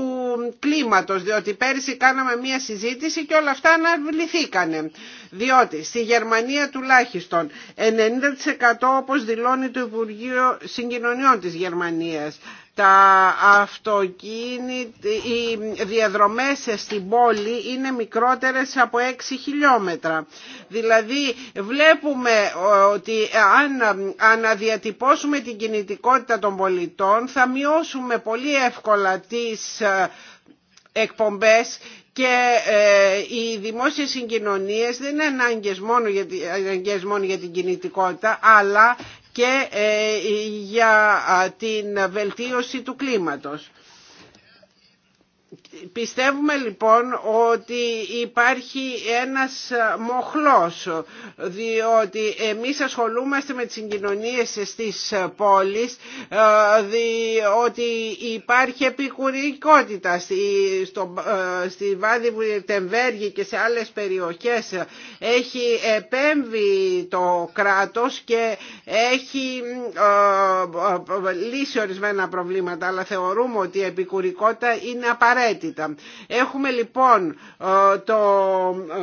κλίματος διότι πέρυσι κάναμε μία συζήτηση και όλα αυτά αναβληθήκανε διότι στη Γερμανία τουλάχιστον 90% όπως δηλώνει το Υπουργείο Συγκοινωνιών της Γερμανίας τα αυτοκίνητα, οι διαδρομές στην πόλη είναι μικρότερες από 6 χιλιόμετρα. Δηλαδή βλέπουμε ε, ότι αν αναδιατυπώσουμε την κινητικότητα των πολιτών θα μειώσουμε πολύ εύκολα τις ε, εκπομπές και ε, οι δημόσιες συγκοινωνίες δεν είναι ανάγκες μόνο για, την κινητικότητα αλλά και ε, για την βελτίωση του κλίματος. Πιστεύουμε λοιπόν ότι υπάρχει ένας μοχλός διότι εμείς ασχολούμαστε με τις συγκοινωνίες στις πόλεις διότι υπάρχει επικουρικότητα στη, στο, στη Βάδη Βουρτεμβέργη και σε άλλες περιοχές έχει επέμβει το κράτος και έχει ε, ε, λύσει ορισμένα προβλήματα αλλά θεωρούμε ότι η επικουρικότητα είναι απαραίτητη Έχουμε λοιπόν ε, το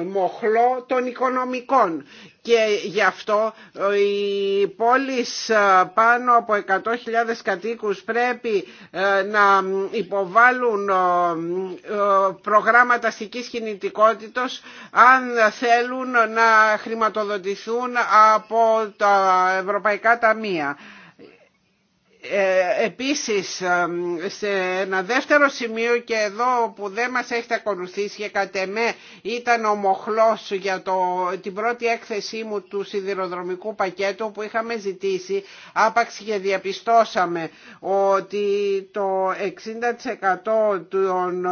μοχλό των οικονομικών και γι' αυτό ε, οι πόλεις ε, πάνω από 100.000 κατοίκους πρέπει να υποβάλουν προγράμματα αστικής κινητικότητας αν θέλουν να χρηματοδοτηθούν από τα Ευρωπαϊκά Ταμεία. Ε, επίσης σε ένα δεύτερο σημείο και εδώ που δεν μας έχετε ακολουθήσει και κατ' εμέ ήταν ο για το, την πρώτη έκθεσή μου του σιδηροδρομικού πακέτου που είχαμε ζητήσει άπαξ και διαπιστώσαμε ότι το 60% των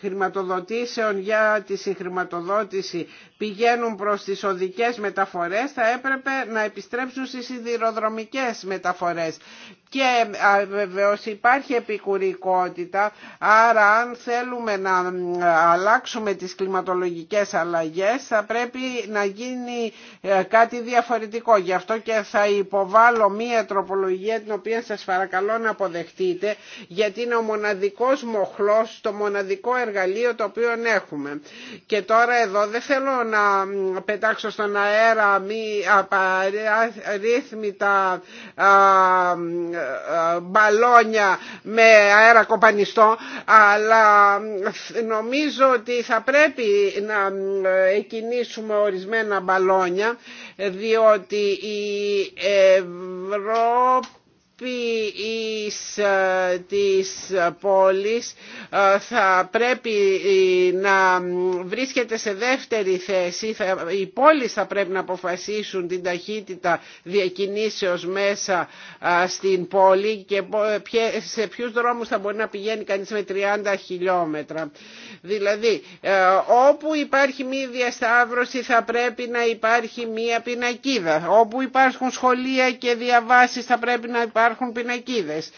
χρηματοδοτήσεων για τη συγχρηματοδότηση πηγαίνουν προς τις οδικές μεταφορές θα έπρεπε να επιστρέψουν στις σιδηροδρομικές μεταφορές και βεβαίως υπάρχει επικουρικότητα άρα αν θέλουμε να αλλάξουμε τις κλιματολογικές αλλαγές θα πρέπει να γίνει ε, κάτι διαφορετικό γι' αυτό και θα υποβάλω μία τροπολογία την οποία σας παρακαλώ να αποδεχτείτε γιατί είναι ο μοναδικός μοχλός το μοναδικό εργαλείο το οποίο έχουμε και τώρα εδώ δεν θέλω να πετάξω στον αέρα μη απαρίθμητα ε, μπαλόνια με αέρα κοπανιστό αλλά ε, νομίζω ότι θα πρέπει να ε, εκινήσουμε ορισμένα μπαλόνια διότι η Ευρώπη ποιείς ε, της πόλης ε, θα πρέπει ε, να βρίσκεται σε δεύτερη θέση. Οι πόλεις θα πρέπει να αποφασίσουν την ταχύτητα διακινήσεως μέσα στην πόλη και σε ποιους δρόμους θα μπορεί να πηγαίνει κανείς με 30 χιλιόμετρα. Δηλαδή, όπου υπάρχει μία διασταύρωση θα πρέπει να υπάρχει μία πινακίδα. Όπου υπάρχουν σχολεία και διαβάσεις θα πρέπει να υπάρχει υπάρχουν πινακίδες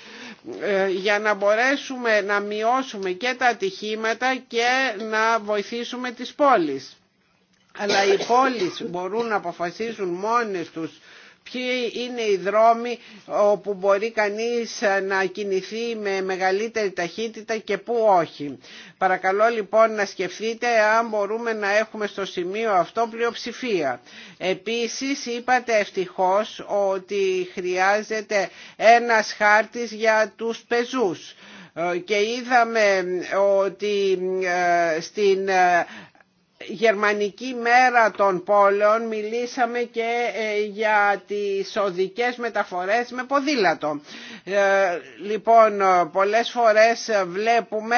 ε, για να μπορέσουμε να μειώσουμε και τα ατυχήματα και να βοηθήσουμε τις πόλεις. Αλλά οι πόλεις μπορούν να αποφασίσουν μόνες τους ποιοι είναι οι δρόμοι όπου μπορεί κανείς να κινηθεί με μεγαλύτερη ταχύτητα και πού όχι. Παρακαλώ λοιπόν να σκεφτείτε αν μπορούμε να έχουμε στο σημείο αυτό πλειοψηφία. Επίσης είπατε ευτυχώς ότι χρειάζεται ένας χάρτης για τους πεζούς ε, και είδαμε ότι ε, στην ε, Γερμανική μέρα των πόλεων μιλήσαμε και ε, για τις οδικές μεταφορές με ποδήλατο. Ε, λοιπόν, πολλές φορές βλέπουμε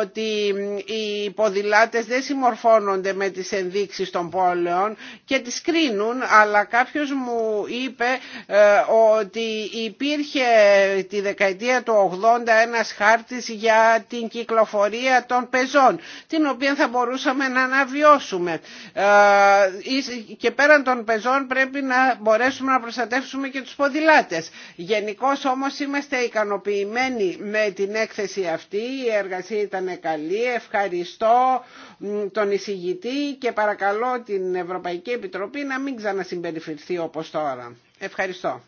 ότι οι ποδηλάτες δεν συμμορφώνονται με τις ενδείξεις των πόλεων και τις κρίνουν, αλλά κάποιος μου είπε ε, ότι υπήρχε τη δεκαετία του 80 ένας χάρτης για την κυκλοφορία των πεζών, την οποία θα μπορούσαμε να να αναβιώσουμε. Ε, και πέραν των πεζών πρέπει να μπορέσουμε να προστατεύσουμε και τους ποδηλάτες. Γενικώ όμως είμαστε ικανοποιημένοι με την έκθεση αυτή. Η εργασία ήταν καλή. Ευχαριστώ τον εισηγητή και παρακαλώ την Ευρωπαϊκή Επιτροπή να μην ξανασυμπεριφερθεί όπως τώρα. Ευχαριστώ.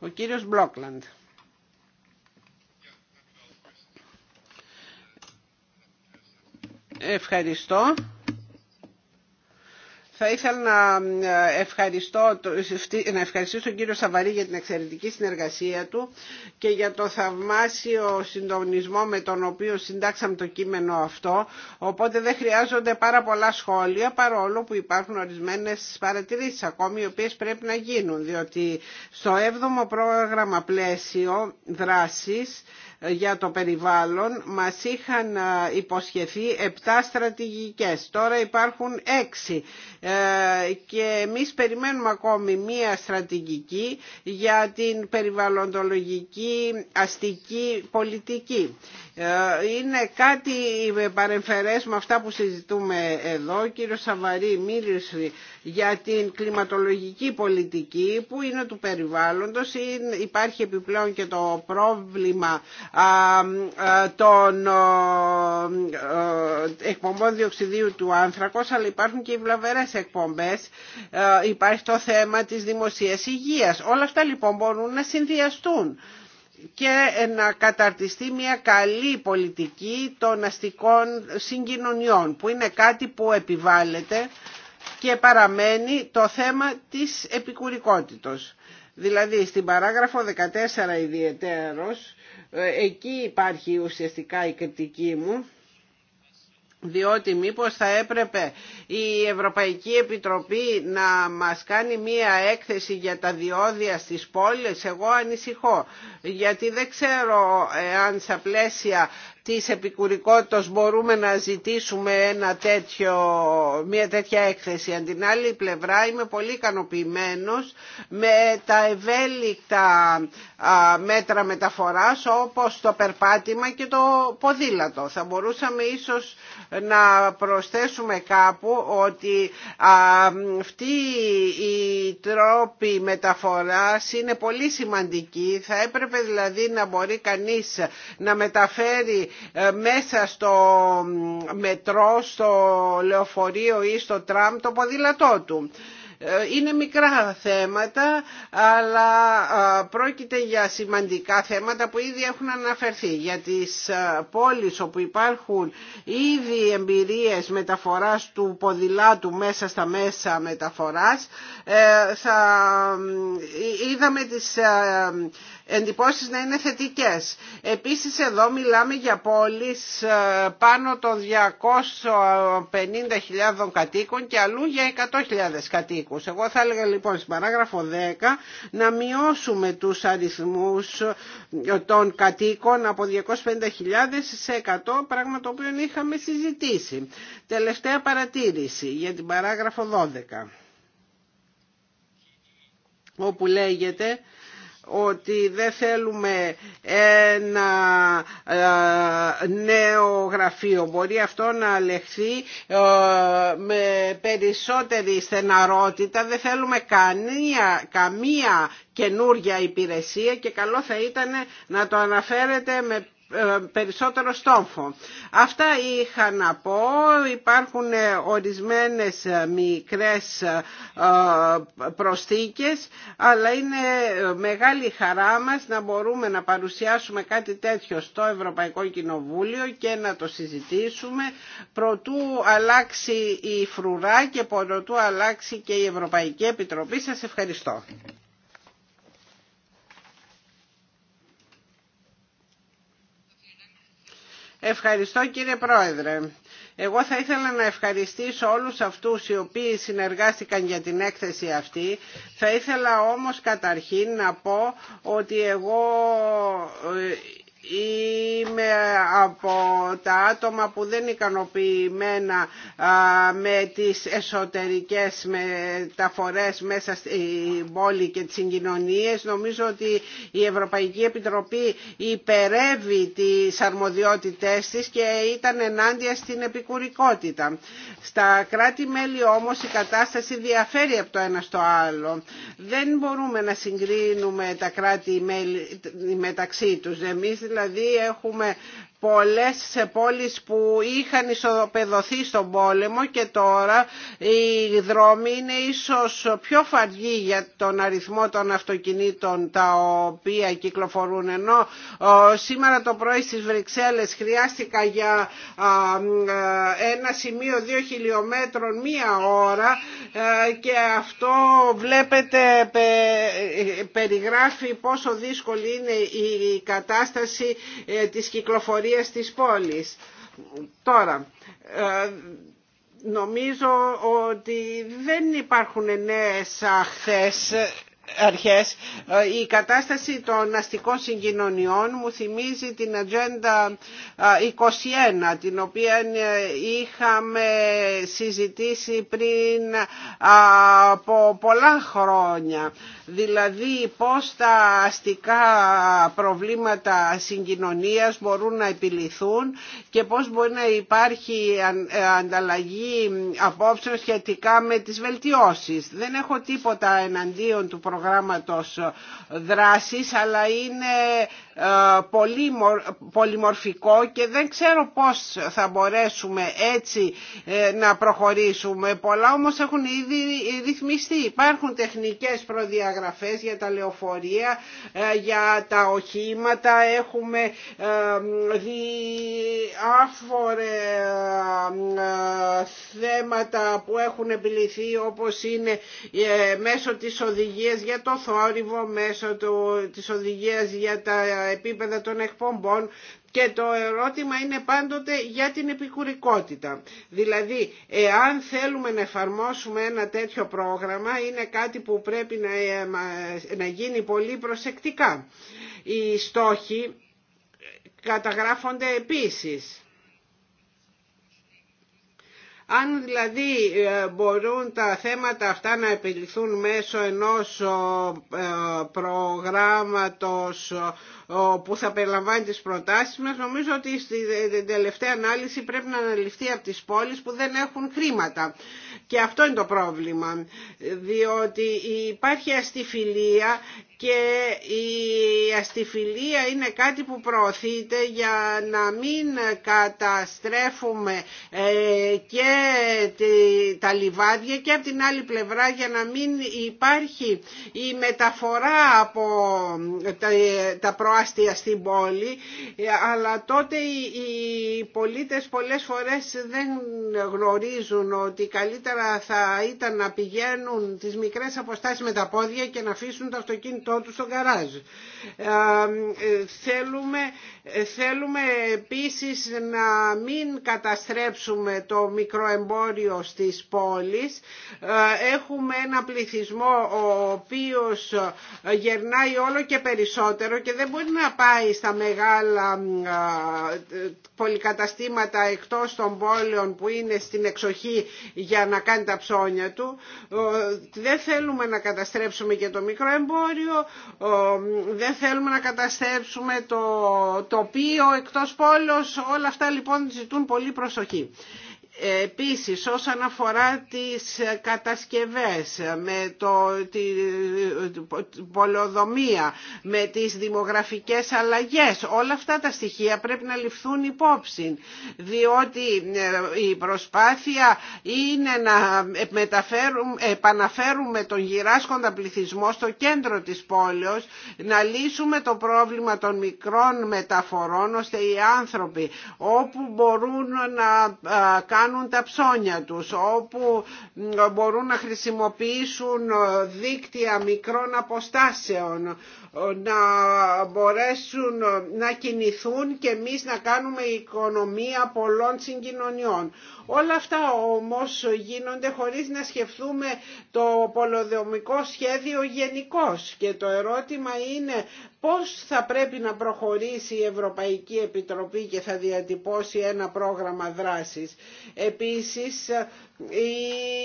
Ο κύριος Μπλόκλαντ. Ευχαριστώ. Θα ήθελα να, ε, ευχαριστώ, να ευχαριστήσω τον κύριο Σαβαρή για την εξαιρετική συνεργασία του και για το θαυμάσιο συντονισμό με τον οποίο συντάξαμε το κείμενο αυτό. Οπότε δεν χρειάζονται πάρα πολλά σχόλια παρόλο που υπάρχουν ορισμένες παρατηρήσεις ακόμη οι οποίες πρέπει να γίνουν διότι στο 7ο πρόγραμμα πλαίσιο δράσης για το περιβάλλον μας είχαν ε, υποσχεθεί 7 στρατηγικές. Τώρα υπάρχουν 6 ε, και εμείς περιμένουμε ακόμη μία στρατηγική για την περιβαλλοντολογική αστική πολιτική. Ε, είναι κάτι παρεμφερές με αυτά που συζητούμε εδώ. Ο κύριος Σαβαρή μίλησε για την κλιματολογική πολιτική που είναι του περιβάλλοντος. Υπάρχει επιπλέον και το πρόβλημα ε, των εκπομπών διοξιδίου του άνθρακος αλλά υπάρχουν και οι βλαβερές εκπομπές ε, υπάρχει το θέμα της δημοσίας υγείας όλα αυτά λοιπόν μπορούν να συνδυαστούν και να καταρτιστεί μια καλή πολιτική των αστικών συγκοινωνιών που είναι κάτι που επιβάλλεται και παραμένει το θέμα της επικουρικότητος. Δηλαδή στην παράγραφο 14 ιδιαιτέρως ε, εκεί υπάρχει ουσιαστικά η κριτική μου διότι μήπως θα έπρεπε η Ευρωπαϊκή Επιτροπή να μας κάνει μία έκθεση για τα διόδια στις πόλεις. Εγώ ανησυχώ, γιατί δεν ξέρω αν στα πλαίσια της επικουρικότητας μπορούμε να ζητήσουμε ένα μια τέτοια έκθεση. Αν την άλλη πλευρά είμαι πολύ ικανοποιημένο με τα ευέλικτα μέτρα μεταφοράς όπως το περπάτημα και το ποδήλατο. Θα μπορούσαμε ίσως να προσθέσουμε κάπου ότι αυτοί η τρόποι μεταφοράς είναι πολύ σημαντικοί. Θα έπρεπε δηλαδή να μπορεί κανείς να μεταφέρει ε, μέσα στο μετρό, στο λεωφορείο ή στο τραμ το ποδήλατό του. Ε, είναι μικρά θέματα, αλλά ε, πρόκειται για σημαντικά θέματα που ήδη έχουν αναφερθεί. Για τις πόλεις όπου υπάρχουν ήδη εμπειρίες μεταφοράς του ποδηλάτου μέσα στα μέσα μεταφοράς, θα είδαμε τις εντυπώσεις να είναι θετικές. Επίσης εδώ μιλάμε για πόλεις ε, πάνω των 250.000 κατοίκων και αλλού για 100.000 κατοίκους. Εγώ θα έλεγα λοιπόν στην παράγραφο 10 να μειώσουμε τους αριθμούς ε, των κατοίκων από 250.000 σε 100, πράγμα το οποίο είχαμε συζητήσει. Τελευταία παρατήρηση για την παράγραφο 12 όπου λέγεται ότι δεν θέλουμε ένα ε, νέο γραφείο. Μπορεί αυτό να λεχθεί ε, με περισσότερη στεναρότητα. Δεν θέλουμε καμία, καμία καινούργια υπηρεσία και καλό θα ήταν να το αναφέρετε με ε, περισσότερο στόμφο. Αυτά είχα να πω. Υπάρχουν ε, ορισμένες ε, μικρές προσθήκες, αλλά είναι μεγάλη χαρά μας να μπορούμε να παρουσιάσουμε κάτι τέτοιο στο Ευρωπαϊκό Κοινοβούλιο και να το συζητήσουμε προτού αλλάξει η φρουρά και προτού αλλάξει και η Ευρωπαϊκή Επιτροπή. Σας ευχαριστώ. Ευχαριστώ κύριε Πρόεδρε. Εγώ θα ήθελα να ευχαριστήσω όλους αυτούς οι οποίοι συνεργάστηκαν για την έκθεση αυτή. Θα ήθελα όμως καταρχήν να πω ότι εγώ ε, είμαι από τα άτομα που δεν ικανοποιημένα με τις εσωτερικές μεταφορές μέσα στην πόλη και τις συγκοινωνίες. Νομίζω ότι η Ευρωπαϊκή Επιτροπή υπερεύει τις αρμοδιότητές της και ήταν ενάντια στην επικουρικότητα. Στα κράτη-μέλη όμως η κατάσταση διαφέρει από το ένα στο άλλο. Δεν μπορούμε να συγκρίνουμε τα κράτη-μέλη μεταξύ τους. Εμείς δηλαδή έχουμε σε πόλεις που είχαν ισοπεδωθεί στον πόλεμο και τώρα οι δρόμοι είναι ίσως πιο φαργοί για τον αριθμό των αυτοκινήτων τα οποία κυκλοφορούν ενώ σήμερα το πρωί στις Βρυξέλλες χρειάστηκα για ένα σημείο 2 χιλιόμετρων μία ώρα ε, και αυτό βλέπετε περιγράφει πόσο δύσκολη είναι η κατάσταση ε, της κυκλοφορίας της πόλης. Τώρα, ε, νομίζω ότι δεν υπάρχουν νέες αχθές αρχές. Ε, η κατάσταση των αστικών συγκοινωνιών μου θυμίζει την Ατζέντα 21, ε, την οποία είχαμε συζητήσει πριν από πολλά χρόνια δηλαδή πώς τα αστικά προβλήματα συγκοινωνίας μπορούν να επιληθούν και πώς μπορεί να υπάρχει ε, ανταλλαγή απόψεων σχετικά με τις βελτιώσεις. Δεν έχω τίποτα εναντίον του προγράμματος δράσης, αλλά είναι ε, πολυμορφικό και δεν ξέρω πώς θα μπορέσουμε έτσι ε, να προχωρήσουμε. Πολλά όμως έχουν ήδη ε, ρυθμιστεί. Υπάρχουν τεχνικές προδιαγραφές για τα λεωφορεία, για τα οχήματα. Έχουμε διάφορε θέματα που έχουν επιληθεί όπως είναι μέσω της οδηγίας για το θόρυβο, μέσω της οδηγίας για τα επίπεδα των εκπομπών και το ερώτημα είναι πάντοτε για την επικουρικότητα. Δηλαδή, εάν θέλουμε να εφαρμόσουμε ένα τέτοιο πρόγραμμα, είναι κάτι που πρέπει να, ε, να γίνει πολύ προσεκτικά. Οι στόχοι καταγράφονται επίσης. Αν δηλαδή ε, μπορούν τα θέματα αυτά να επιληθούν μέσω ενός ε, προγράμματος που θα περιλαμβάνει τις προτάσεις μας. Νομίζω ότι στην τελευταία ανάλυση πρέπει να αναλυφθεί από τις πόλεις που δεν έχουν χρήματα. Και αυτό είναι το πρόβλημα, διότι υπάρχει αστιφιλία και η αστιφιλία είναι κάτι που προωθείται για να μην καταστρέφουμε ε, και τα λιβάδια και από την άλλη πλευρά για να μην υπάρχει η μεταφορά από ε, ε, τα προάστια στην πόλη αλλά τότε οι πολίτες πολλές φορές δεν γνωρίζουν ότι καλύτερα θα ήταν να πηγαίνουν τις μικρές αποστάσεις με τα πόδια και να αφήσουν το αυτοκίνητο αυτοκίνητό του στο γκαράζ. Ε, θέλουμε, ε, θέλουμε επίσης να μην καταστρέψουμε το μικροεμπόριο στις πόλεις. Ε, έχουμε ένα πληθυσμό ο οποίος γερνάει όλο και περισσότερο και δεν μπορεί να πάει στα μεγάλα πολυκαταστήματα εκτός των πόλεων που είναι στην εξοχή για να κάνει τα ψώνια του. Δεν θέλουμε να καταστρέψουμε και το μικροεμπόριο, δεν θέλουμε να καταστρέψουμε το τοπίο εκτός πόλος, όλα αυτά λοιπόν ζητούν πολύ προσοχή. Επίσης όσον αφορά τις κατασκευές με το, τη, πολεοδομία, με τις δημογραφικές αλλαγές, όλα αυτά τα στοιχεία πρέπει να ληφθούν υπόψη διότι ε, η προσπάθεια είναι να επαναφέρουμε τον γυράσκοντα πληθυσμό στο κέντρο της πόλεως, να λύσουμε το πρόβλημα των μικρών μεταφορών ώστε οι άνθρωποι όπου μπορούν να κάνουν κάνουν τα ψώνια τους, όπου μπορούν να χρησιμοποιήσουν ε, δίκτυα μικρών αποστάσεων, ε, να μπορέσουν ε, να κινηθούν και εμείς να κάνουμε οικονομία πολλών συγκοινωνιών. Όλα αυτά όμως γίνονται χωρίς να σκεφτούμε το πολεοδομικό σχέδιο γενικώ. και το ερώτημα είναι πώς θα πρέπει να προχωρήσει η Ευρωπαϊκή Επιτροπή και θα διατυπώσει ένα πρόγραμμα δράσης. Επίσης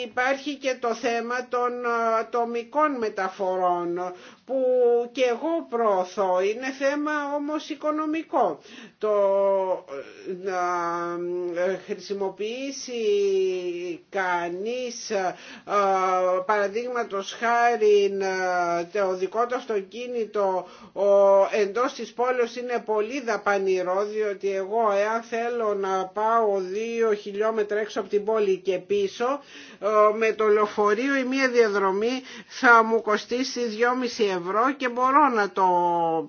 Υπάρχει και το θέμα των ατομικών μεταφορών που και εγώ προωθώ. Είναι θέμα όμως οικονομικό. Το να ε, χρησιμοποιήσει κανείς ε, παραδείγματος χάρη το δικό του αυτοκίνητο εντός της πόλης είναι πολύ δαπανηρό διότι εγώ εάν θέλω να πάω δύο χιλιόμετρα έξω από την πόλη και πει ε, με το λεωφορείο η μία διαδρομή θα μου κοστίσει 2,5 ευρώ και μπορώ να το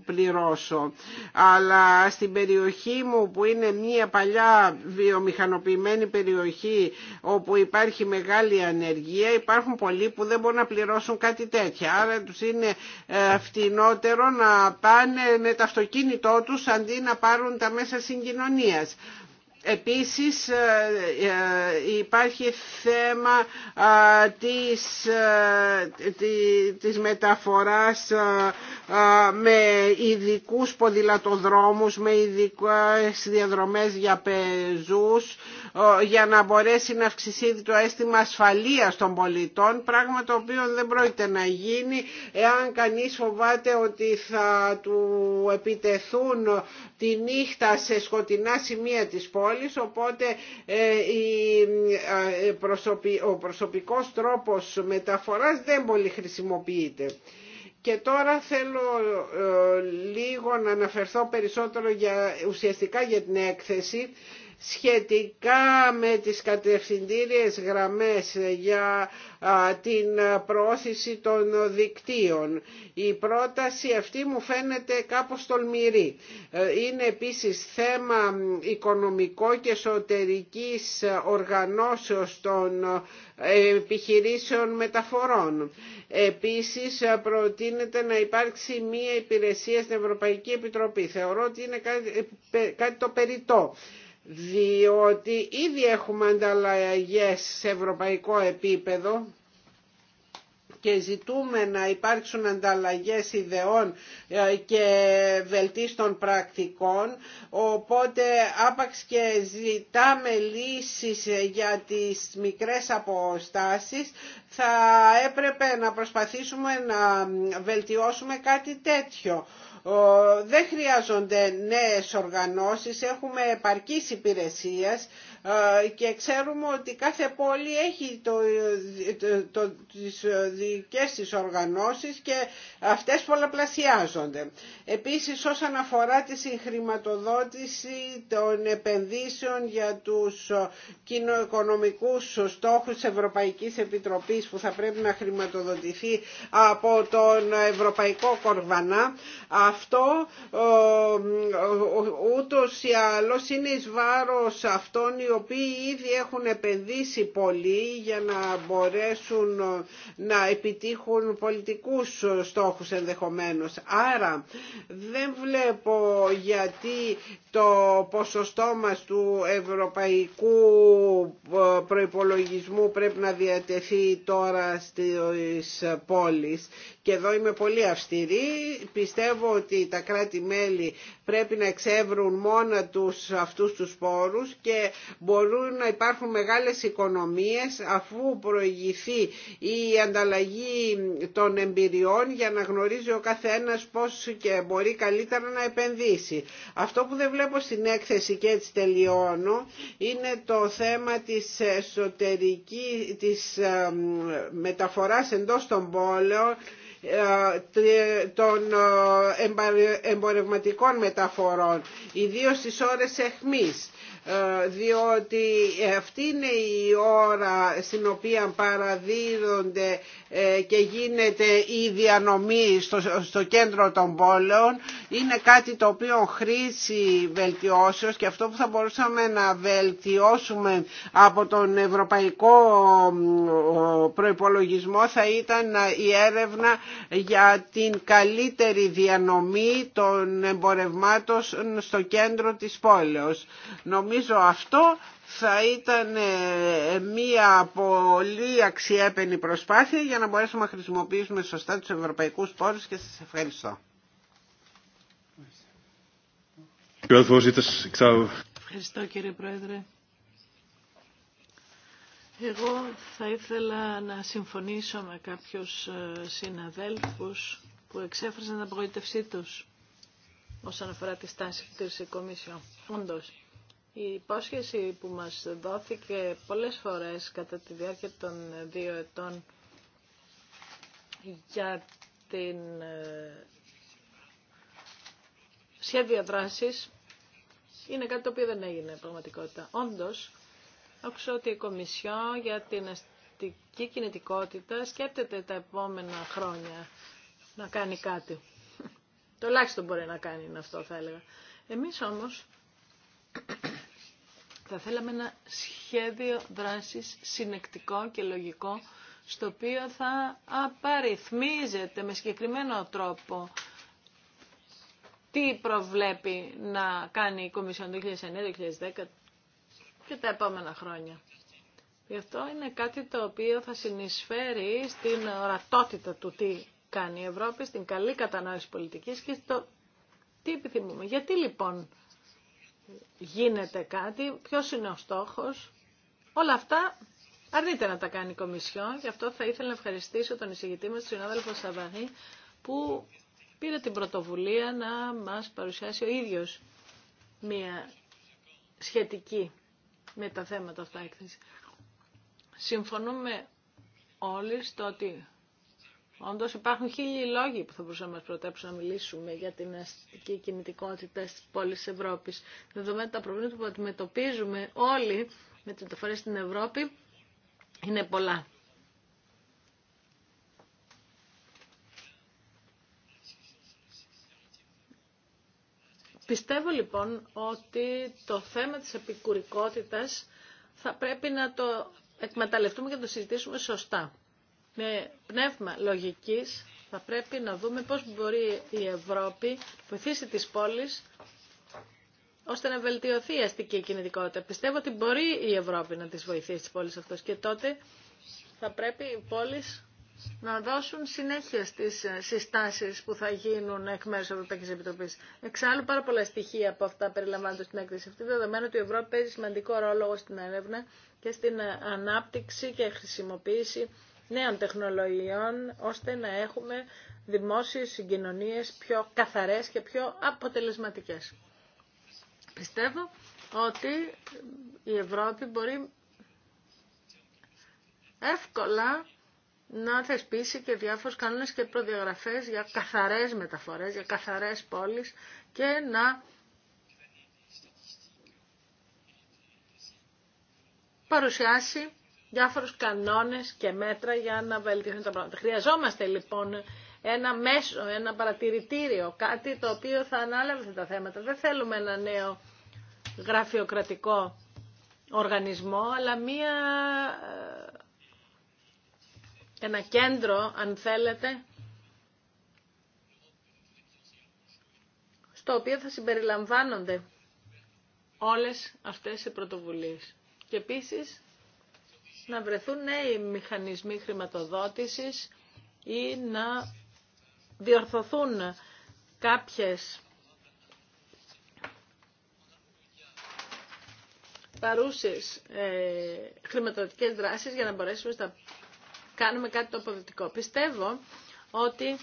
πληρώσω. Αλλά στην περιοχή μου που είναι μία παλιά βιομηχανοποιημένη περιοχή όπου υπάρχει μεγάλη ανεργία υπάρχουν πολλοί που δεν μπορούν να πληρώσουν κάτι τέτοια. Άρα τους είναι ε, φτηνότερο να πάνε με τα αυτοκίνητό τους αντί να πάρουν τα μέσα συγκοινωνίας. Επίσης ε, ε, υπάρχει θέμα ε, της, της μεταφοράς με ειδικού ποδηλατοδρόμους, με ειδικές διαδρομές για πεζούς για να μπορέσει να αυξηθεί το αίσθημα ασφαλείας των πολιτών, πράγμα το οποίο δεν πρόκειται να γίνει εάν κανείς φοβάται ότι θα του επιτεθούν τη νύχτα σε σκοτεινά σημεία της πόλης, οπότε ε, ε, ο προσωπικός τρόπος μεταφοράς δεν πολύ χρησιμοποιείται. Και τώρα θέλω ε, λίγο να αναφερθώ περισσότερο για, ουσιαστικά για την έκθεση σχετικά με τις κατευθυντήριες γραμμές για την προώθηση των δικτύων. Η πρόταση αυτή μου φαίνεται κάπως τολμηρή. Ε, είναι επίσης θέμα οικονομικό και εσωτερικής οργανώσεως των ε, επιχειρήσεων μεταφορών. Επίσης ε, προτείνεται να υπάρξει μία υπηρεσία στην Ευρωπαϊκή Επιτροπή. Θεωρώ ότι είναι κάτι το περιττό διότι ήδη έχουμε ανταλλαγές σε ευρωπαϊκό επίπεδο και ζητούμε να υπάρξουν ανταλλαγές ιδεών ε, και βελτίστων πρακτικών οπότε άπαξ και ζητάμε λύσεις ε, για τις μικρές αποστάσεις θα έπρεπε να προσπαθήσουμε να βελτιώσουμε κάτι τέτοιο δεν χρειάζονται νέες οργανώσεις, έχουμε επαρκής υπηρεσίας ε, και ξέρουμε ότι κάθε πόλη έχει το, το, το, τις δικές της οργανώσεις και αυτές πολλαπλασιάζονται. Επίσης όσον αφορά τη συγχρηματοδότηση των επενδύσεων για τους κοινοοικονομικούς στόχους της Ευρωπαϊκής Επιτροπής που θα πρέπει να χρηματοδοτηθεί από τον Ευρωπαϊκό Κορβανά, αυτό ε, ε, ούτως ή άλλως είναι εις βάρος αυτών οι οποίοι ήδη έχουν επενδύσει πολύ για να μπορέσουν να επιτύχουν πολιτικούς στόχους ενδεχομένως. Άρα δεν βλέπω γιατί το ποσοστό μας του ευρωπαϊκού ε, προϋπολογισμού πρέπει να διατεθεί τώρα στις πόλεις και εδώ είμαι πολύ αυστηρή. Πιστεύω ότι τα κράτη-μέλη πρέπει να εξεύρουν μόνα τους αυτούς τους πόρους και μπορούν να υπάρχουν μεγάλες οικονομίες αφού προηγηθεί η ανταλλαγή των εμπειριών για να γνωρίζει ο καθένας πώς και μπορεί καλύτερα να επενδύσει. Αυτό που δεν βλέπω στην έκθεση και έτσι τελειώνω είναι το θέμα της εσωτερικής της μεταφοράς εντός των πόλεων των ε, ε, εμπορευματικών μεταφορών, ιδίως στις ώρες εχμής. Ε, διότι αυτή είναι η ώρα στην οποία παραδίδονται ε, και γίνεται η διανομή στο, κέντρο των πόλεων είναι κάτι το οποίο χρήση βελτιώσεως και αυτό που θα μπορούσαμε να βελτιώσουμε από τον ευρωπαϊκό προϋπολογισμό θα ήταν ε, η έρευνα για την καλύτερη διανομή των εμπορευμάτων στο κέντρο της πόλεως. Νομίζω Νομίζω αυτό θα ήταν ε, μια πολύ αξιέπαινη προσπάθεια για να μπορέσουμε να χρησιμοποιήσουμε σωστά τους ευρωπαϊκούς πόρους και σας ευχαριστώ. Ευχαριστώ κύριε Πρόεδρε. Εγώ θα ήθελα να συμφωνήσω με κάποιους ε, συναδέλφους που εξέφρασαν την απογοήτευσή τους όσον αφορά τη στάση της Κομισιόν. Όντως, η υπόσχεση που μας δόθηκε πολλές φορές κατά τη διάρκεια των δύο ετών για την ε, σχέδια δράσης είναι κάτι το οποίο δεν έγινε πραγματικότητα. Όντως, άκουσα ότι η Κομισιό για την αστική κινητικότητα σκέπτεται τα επόμενα χρόνια να κάνει κάτι. Το ελάχιστο μπορεί να κάνει είναι αυτό, θα έλεγα. Εμείς όμως θα θέλαμε ένα σχέδιο δράσης συνεκτικό και λογικό, στο οποίο θα απαριθμίζεται με συγκεκριμένο τρόπο τι προβλέπει να κάνει η Κομισιόν το 2009-2010 και τα επόμενα χρόνια. Γι' αυτό είναι κάτι το οποίο θα συνεισφέρει στην ορατότητα του τι κάνει η Ευρώπη, στην καλή κατανόηση πολιτικής και στο τι επιθυμούμε. Γιατί λοιπόν γίνεται κάτι, ποιος είναι ο στόχος. Όλα αυτά αρνείται να τα κάνει η Κομισιόν. Γι' αυτό θα ήθελα να ευχαριστήσω τον εισηγητή μας, τον συνάδελφο Σαββανή, που πήρε την πρωτοβουλία να μας παρουσιάσει ο ίδιος μία σχετική με τα θέματα αυτά έκθεση. Συμφωνούμε όλοι στο ότι Όντω υπάρχουν χίλιοι λόγοι που θα μπορούσαμε να μα να μιλήσουμε για την αστική κινητικότητα στι πόλει τη Ευρώπη. Δεδομένου τα προβλήματα που αντιμετωπίζουμε όλοι με τι μεταφορέ στην Ευρώπη είναι πολλά. Πιστεύω λοιπόν ότι το θέμα της επικουρικότητας θα πρέπει να το εκμεταλλευτούμε και να το συζητήσουμε σωστά με πνεύμα λογικής θα πρέπει να δούμε πώς μπορεί η Ευρώπη βοηθήσει τις πόλεις ώστε να βελτιωθεί η αστική κινητικότητα. Πιστεύω ότι μπορεί η Ευρώπη να τις βοηθήσει τις πόλεις αυτές και τότε θα πρέπει οι πόλεις να δώσουν συνέχεια στις ε, συστάσεις που θα γίνουν εκ μέρους της Ευρωπαϊκής Επιτροπής. Εξάλλου πάρα πολλά στοιχεία από αυτά περιλαμβάνονται στην έκθεση αυτή, δεδομένου ότι η Ευρώπη παίζει σημαντικό ρόλο στην έρευνα και στην ε, ανάπτυξη και χρησιμοποίηση νέων τεχνολογιών ώστε να έχουμε δημόσιες συγκοινωνίες πιο καθαρές και πιο αποτελεσματικές. Πιστεύω ότι η Ευρώπη μπορεί εύκολα να θεσπίσει και διάφορους κανόνες και προδιαγραφές για καθαρές μεταφορές, για καθαρές πόλεις και να παρουσιάσει διάφορους κανόνες και μέτρα για να βελτιωθούν τα πράγματα. Χρειαζόμαστε λοιπόν ένα μέσο, ένα παρατηρητήριο, κάτι το οποίο θα ανάλαβε τα θέματα. Δεν θέλουμε ένα νέο γραφειοκρατικό οργανισμό, αλλά μία, ε, ένα κέντρο, αν θέλετε, στο οποίο θα συμπεριλαμβάνονται όλες αυτές οι πρωτοβουλίες. Και επίσης να βρεθούν νέοι μηχανισμοί χρηματοδότησης ή να διορθωθούν κάποιες παρούσες ε, χρηματοδοτικές δράσεις για να μπορέσουμε να κάνουμε κάτι το αποδοτικό. Πιστεύω ότι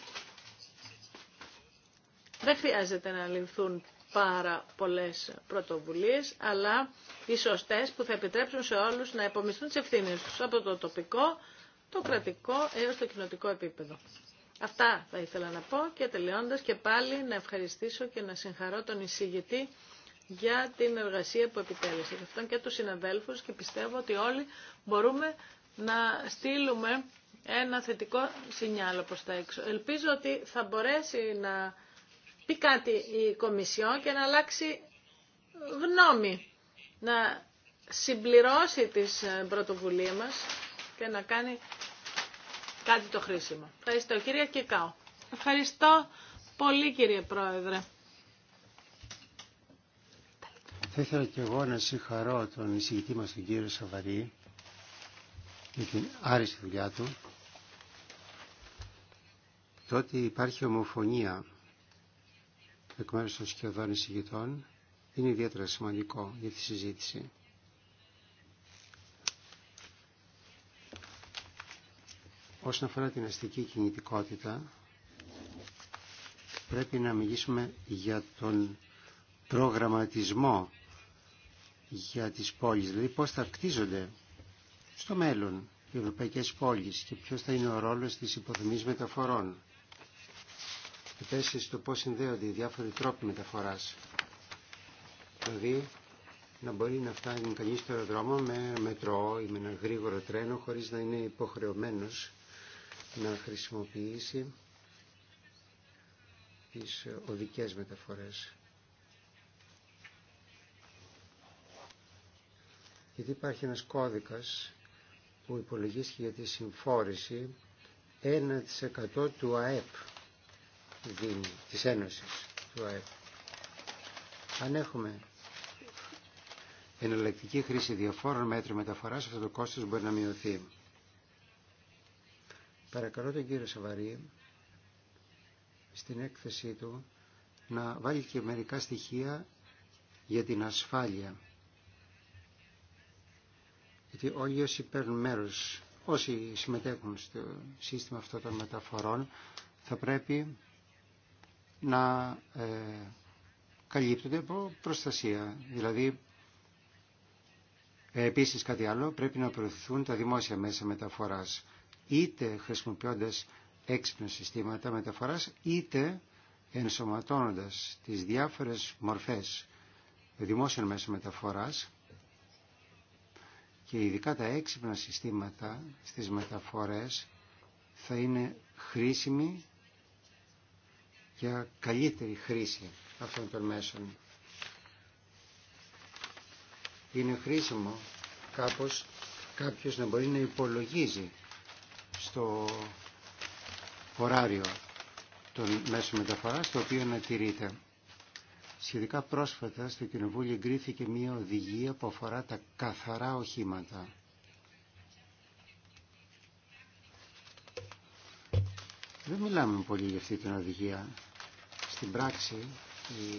δεν χρειάζεται να λυθούν πάρα πολλές πρωτοβουλίες, αλλά οι σωστές που θα επιτρέψουν σε όλους να επομιστούν τις ευθύνες τους από το τοπικό, το κρατικό έως το κοινοτικό επίπεδο. Αυτά θα ήθελα να πω και τελειώντας και πάλι να ευχαριστήσω και να συγχαρώ τον εισηγητή για την εργασία που επιτέλεσε. Γι' αυτό και τους συναδέλφους και πιστεύω ότι όλοι μπορούμε να στείλουμε ένα θετικό σινιάλο προς τα έξω. Ελπίζω ότι θα μπορέσει να πει κάτι η Κομισιόν και να αλλάξει γνώμη, να συμπληρώσει τις ε, πρωτοβουλίες μας και να κάνει κάτι το χρήσιμο. Ευχαριστώ κυρία Κικάου. Ευχαριστώ πολύ κύριε Πρόεδρε. Θα ήθελα και εγώ να συγχαρώ τον εισηγητή μας τον κύριο Σαβαρή για την άριστη δουλειά του. Τότε υπάρχει ομοφωνία εκ μέρους των σχεδόν εισηγητών είναι ιδιαίτερα σημαντικό για τη συζήτηση. Όσον αφορά την αστική κινητικότητα, πρέπει να μιλήσουμε για τον προγραμματισμό για τις πόλεις, δηλαδή πώς θα κτίζονται στο μέλλον οι ευρωπαϊκές πόλεις και ποιος θα είναι ο ρόλος της υποδομής μεταφορών επίσης το πώς συνδέονται οι διάφοροι τρόποι μεταφοράς. Δηλαδή να μπορεί να φτάνει κανείς στο αεροδρόμο με μετρό ή με ένα γρήγορο τρένο χωρίς να είναι υποχρεωμένος να χρησιμοποιήσει τις οδικές μεταφορές. Γιατί υπάρχει ένας κώδικας που υπολογίστηκε για τη συμφόρηση 1% του ΑΕΠ της Ένωσης του ΑΕΠ. Αν έχουμε εναλλακτική χρήση διαφόρων μέτρων μεταφοράς, αυτό το κόστος μπορεί να μειωθεί. Παρακαλώ τον κύριο Σαβαρή στην έκθεσή του να βάλει και μερικά στοιχεία για την ασφάλεια. Γιατί όλοι όσοι παίρνουν μέρος, όσοι συμμετέχουν στο σύστημα αυτό των μεταφορών, θα πρέπει να ε, καλύπτονται από προστασία. Δηλαδή, ε, επίσης κάτι άλλο, πρέπει να προωθηθούν τα δημόσια μέσα μεταφοράς, είτε χρησιμοποιώντας έξυπνα συστήματα μεταφοράς, είτε ενσωματώνοντας τις διάφορες μορφές δημόσιων μέσων μεταφοράς και ειδικά τα έξυπνα συστήματα στις μεταφορές θα είναι χρήσιμη για καλύτερη χρήση αυτών των μέσων. Είναι χρήσιμο κάπως κάποιος να μπορεί να υπολογίζει στο ωράριο των μέσων μεταφοράς, το οποίο να τηρείται. Σχετικά πρόσφατα στο Κοινοβούλιο εγκρίθηκε μια οδηγία που αφορά τα καθαρά οχήματα. Δεν μιλάμε πολύ για αυτή την οδηγία. Στην πράξη η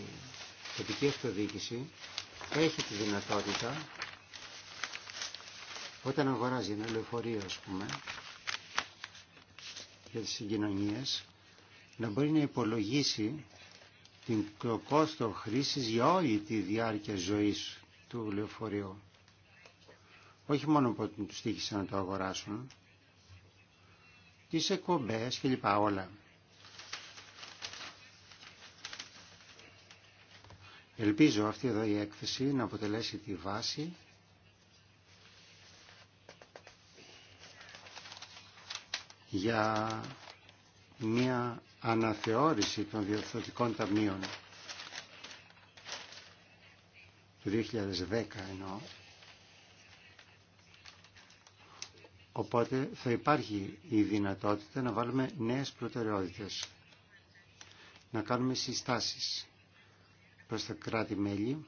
τοπική αυτοδιοίκηση έχει τη δυνατότητα όταν αγοράζει ένα λεωφορείο ας πούμε για τις συγκοινωνίες να μπορεί να υπολογίσει την κόστο χρήσης για όλη τη διάρκεια ζωής του λεωφορείου. Όχι μόνο που τους τύχησε να το αγοράσουν, τις εκπομπές και λοιπά όλα. Ελπίζω αυτή εδώ η έκθεση να αποτελέσει τη βάση για μια αναθεώρηση των διορθωτικών ταμείων του 2010 εννοώ. Οπότε θα υπάρχει η δυνατότητα να βάλουμε νέες προτεραιότητες, να κάνουμε συστάσεις προς τα κράτη-μέλη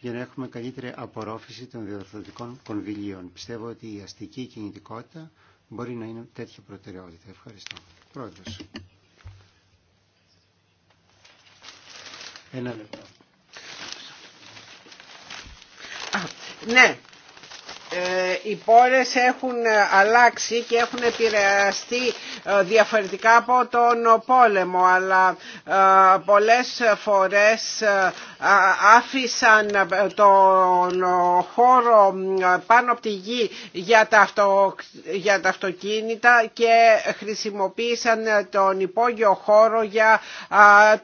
για να έχουμε καλύτερη απορρόφηση των διορθωτικών κονδυλίων. Πιστεύω ότι η αστική κινητικότητα μπορεί να είναι τέτοια προτεραιότητα. Ευχαριστώ. Πρόεδρος. Ένα λεπτό. Ναι, ε, οι πόρες έχουν ε, αλλάξει και έχουν επηρεαστεί ε, διαφορετικά από τον πόλεμο αλλά πολλές φορές άφησαν τον χώρο πάνω από τη γη για τα, αυτοκίνητα και χρησιμοποίησαν τον υπόγειο χώρο για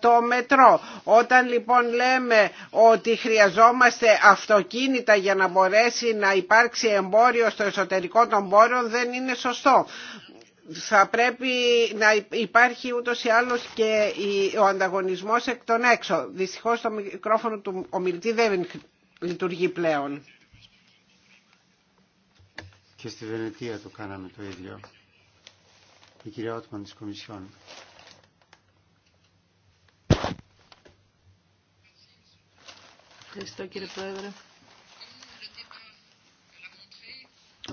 το μετρό. Όταν λοιπόν λέμε ότι χρειαζόμαστε αυτοκίνητα για να μπορέσει να υπάρξει υπάρξει εμπόριο στο εσωτερικό των πόρων δεν είναι σωστό θα πρέπει να υπάρχει ούτως ή άλλως και ο ανταγωνισμός εκ των έξω. Δυστυχώς το μικρόφωνο του ομιλητή δεν λειτουργεί πλέον. Και στη Βενετία το κάναμε το ίδιο. Η κυρία Ότμαν της Κομισιόν. Ευχαριστώ κύριε Πρόεδρε.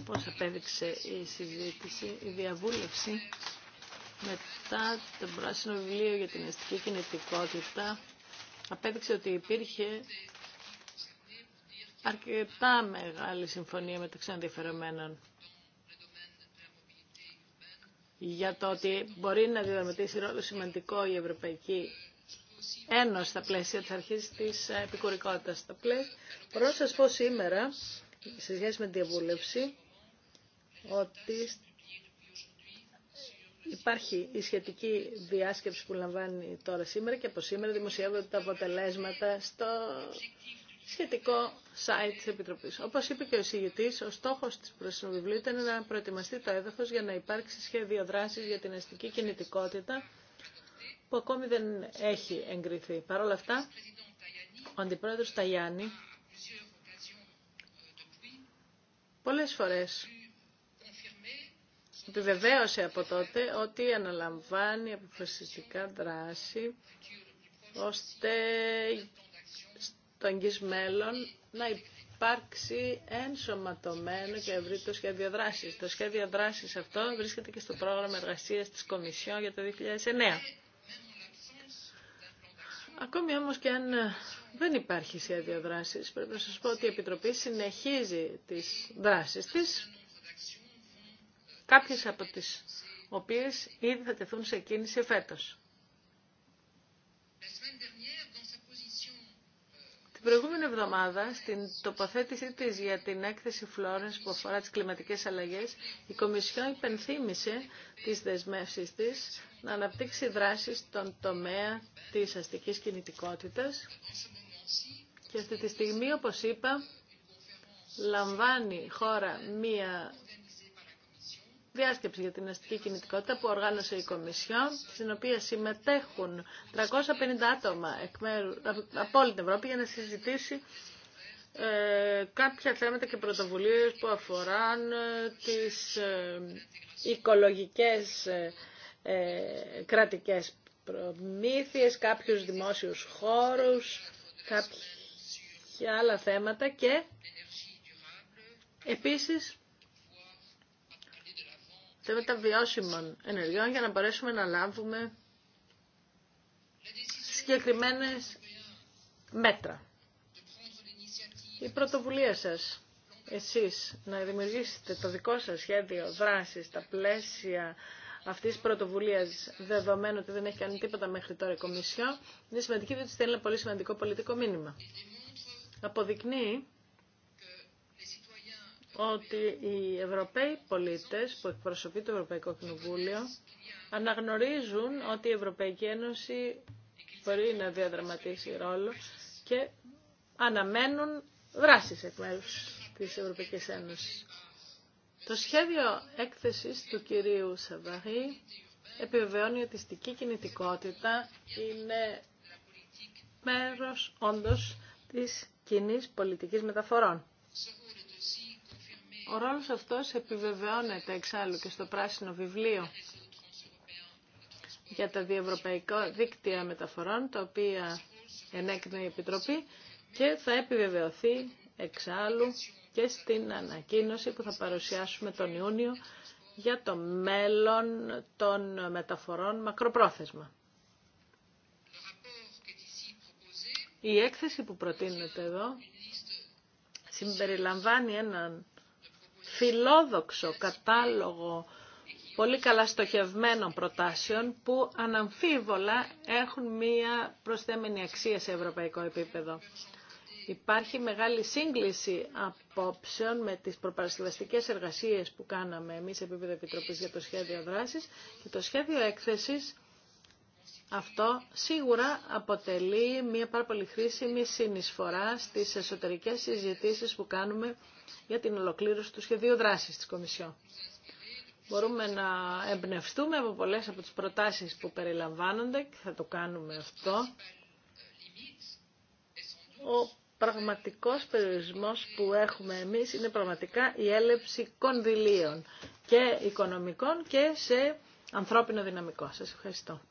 όπως απέδειξε η συζήτηση, η διαβούλευση μετά το πράσινο βιβλίο για την αστική κινητικότητα απέδειξε ότι υπήρχε αρκετά μεγάλη συμφωνία μεταξύ ενδιαφερομένων για το ότι μπορεί να διαδραματίσει ρόλο σημαντικό η Ευρωπαϊκή Ένωση στα πλαίσια της αρχής της επικουρικότητας. να σας πω σήμερα, σε σχέση με τη διαβούλευση, ότι υπάρχει η σχετική διάσκεψη που λαμβάνει τώρα σήμερα και από σήμερα δημοσιεύονται τα αποτελέσματα στο σχετικό site της Επιτροπής. Όπως είπε και ο εισηγητής, ο στόχος της προσυνοβιβλίου ήταν να προετοιμαστεί το έδαφος για να υπάρξει σχέδιο δράσης για την αστική κινητικότητα που ακόμη δεν έχει εγκριθεί. Παρ' όλα αυτά, ο Αντιπρόεδρος Ταγιάννη πολλές φορές επιβεβαίωσε από τότε ότι αναλαμβάνει αποφασιστικά δράση ώστε στο εγγύς μέλλον να υπάρξει ενσωματωμένο και ευρύτερο σχέδιο δράση. Το σχέδιο δράση αυτό βρίσκεται και στο πρόγραμμα εργασίας της Κομισιόν για το 2009. Ακόμη όμως και αν δεν υπάρχει σχέδιο δράσης, πρέπει να σας πω ότι η Επιτροπή συνεχίζει τις δράσεις της κάποιες από τις οποίες ήδη θα τεθούν σε κίνηση φέτος. Την προηγούμενη εβδομάδα, στην τοποθέτησή της για την έκθεση Φλόρενς που αφορά τις κλιματικές αλλαγές, η Κομισιόν υπενθύμησε τις δεσμεύσεις της να αναπτύξει δράσεις στον τομέα της αστικής κινητικότητας και αυτή τη στιγμή, όπως είπα, λαμβάνει χώρα μία διάσκεψη για την αστική κινητικότητα που οργάνωσε η Κομισιόν, στην οποία συμμετέχουν 350 άτομα εκ από όλη την Ευρώπη για να συζητήσει ε, κάποια θέματα και πρωτοβουλίες που αφοράν ε, τις ε, οικολογικές ε, ε, κρατικές προμήθειες, κάποιους δημόσιους χώρους, κάποια άλλα θέματα και επίσης τα μεταβιώσιμων ενεργειών για να μπορέσουμε να λάβουμε συγκεκριμένες μέτρα. Η πρωτοβουλία σας, εσείς, να δημιουργήσετε το δικό σας σχέδιο δράσης στα πλαίσια αυτή τη πρωτοβουλία, δεδομένου ότι δεν έχει κάνει τίποτα μέχρι τώρα η Κομισιό, είναι σημαντική διότι στέλνει ένα πολύ σημαντικό πολιτικό μήνυμα. Αποδεικνύει ότι οι Ευρωπαίοι πολίτες που εκπροσωπεί το Ευρωπαϊκό Κοινοβούλιο αναγνωρίζουν ότι η Ευρωπαϊκή Ένωση μπορεί να διαδραματίσει ρόλο και αναμένουν δράσεις εκ μέρους της Ευρωπαϊκής Ένωσης. Το σχέδιο έκθεσης του κυρίου Σαββαρή επιβεβαιώνει ότι η στική κινητικότητα είναι μέρος όντως της κοινή πολιτικής μεταφορών. Ο ρόλος αυτός επιβεβαιώνεται εξάλλου και στο πράσινο βιβλίο για τα διευρωπαϊκά δίκτυα μεταφορών, τα οποία ενέκρινε η Επιτροπή και θα επιβεβαιωθεί εξάλλου και στην ανακοίνωση που θα παρουσιάσουμε τον Ιούνιο για το μέλλον των μεταφορών μακροπρόθεσμα. Η έκθεση που προτείνεται εδώ συμπεριλαμβάνει έναν φιλόδοξο κατάλογο πολύ καλά στοχευμένων προτάσεων που αναμφίβολα έχουν μία προσθέμενη αξία σε ευρωπαϊκό επίπεδο. Υπάρχει μεγάλη σύγκληση απόψεων με τις προπαρασκευαστικές εργασίες που κάναμε εμείς σε επίπεδο Επιτροπής για το σχέδιο δράσης και το σχέδιο έκθεσης αυτό σίγουρα αποτελεί μια πάρα πολύ χρήσιμη συνεισφορά στις εσωτερικές συζητήσεις που κάνουμε για την ολοκλήρωση του σχεδίου δράσης της Κομισιόν. Μπορούμε να εμπνευστούμε από πολλές από τις προτάσεις που περιλαμβάνονται και θα το κάνουμε αυτό. Ο πραγματικός περιορισμός που έχουμε εμείς είναι πραγματικά η έλλειψη κονδυλίων και οικονομικών και σε ανθρώπινο δυναμικό. Σας ευχαριστώ.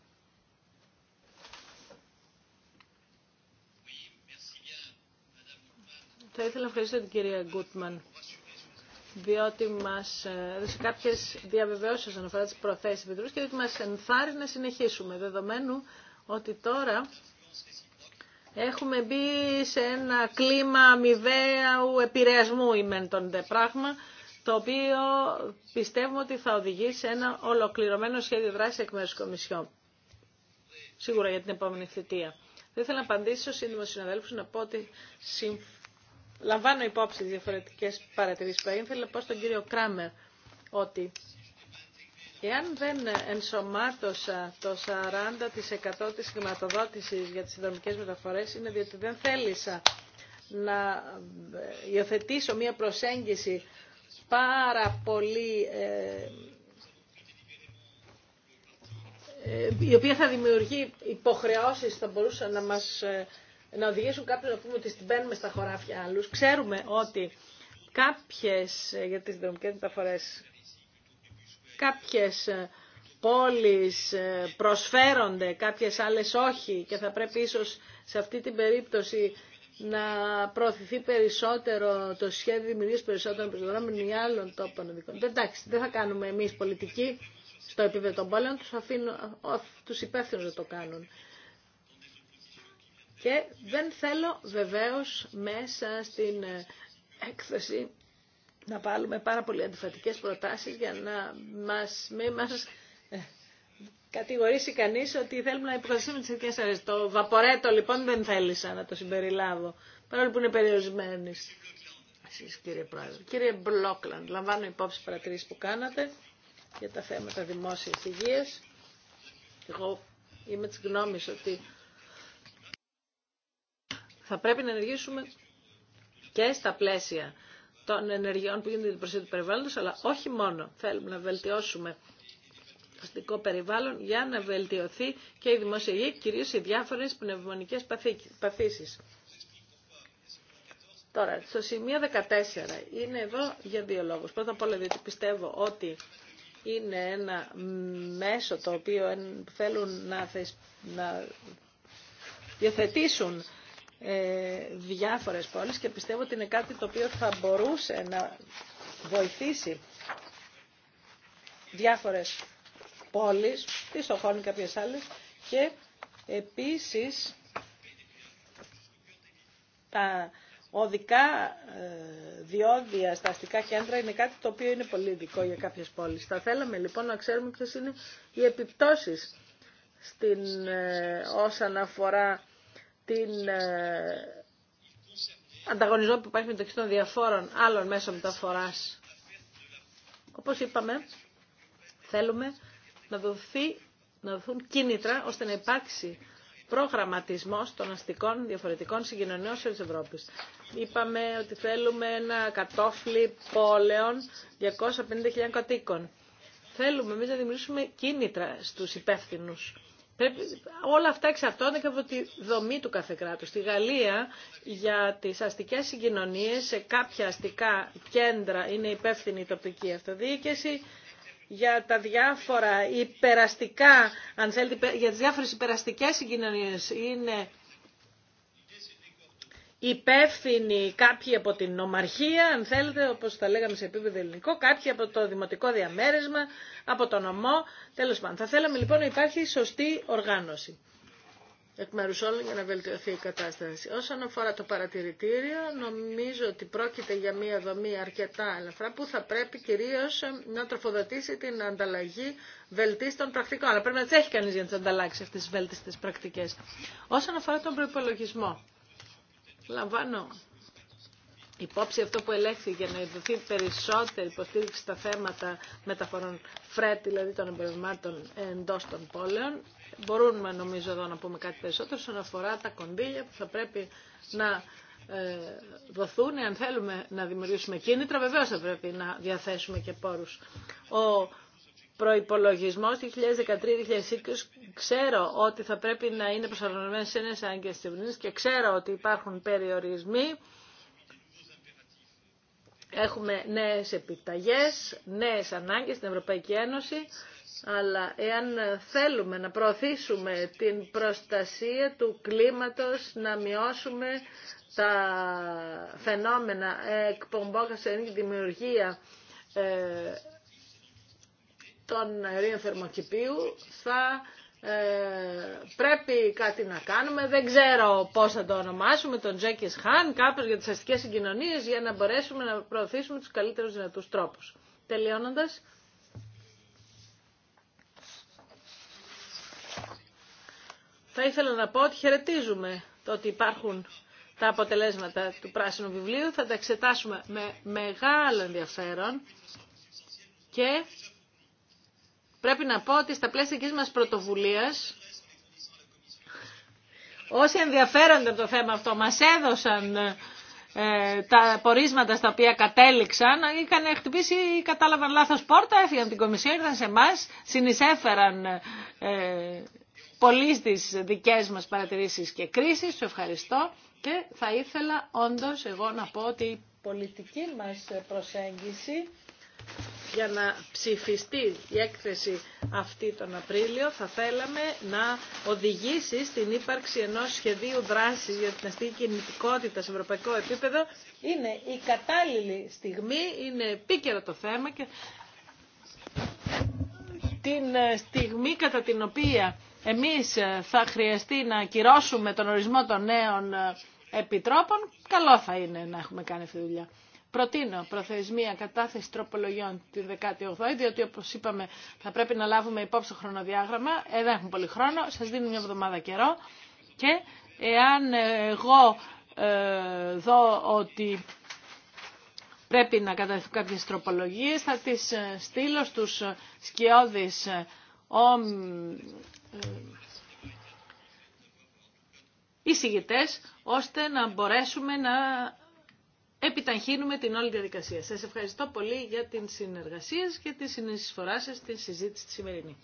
Θα ήθελα να ευχαριστήσω την κυρία Γκούτμαν, διότι μας ε, έδωσε κάποιες διαβεβαιώσεις όσον αφορά τις προθέσεις επιτρούς και διότι μας ενθάρρει να συνεχίσουμε, δεδομένου ότι τώρα έχουμε μπει σε ένα κλίμα αμοιβαίου επηρεασμού ημέν των δε πράγμα, το οποίο πιστεύουμε ότι θα οδηγήσει σε ένα ολοκληρωμένο σχέδιο δράση εκ μέρους Κομισιόν. Σίγουρα για την επόμενη θητεία. Δεν ήθελα να απαντήσω στους συναδέλφους να πω ότι συμφωνώ λαμβάνω υπόψη διαφορετικές παρατηρήσεις που έγινε, θέλω να στον κύριο Κράμερ ότι εάν δεν ενσωμάτωσα το 40% της χρηματοδότησης για τις συνδρομικές μεταφορές είναι διότι δεν θέλησα να ε, υιοθετήσω μία προσέγγιση πάρα πολύ ε, ε, η οποία θα δημιουργεί υποχρεώσεις θα μπορούσε να μας να οδηγήσουν κάποιον να πούμε ότι την παίρνουμε στα χωράφια άλλους. Ξέρουμε ότι κάποιες, ε, για τις δρομικές μεταφορές, κάποιες ε, πόλεις ε, προσφέρονται, κάποιες άλλες όχι και θα πρέπει ίσως σε αυτή την περίπτωση να προωθηθεί περισσότερο το σχέδιο δημιουργίας περισσότερων προσδρόμων ή άλλων τόπων ειδικών. Εντάξει, δεν θα κάνουμε εμείς πολιτική στο επίπεδο των πόλεων, τους αφήνω του υπεύθυνου να το κάνουν. Και δεν θέλω βεβαίως μέσα στην ε, έκθεση να βάλουμε πάρα πολύ αντιφατικές προτάσεις για να μας, μη μας ε, κατηγορήσει κανείς ότι θέλουμε να υποστηρίξουμε τις ειδικές Το βαπορέτο λοιπόν δεν θέλησα να το συμπεριλάβω, παρόλο που είναι περιορισμένη. Εσείς κύριε Πρόεδρε. Κύριε Μπλόκλαντ, λαμβάνω υπόψη παρατηρήσεις που κάνατε για τα θέματα δημόσιας υγείας. Εγώ είμαι της γνώμης ότι θα πρέπει να ενεργήσουμε και στα πλαίσια των ενεργειών που γίνονται την προσέγγιση του περιβάλλοντος, αλλά όχι μόνο. Θέλουμε να βελτιώσουμε το αστικό περιβάλλον για να βελτιωθεί και η δημόσια υγεία, κυρίως οι διάφορες πνευμονικές παθήσεις. Τώρα, στο σημείο 14 είναι εδώ για δύο λόγους. Πρώτα απ' όλα διότι πιστεύω ότι είναι ένα μέσο το οποίο θέλουν να, θεσ... να διαθετήσουν ε, διάφορες πόλεις και πιστεύω ότι είναι κάτι το οποίο θα μπορούσε να βοηθήσει διάφορες πόλεις, τη οχώνει και κάποιες άλλες και επίσης τα οδικά ε, διόδια στα αστικά κέντρα είναι κάτι το οποίο είναι πολύ ειδικό για κάποιες πόλεις. Θα θέλαμε λοιπόν να ξέρουμε ποιες είναι οι επιπτώσεις στην, ε, όσον αφορά την ε, ανταγωνισμό που υπάρχει μεταξύ των διαφόρων άλλων μέσων μεταφοράς. Όπως είπαμε, θέλουμε να, δοθεί, να δοθούν κίνητρα ώστε να υπάρξει προγραμματισμός των αστικών διαφορετικών συγκοινωνιών της Ευρώπης. Είπαμε ότι θέλουμε ένα κατόφλι πόλεων 250.000 κατοίκων. Θέλουμε εμεί να δημιουργήσουμε κίνητρα στους υπεύθυνους όλα αυτά εξαρτώνται και από τη δομή του κάθε κράτους. Στη Γαλλία για τις αστικές συγκοινωνίες σε κάποια αστικά κέντρα είναι υπεύθυνη η τοπική αυτοδιοίκηση για τα διάφορα υπεραστικά, αν θέλετε, για τις διάφορες υπεραστικές συγκοινωνίες είναι υπεύθυνοι κάποιοι από την νομαρχία, αν θέλετε, όπως τα λέγαμε σε επίπεδο ελληνικό, κάποιοι από το δημοτικό διαμέρισμα, από το νομό, τέλος πάντων. Θα θέλαμε λοιπόν να υπάρχει σωστή οργάνωση εκ μέρους όλων για να βελτιωθεί η κατάσταση. Όσον αφορά το παρατηρητήριο, νομίζω ότι πρόκειται για μια δομή αρκετά ελαφρά που θα πρέπει κυρίως ε, να τροφοδοτήσει την ανταλλαγή βελτίστων πρακτικών. Αλλά πρέπει να τις έχει κανείς για να τις ανταλλάξει αυτές τις βέλτιστες πρακτικές. Όσον αφορά τον προπολογισμό, Λαμβάνω υπόψη αυτό που ελέγχθη για να δοθεί περισσότερη υποστήριξη στα θέματα μεταφορών φρέτ, δηλαδή των εμπορευμάτων εντό των πόλεων. Μπορούμε νομίζω εδώ να πούμε κάτι περισσότερο σχετικά αφορά τα κονδύλια που θα πρέπει να ε, δοθούν, αν θέλουμε να δημιουργήσουμε κίνητρα, βεβαίως θα πρέπει να διαθέσουμε και πόρους. Ο προϋπολογισμός 2013-2020 ξέρω ότι θα πρέπει να είναι προσαρμοσμένες σε νέες ανάγκες της και ξέρω ότι υπάρχουν περιορισμοί. Έχουμε νέε επιταγέ, νέε ανάγκες στην Ευρωπαϊκή Ένωση, αλλά εάν θέλουμε να προωθήσουμε την προστασία του κλίματος, να μειώσουμε τα φαινόμενα εκπομπόκας και δηλαδή δημιουργία ε, των αερίων θερμοκηπίου θα ε, πρέπει κάτι να κάνουμε. Δεν ξέρω πώς θα το ονομάσουμε, τον Τζέκις Χάν, κάπως για τις αστικές συγκοινωνίες, για να μπορέσουμε να προωθήσουμε τους καλύτερους δυνατούς τρόπους. Τελειώνοντας, θα ήθελα να πω ότι χαιρετίζουμε το ότι υπάρχουν τα αποτελέσματα του πράσινου βιβλίου. Θα τα εξετάσουμε με μεγάλο ενδιαφέρον και πρέπει να πω ότι στα πλαίσια της μας πρωτοβουλίας όσοι ενδιαφέρονται από το θέμα αυτό μας έδωσαν ε, τα πορίσματα στα οποία κατέληξαν είχαν χτυπήσει ή κατάλαβαν λάθος πόρτα, έφυγαν την Κομισιό, ήρθαν σε εμά, συνεισέφεραν ε, πολύ στις δικές μας παρατηρήσεις και κρίσεις. Σου ευχαριστώ και θα ήθελα όντως εγώ να πω ότι η πολιτική μας προσέγγιση για να ψηφιστεί η έκθεση αυτή τον Απρίλιο θα θέλαμε να οδηγήσει στην ύπαρξη ενός σχεδίου δράσης για την αστική κινητικότητα σε ευρωπαϊκό επίπεδο. Είναι η κατάλληλη στιγμή, είναι επίκαιρο το θέμα και την ε, στιγμή κατά την οποία εμείς ε, θα χρειαστεί να ακυρώσουμε τον ορισμό των νέων ε, επιτρόπων, καλό θα είναι να έχουμε κάνει αυτή τη δουλειά. Προτείνω προθεσμία κατάθεση τροπολογιών τη 18η, διότι όπω είπαμε θα πρέπει να λάβουμε υπόψη το χρονοδιάγραμμα. Ε, δεν έχουμε πολύ χρόνο, σα δίνω μια εβδομάδα καιρό. Και εάν εγώ ε, δω ότι πρέπει να καταθέσουν κάποιε τροπολογίε, θα τι ε, στείλω στου σκιώδει ε, εισηγητέ, ώστε να μπορέσουμε να επιταχύνουμε την όλη διαδικασία. Σα ευχαριστώ πολύ για την συνεργασία και τη συνεισφορά σα στην συζήτηση τη σημερινή.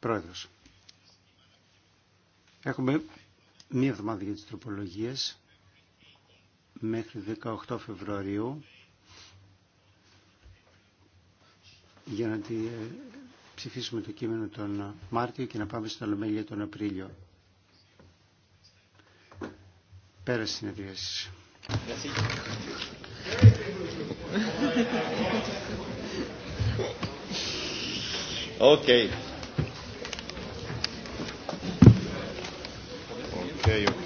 Πρόεδρος, έχουμε μία εβδομάδα για τι τροπολογίες μέχρι 18 Φεβρουαρίου για να τη ε, ψηφίσουμε το κείμενο τον Μάρτιο και να πάμε στα λομέλια τον Απρίλιο. Πέρας συνεδρίασης. ΟΚ. Okay, okay.